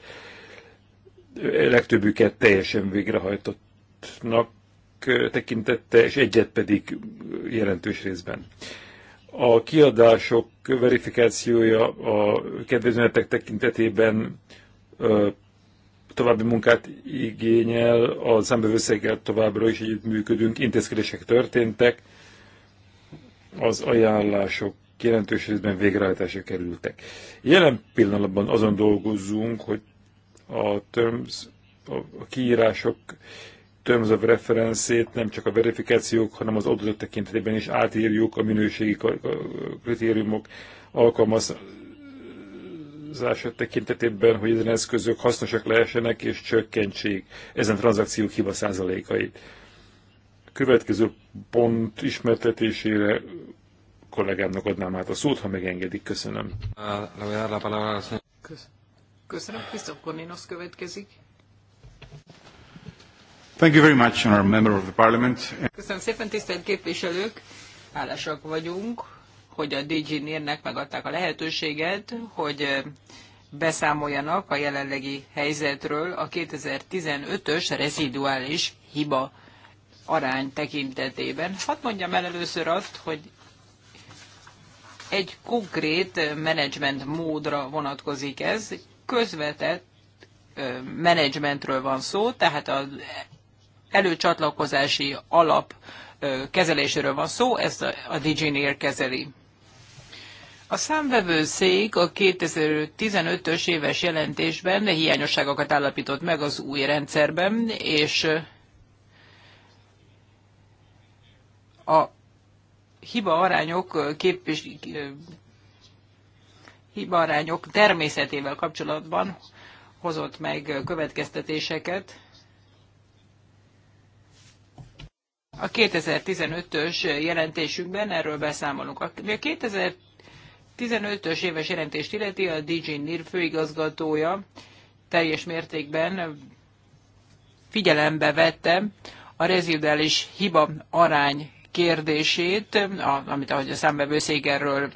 legtöbbüket teljesen végrehajtottnak tekintette, és egyet pedig jelentős részben a kiadások verifikációja a kedvezmények tekintetében ö, további munkát igényel, a szembevőszeggel továbbra is együttműködünk, intézkedések történtek, az ajánlások jelentős részben végrehajtásra kerültek. Jelen pillanatban azon dolgozunk, hogy a terms, a, a kiírások terms of reference-ét nem csak a verifikációk, hanem az adatok tekintetében is átírjuk a minőségi kritériumok alkalmazása tekintetében, hogy ezen eszközök hasznosak lehessenek és csökkentsék ezen tranzakciók hiba százalékait. A következő pont ismertetésére kollégámnak adnám át a szót, ha megengedik. Köszönöm. Ah, Köszönöm. Krisztof Korninos következik. Thank you very much, our member of the parliament. Köszönöm szépen, tisztelt képviselők! Hálásak vagyunk, hogy a DG Nérnek megadták a lehetőséget, hogy eh, beszámoljanak a jelenlegi helyzetről a 2015-ös reziduális hiba arány tekintetében. Hadd mondjam el először azt, hogy egy konkrét menedzsment módra vonatkozik ez, közvetett eh, menedzsmentről van szó, tehát az előcsatlakozási alap kezeléséről van szó, ezt a DigiNér kezeli. A számvevőszék a 2015-ös éves jelentésben hiányosságokat állapított meg az új rendszerben, és a hiba arányok képvis, hiba arányok természetével kapcsolatban hozott meg következtetéseket. A 2015-ös jelentésünkben erről beszámolunk. A 2015-ös éves jelentést illeti a DJ NIR főigazgatója teljes mértékben figyelembe vette a reziduális hiba arány kérdését, amit ahogy a számbevőszégerről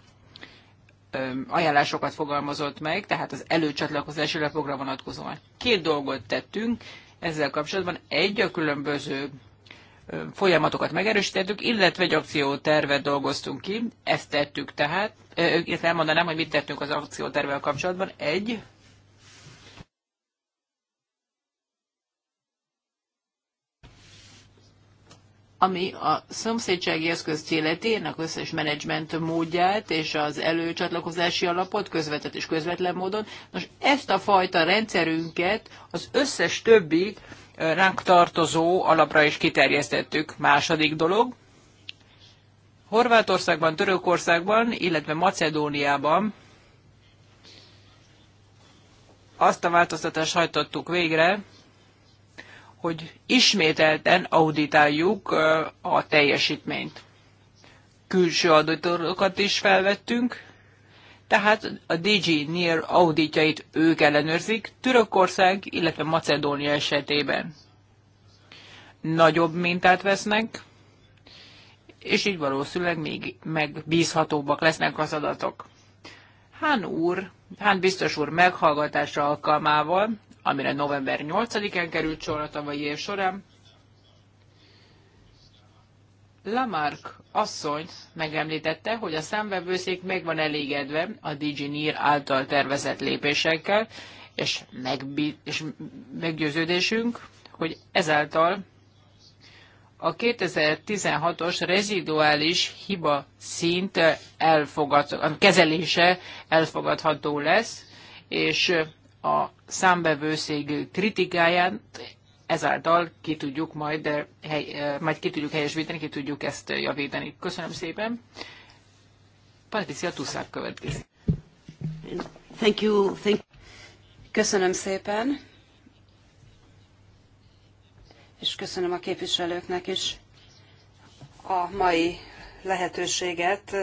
ajánlásokat fogalmazott meg, tehát az előcsatlakozási lapokra vonatkozóan. Két dolgot tettünk ezzel kapcsolatban. Egy a különböző folyamatokat megerősítettük, illetve egy akciótervet dolgoztunk ki, ezt tettük tehát, illetve elmondanám, hogy mit tettünk az akciótervvel kapcsolatban. Egy, ami a szomszédsági eszköz illeti, ennek összes menedzsment módját és az előcsatlakozási alapot közvetett és közvetlen módon. Nos, ezt a fajta rendszerünket az összes többi ránk tartozó alapra is kiterjesztettük. Második dolog, Horvátországban, Törökországban, illetve Macedóniában azt a változtatást hajtottuk végre, hogy ismételten auditáljuk a teljesítményt. Külső auditorokat is felvettünk, tehát a DG NIR auditjait ők ellenőrzik Törökország, illetve Macedónia esetében. Nagyobb mintát vesznek, és így valószínűleg még megbízhatóbbak lesznek az adatok. Hán úr, Hán biztos úr meghallgatása alkalmával, amire november 8-án került sor a tavalyi év során, Lamarck asszony megemlítette, hogy a számvevőszék meg van elégedve a DigiNIR által tervezett lépésekkel, és, megbi- és meggyőződésünk, hogy ezáltal a 2016-os reziduális hiba szint elfogad, kezelése elfogadható lesz, és a számbevőszég kritikáját ezáltal ki tudjuk majd, de eh, hely, eh, majd ki tudjuk helyesbíteni, ki tudjuk ezt eh, javítani. Köszönöm szépen. Patricia Tuszák következik. Thank you, thank you. Köszönöm szépen, és köszönöm a képviselőknek is a mai lehetőséget,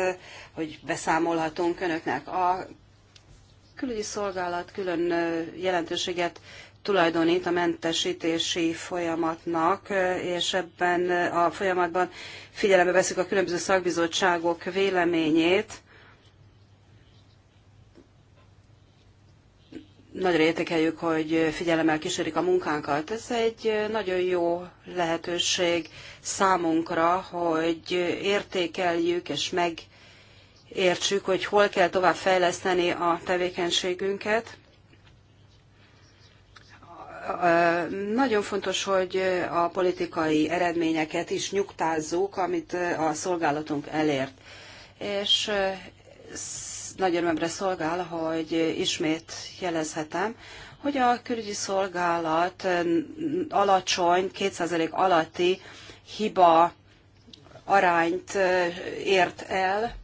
hogy beszámolhatunk önöknek. A külügyi szolgálat külön jelentőséget tulajdonít a mentesítési folyamatnak, és ebben a folyamatban figyelembe veszük a különböző szakbizottságok véleményét. Nagyon értékeljük, hogy figyelemmel kísérik a munkánkat. Ez egy nagyon jó lehetőség számunkra, hogy értékeljük és megértsük, hogy hol kell tovább fejleszteni a tevékenységünket nagyon fontos, hogy a politikai eredményeket is nyugtázzuk, amit a szolgálatunk elért. És nagy örömömre szolgál, hogy ismét jelezhetem, hogy a külügyi szolgálat alacsony, 2% alatti hiba arányt ért el,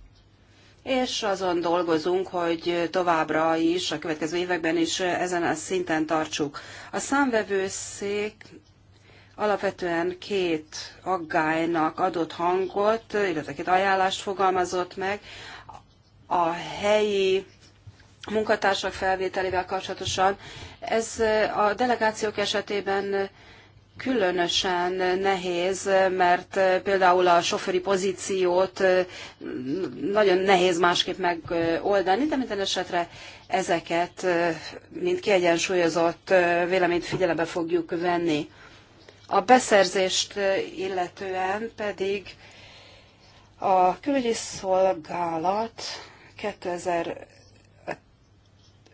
és azon dolgozunk, hogy továbbra is, a következő években is ezen a szinten tartsuk. A számvevőszék alapvetően két aggálynak adott hangot, illetve két ajánlást fogalmazott meg. A helyi munkatársak felvételével kapcsolatosan ez a delegációk esetében különösen nehéz, mert például a sofőri pozíciót nagyon nehéz másképp megoldani, de minden esetre ezeket, mint kiegyensúlyozott véleményt figyelembe fogjuk venni. A beszerzést illetően pedig a külügyi szolgálat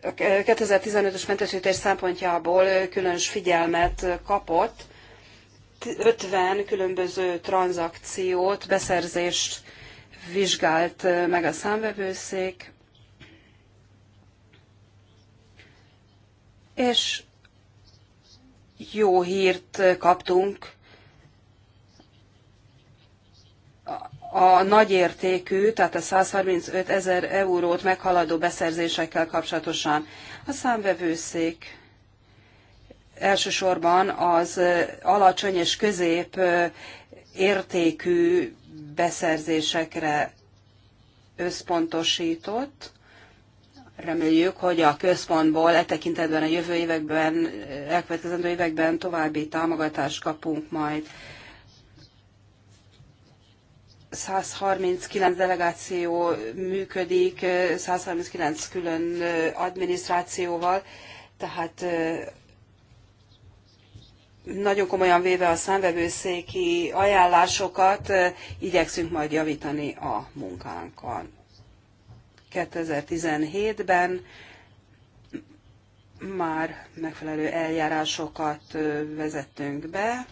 2015-ös mentesítés szempontjából különös figyelmet kapott. 50 különböző tranzakciót, beszerzést vizsgált meg a számvevőszék, és jó hírt kaptunk a nagyértékű, tehát a 135 ezer eurót meghaladó beszerzésekkel kapcsolatosan. A számvevőszék elsősorban az alacsony és közép értékű beszerzésekre összpontosított. Reméljük, hogy a központból e tekintetben a jövő években, elkövetkezendő években további támogatást kapunk majd. 139 delegáció működik, 139 külön adminisztrációval, tehát nagyon komolyan véve a számvevőszéki ajánlásokat, igyekszünk majd javítani a munkánkon. 2017-ben már megfelelő eljárásokat vezettünk be,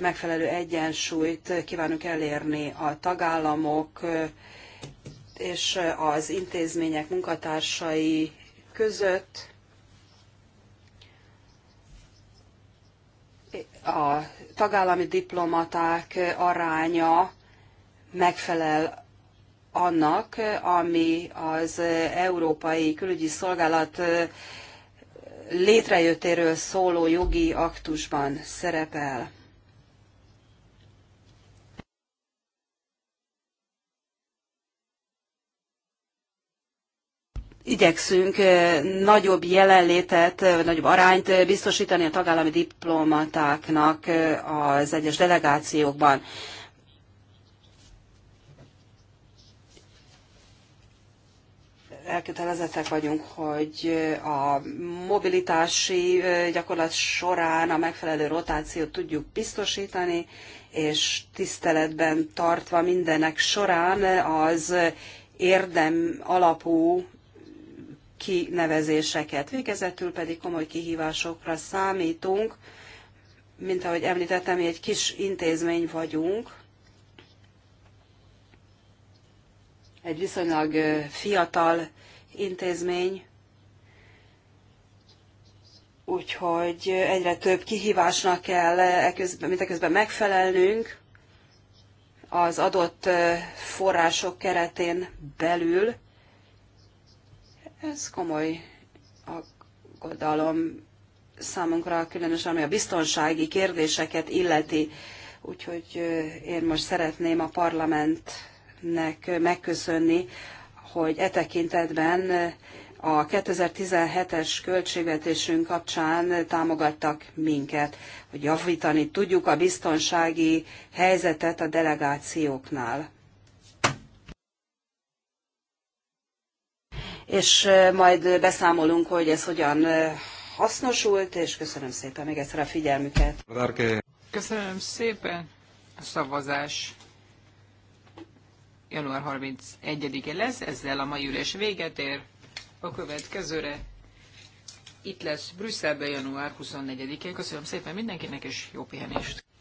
megfelelő egyensúlyt kívánunk elérni a tagállamok és az intézmények munkatársai között. A tagállami diplomaták aránya megfelel annak, ami az Európai Külügyi Szolgálat létrejöttéről szóló jogi aktusban szerepel. igyekszünk nagyobb jelenlétet, vagy nagyobb arányt biztosítani a tagállami diplomatáknak az egyes delegációkban. elkötelezettek vagyunk, hogy a mobilitási gyakorlat során a megfelelő rotációt tudjuk biztosítani, és tiszteletben tartva mindenek során az érdem alapú kinevezéseket. Végezetül pedig komoly kihívásokra számítunk, mint ahogy említettem, mi egy kis intézmény vagyunk, egy viszonylag fiatal intézmény, úgyhogy egyre több kihívásnak kell eközben, mint eközben megfelelnünk az adott források keretén belül. Ez komoly aggodalom számunkra, különösen ami a biztonsági kérdéseket illeti. Úgyhogy én most szeretném a parlamentnek megköszönni, hogy e tekintetben a 2017-es költségvetésünk kapcsán támogattak minket, hogy javítani tudjuk a biztonsági helyzetet a delegációknál. és majd beszámolunk, hogy ez hogyan hasznosult, és köszönöm szépen még egyszer a figyelmüket. Köszönöm szépen a szavazás január 31-e lesz, ezzel a mai ülés véget ér. A következőre itt lesz Brüsszelben január 24-én. Köszönöm szépen mindenkinek, és jó pihenést!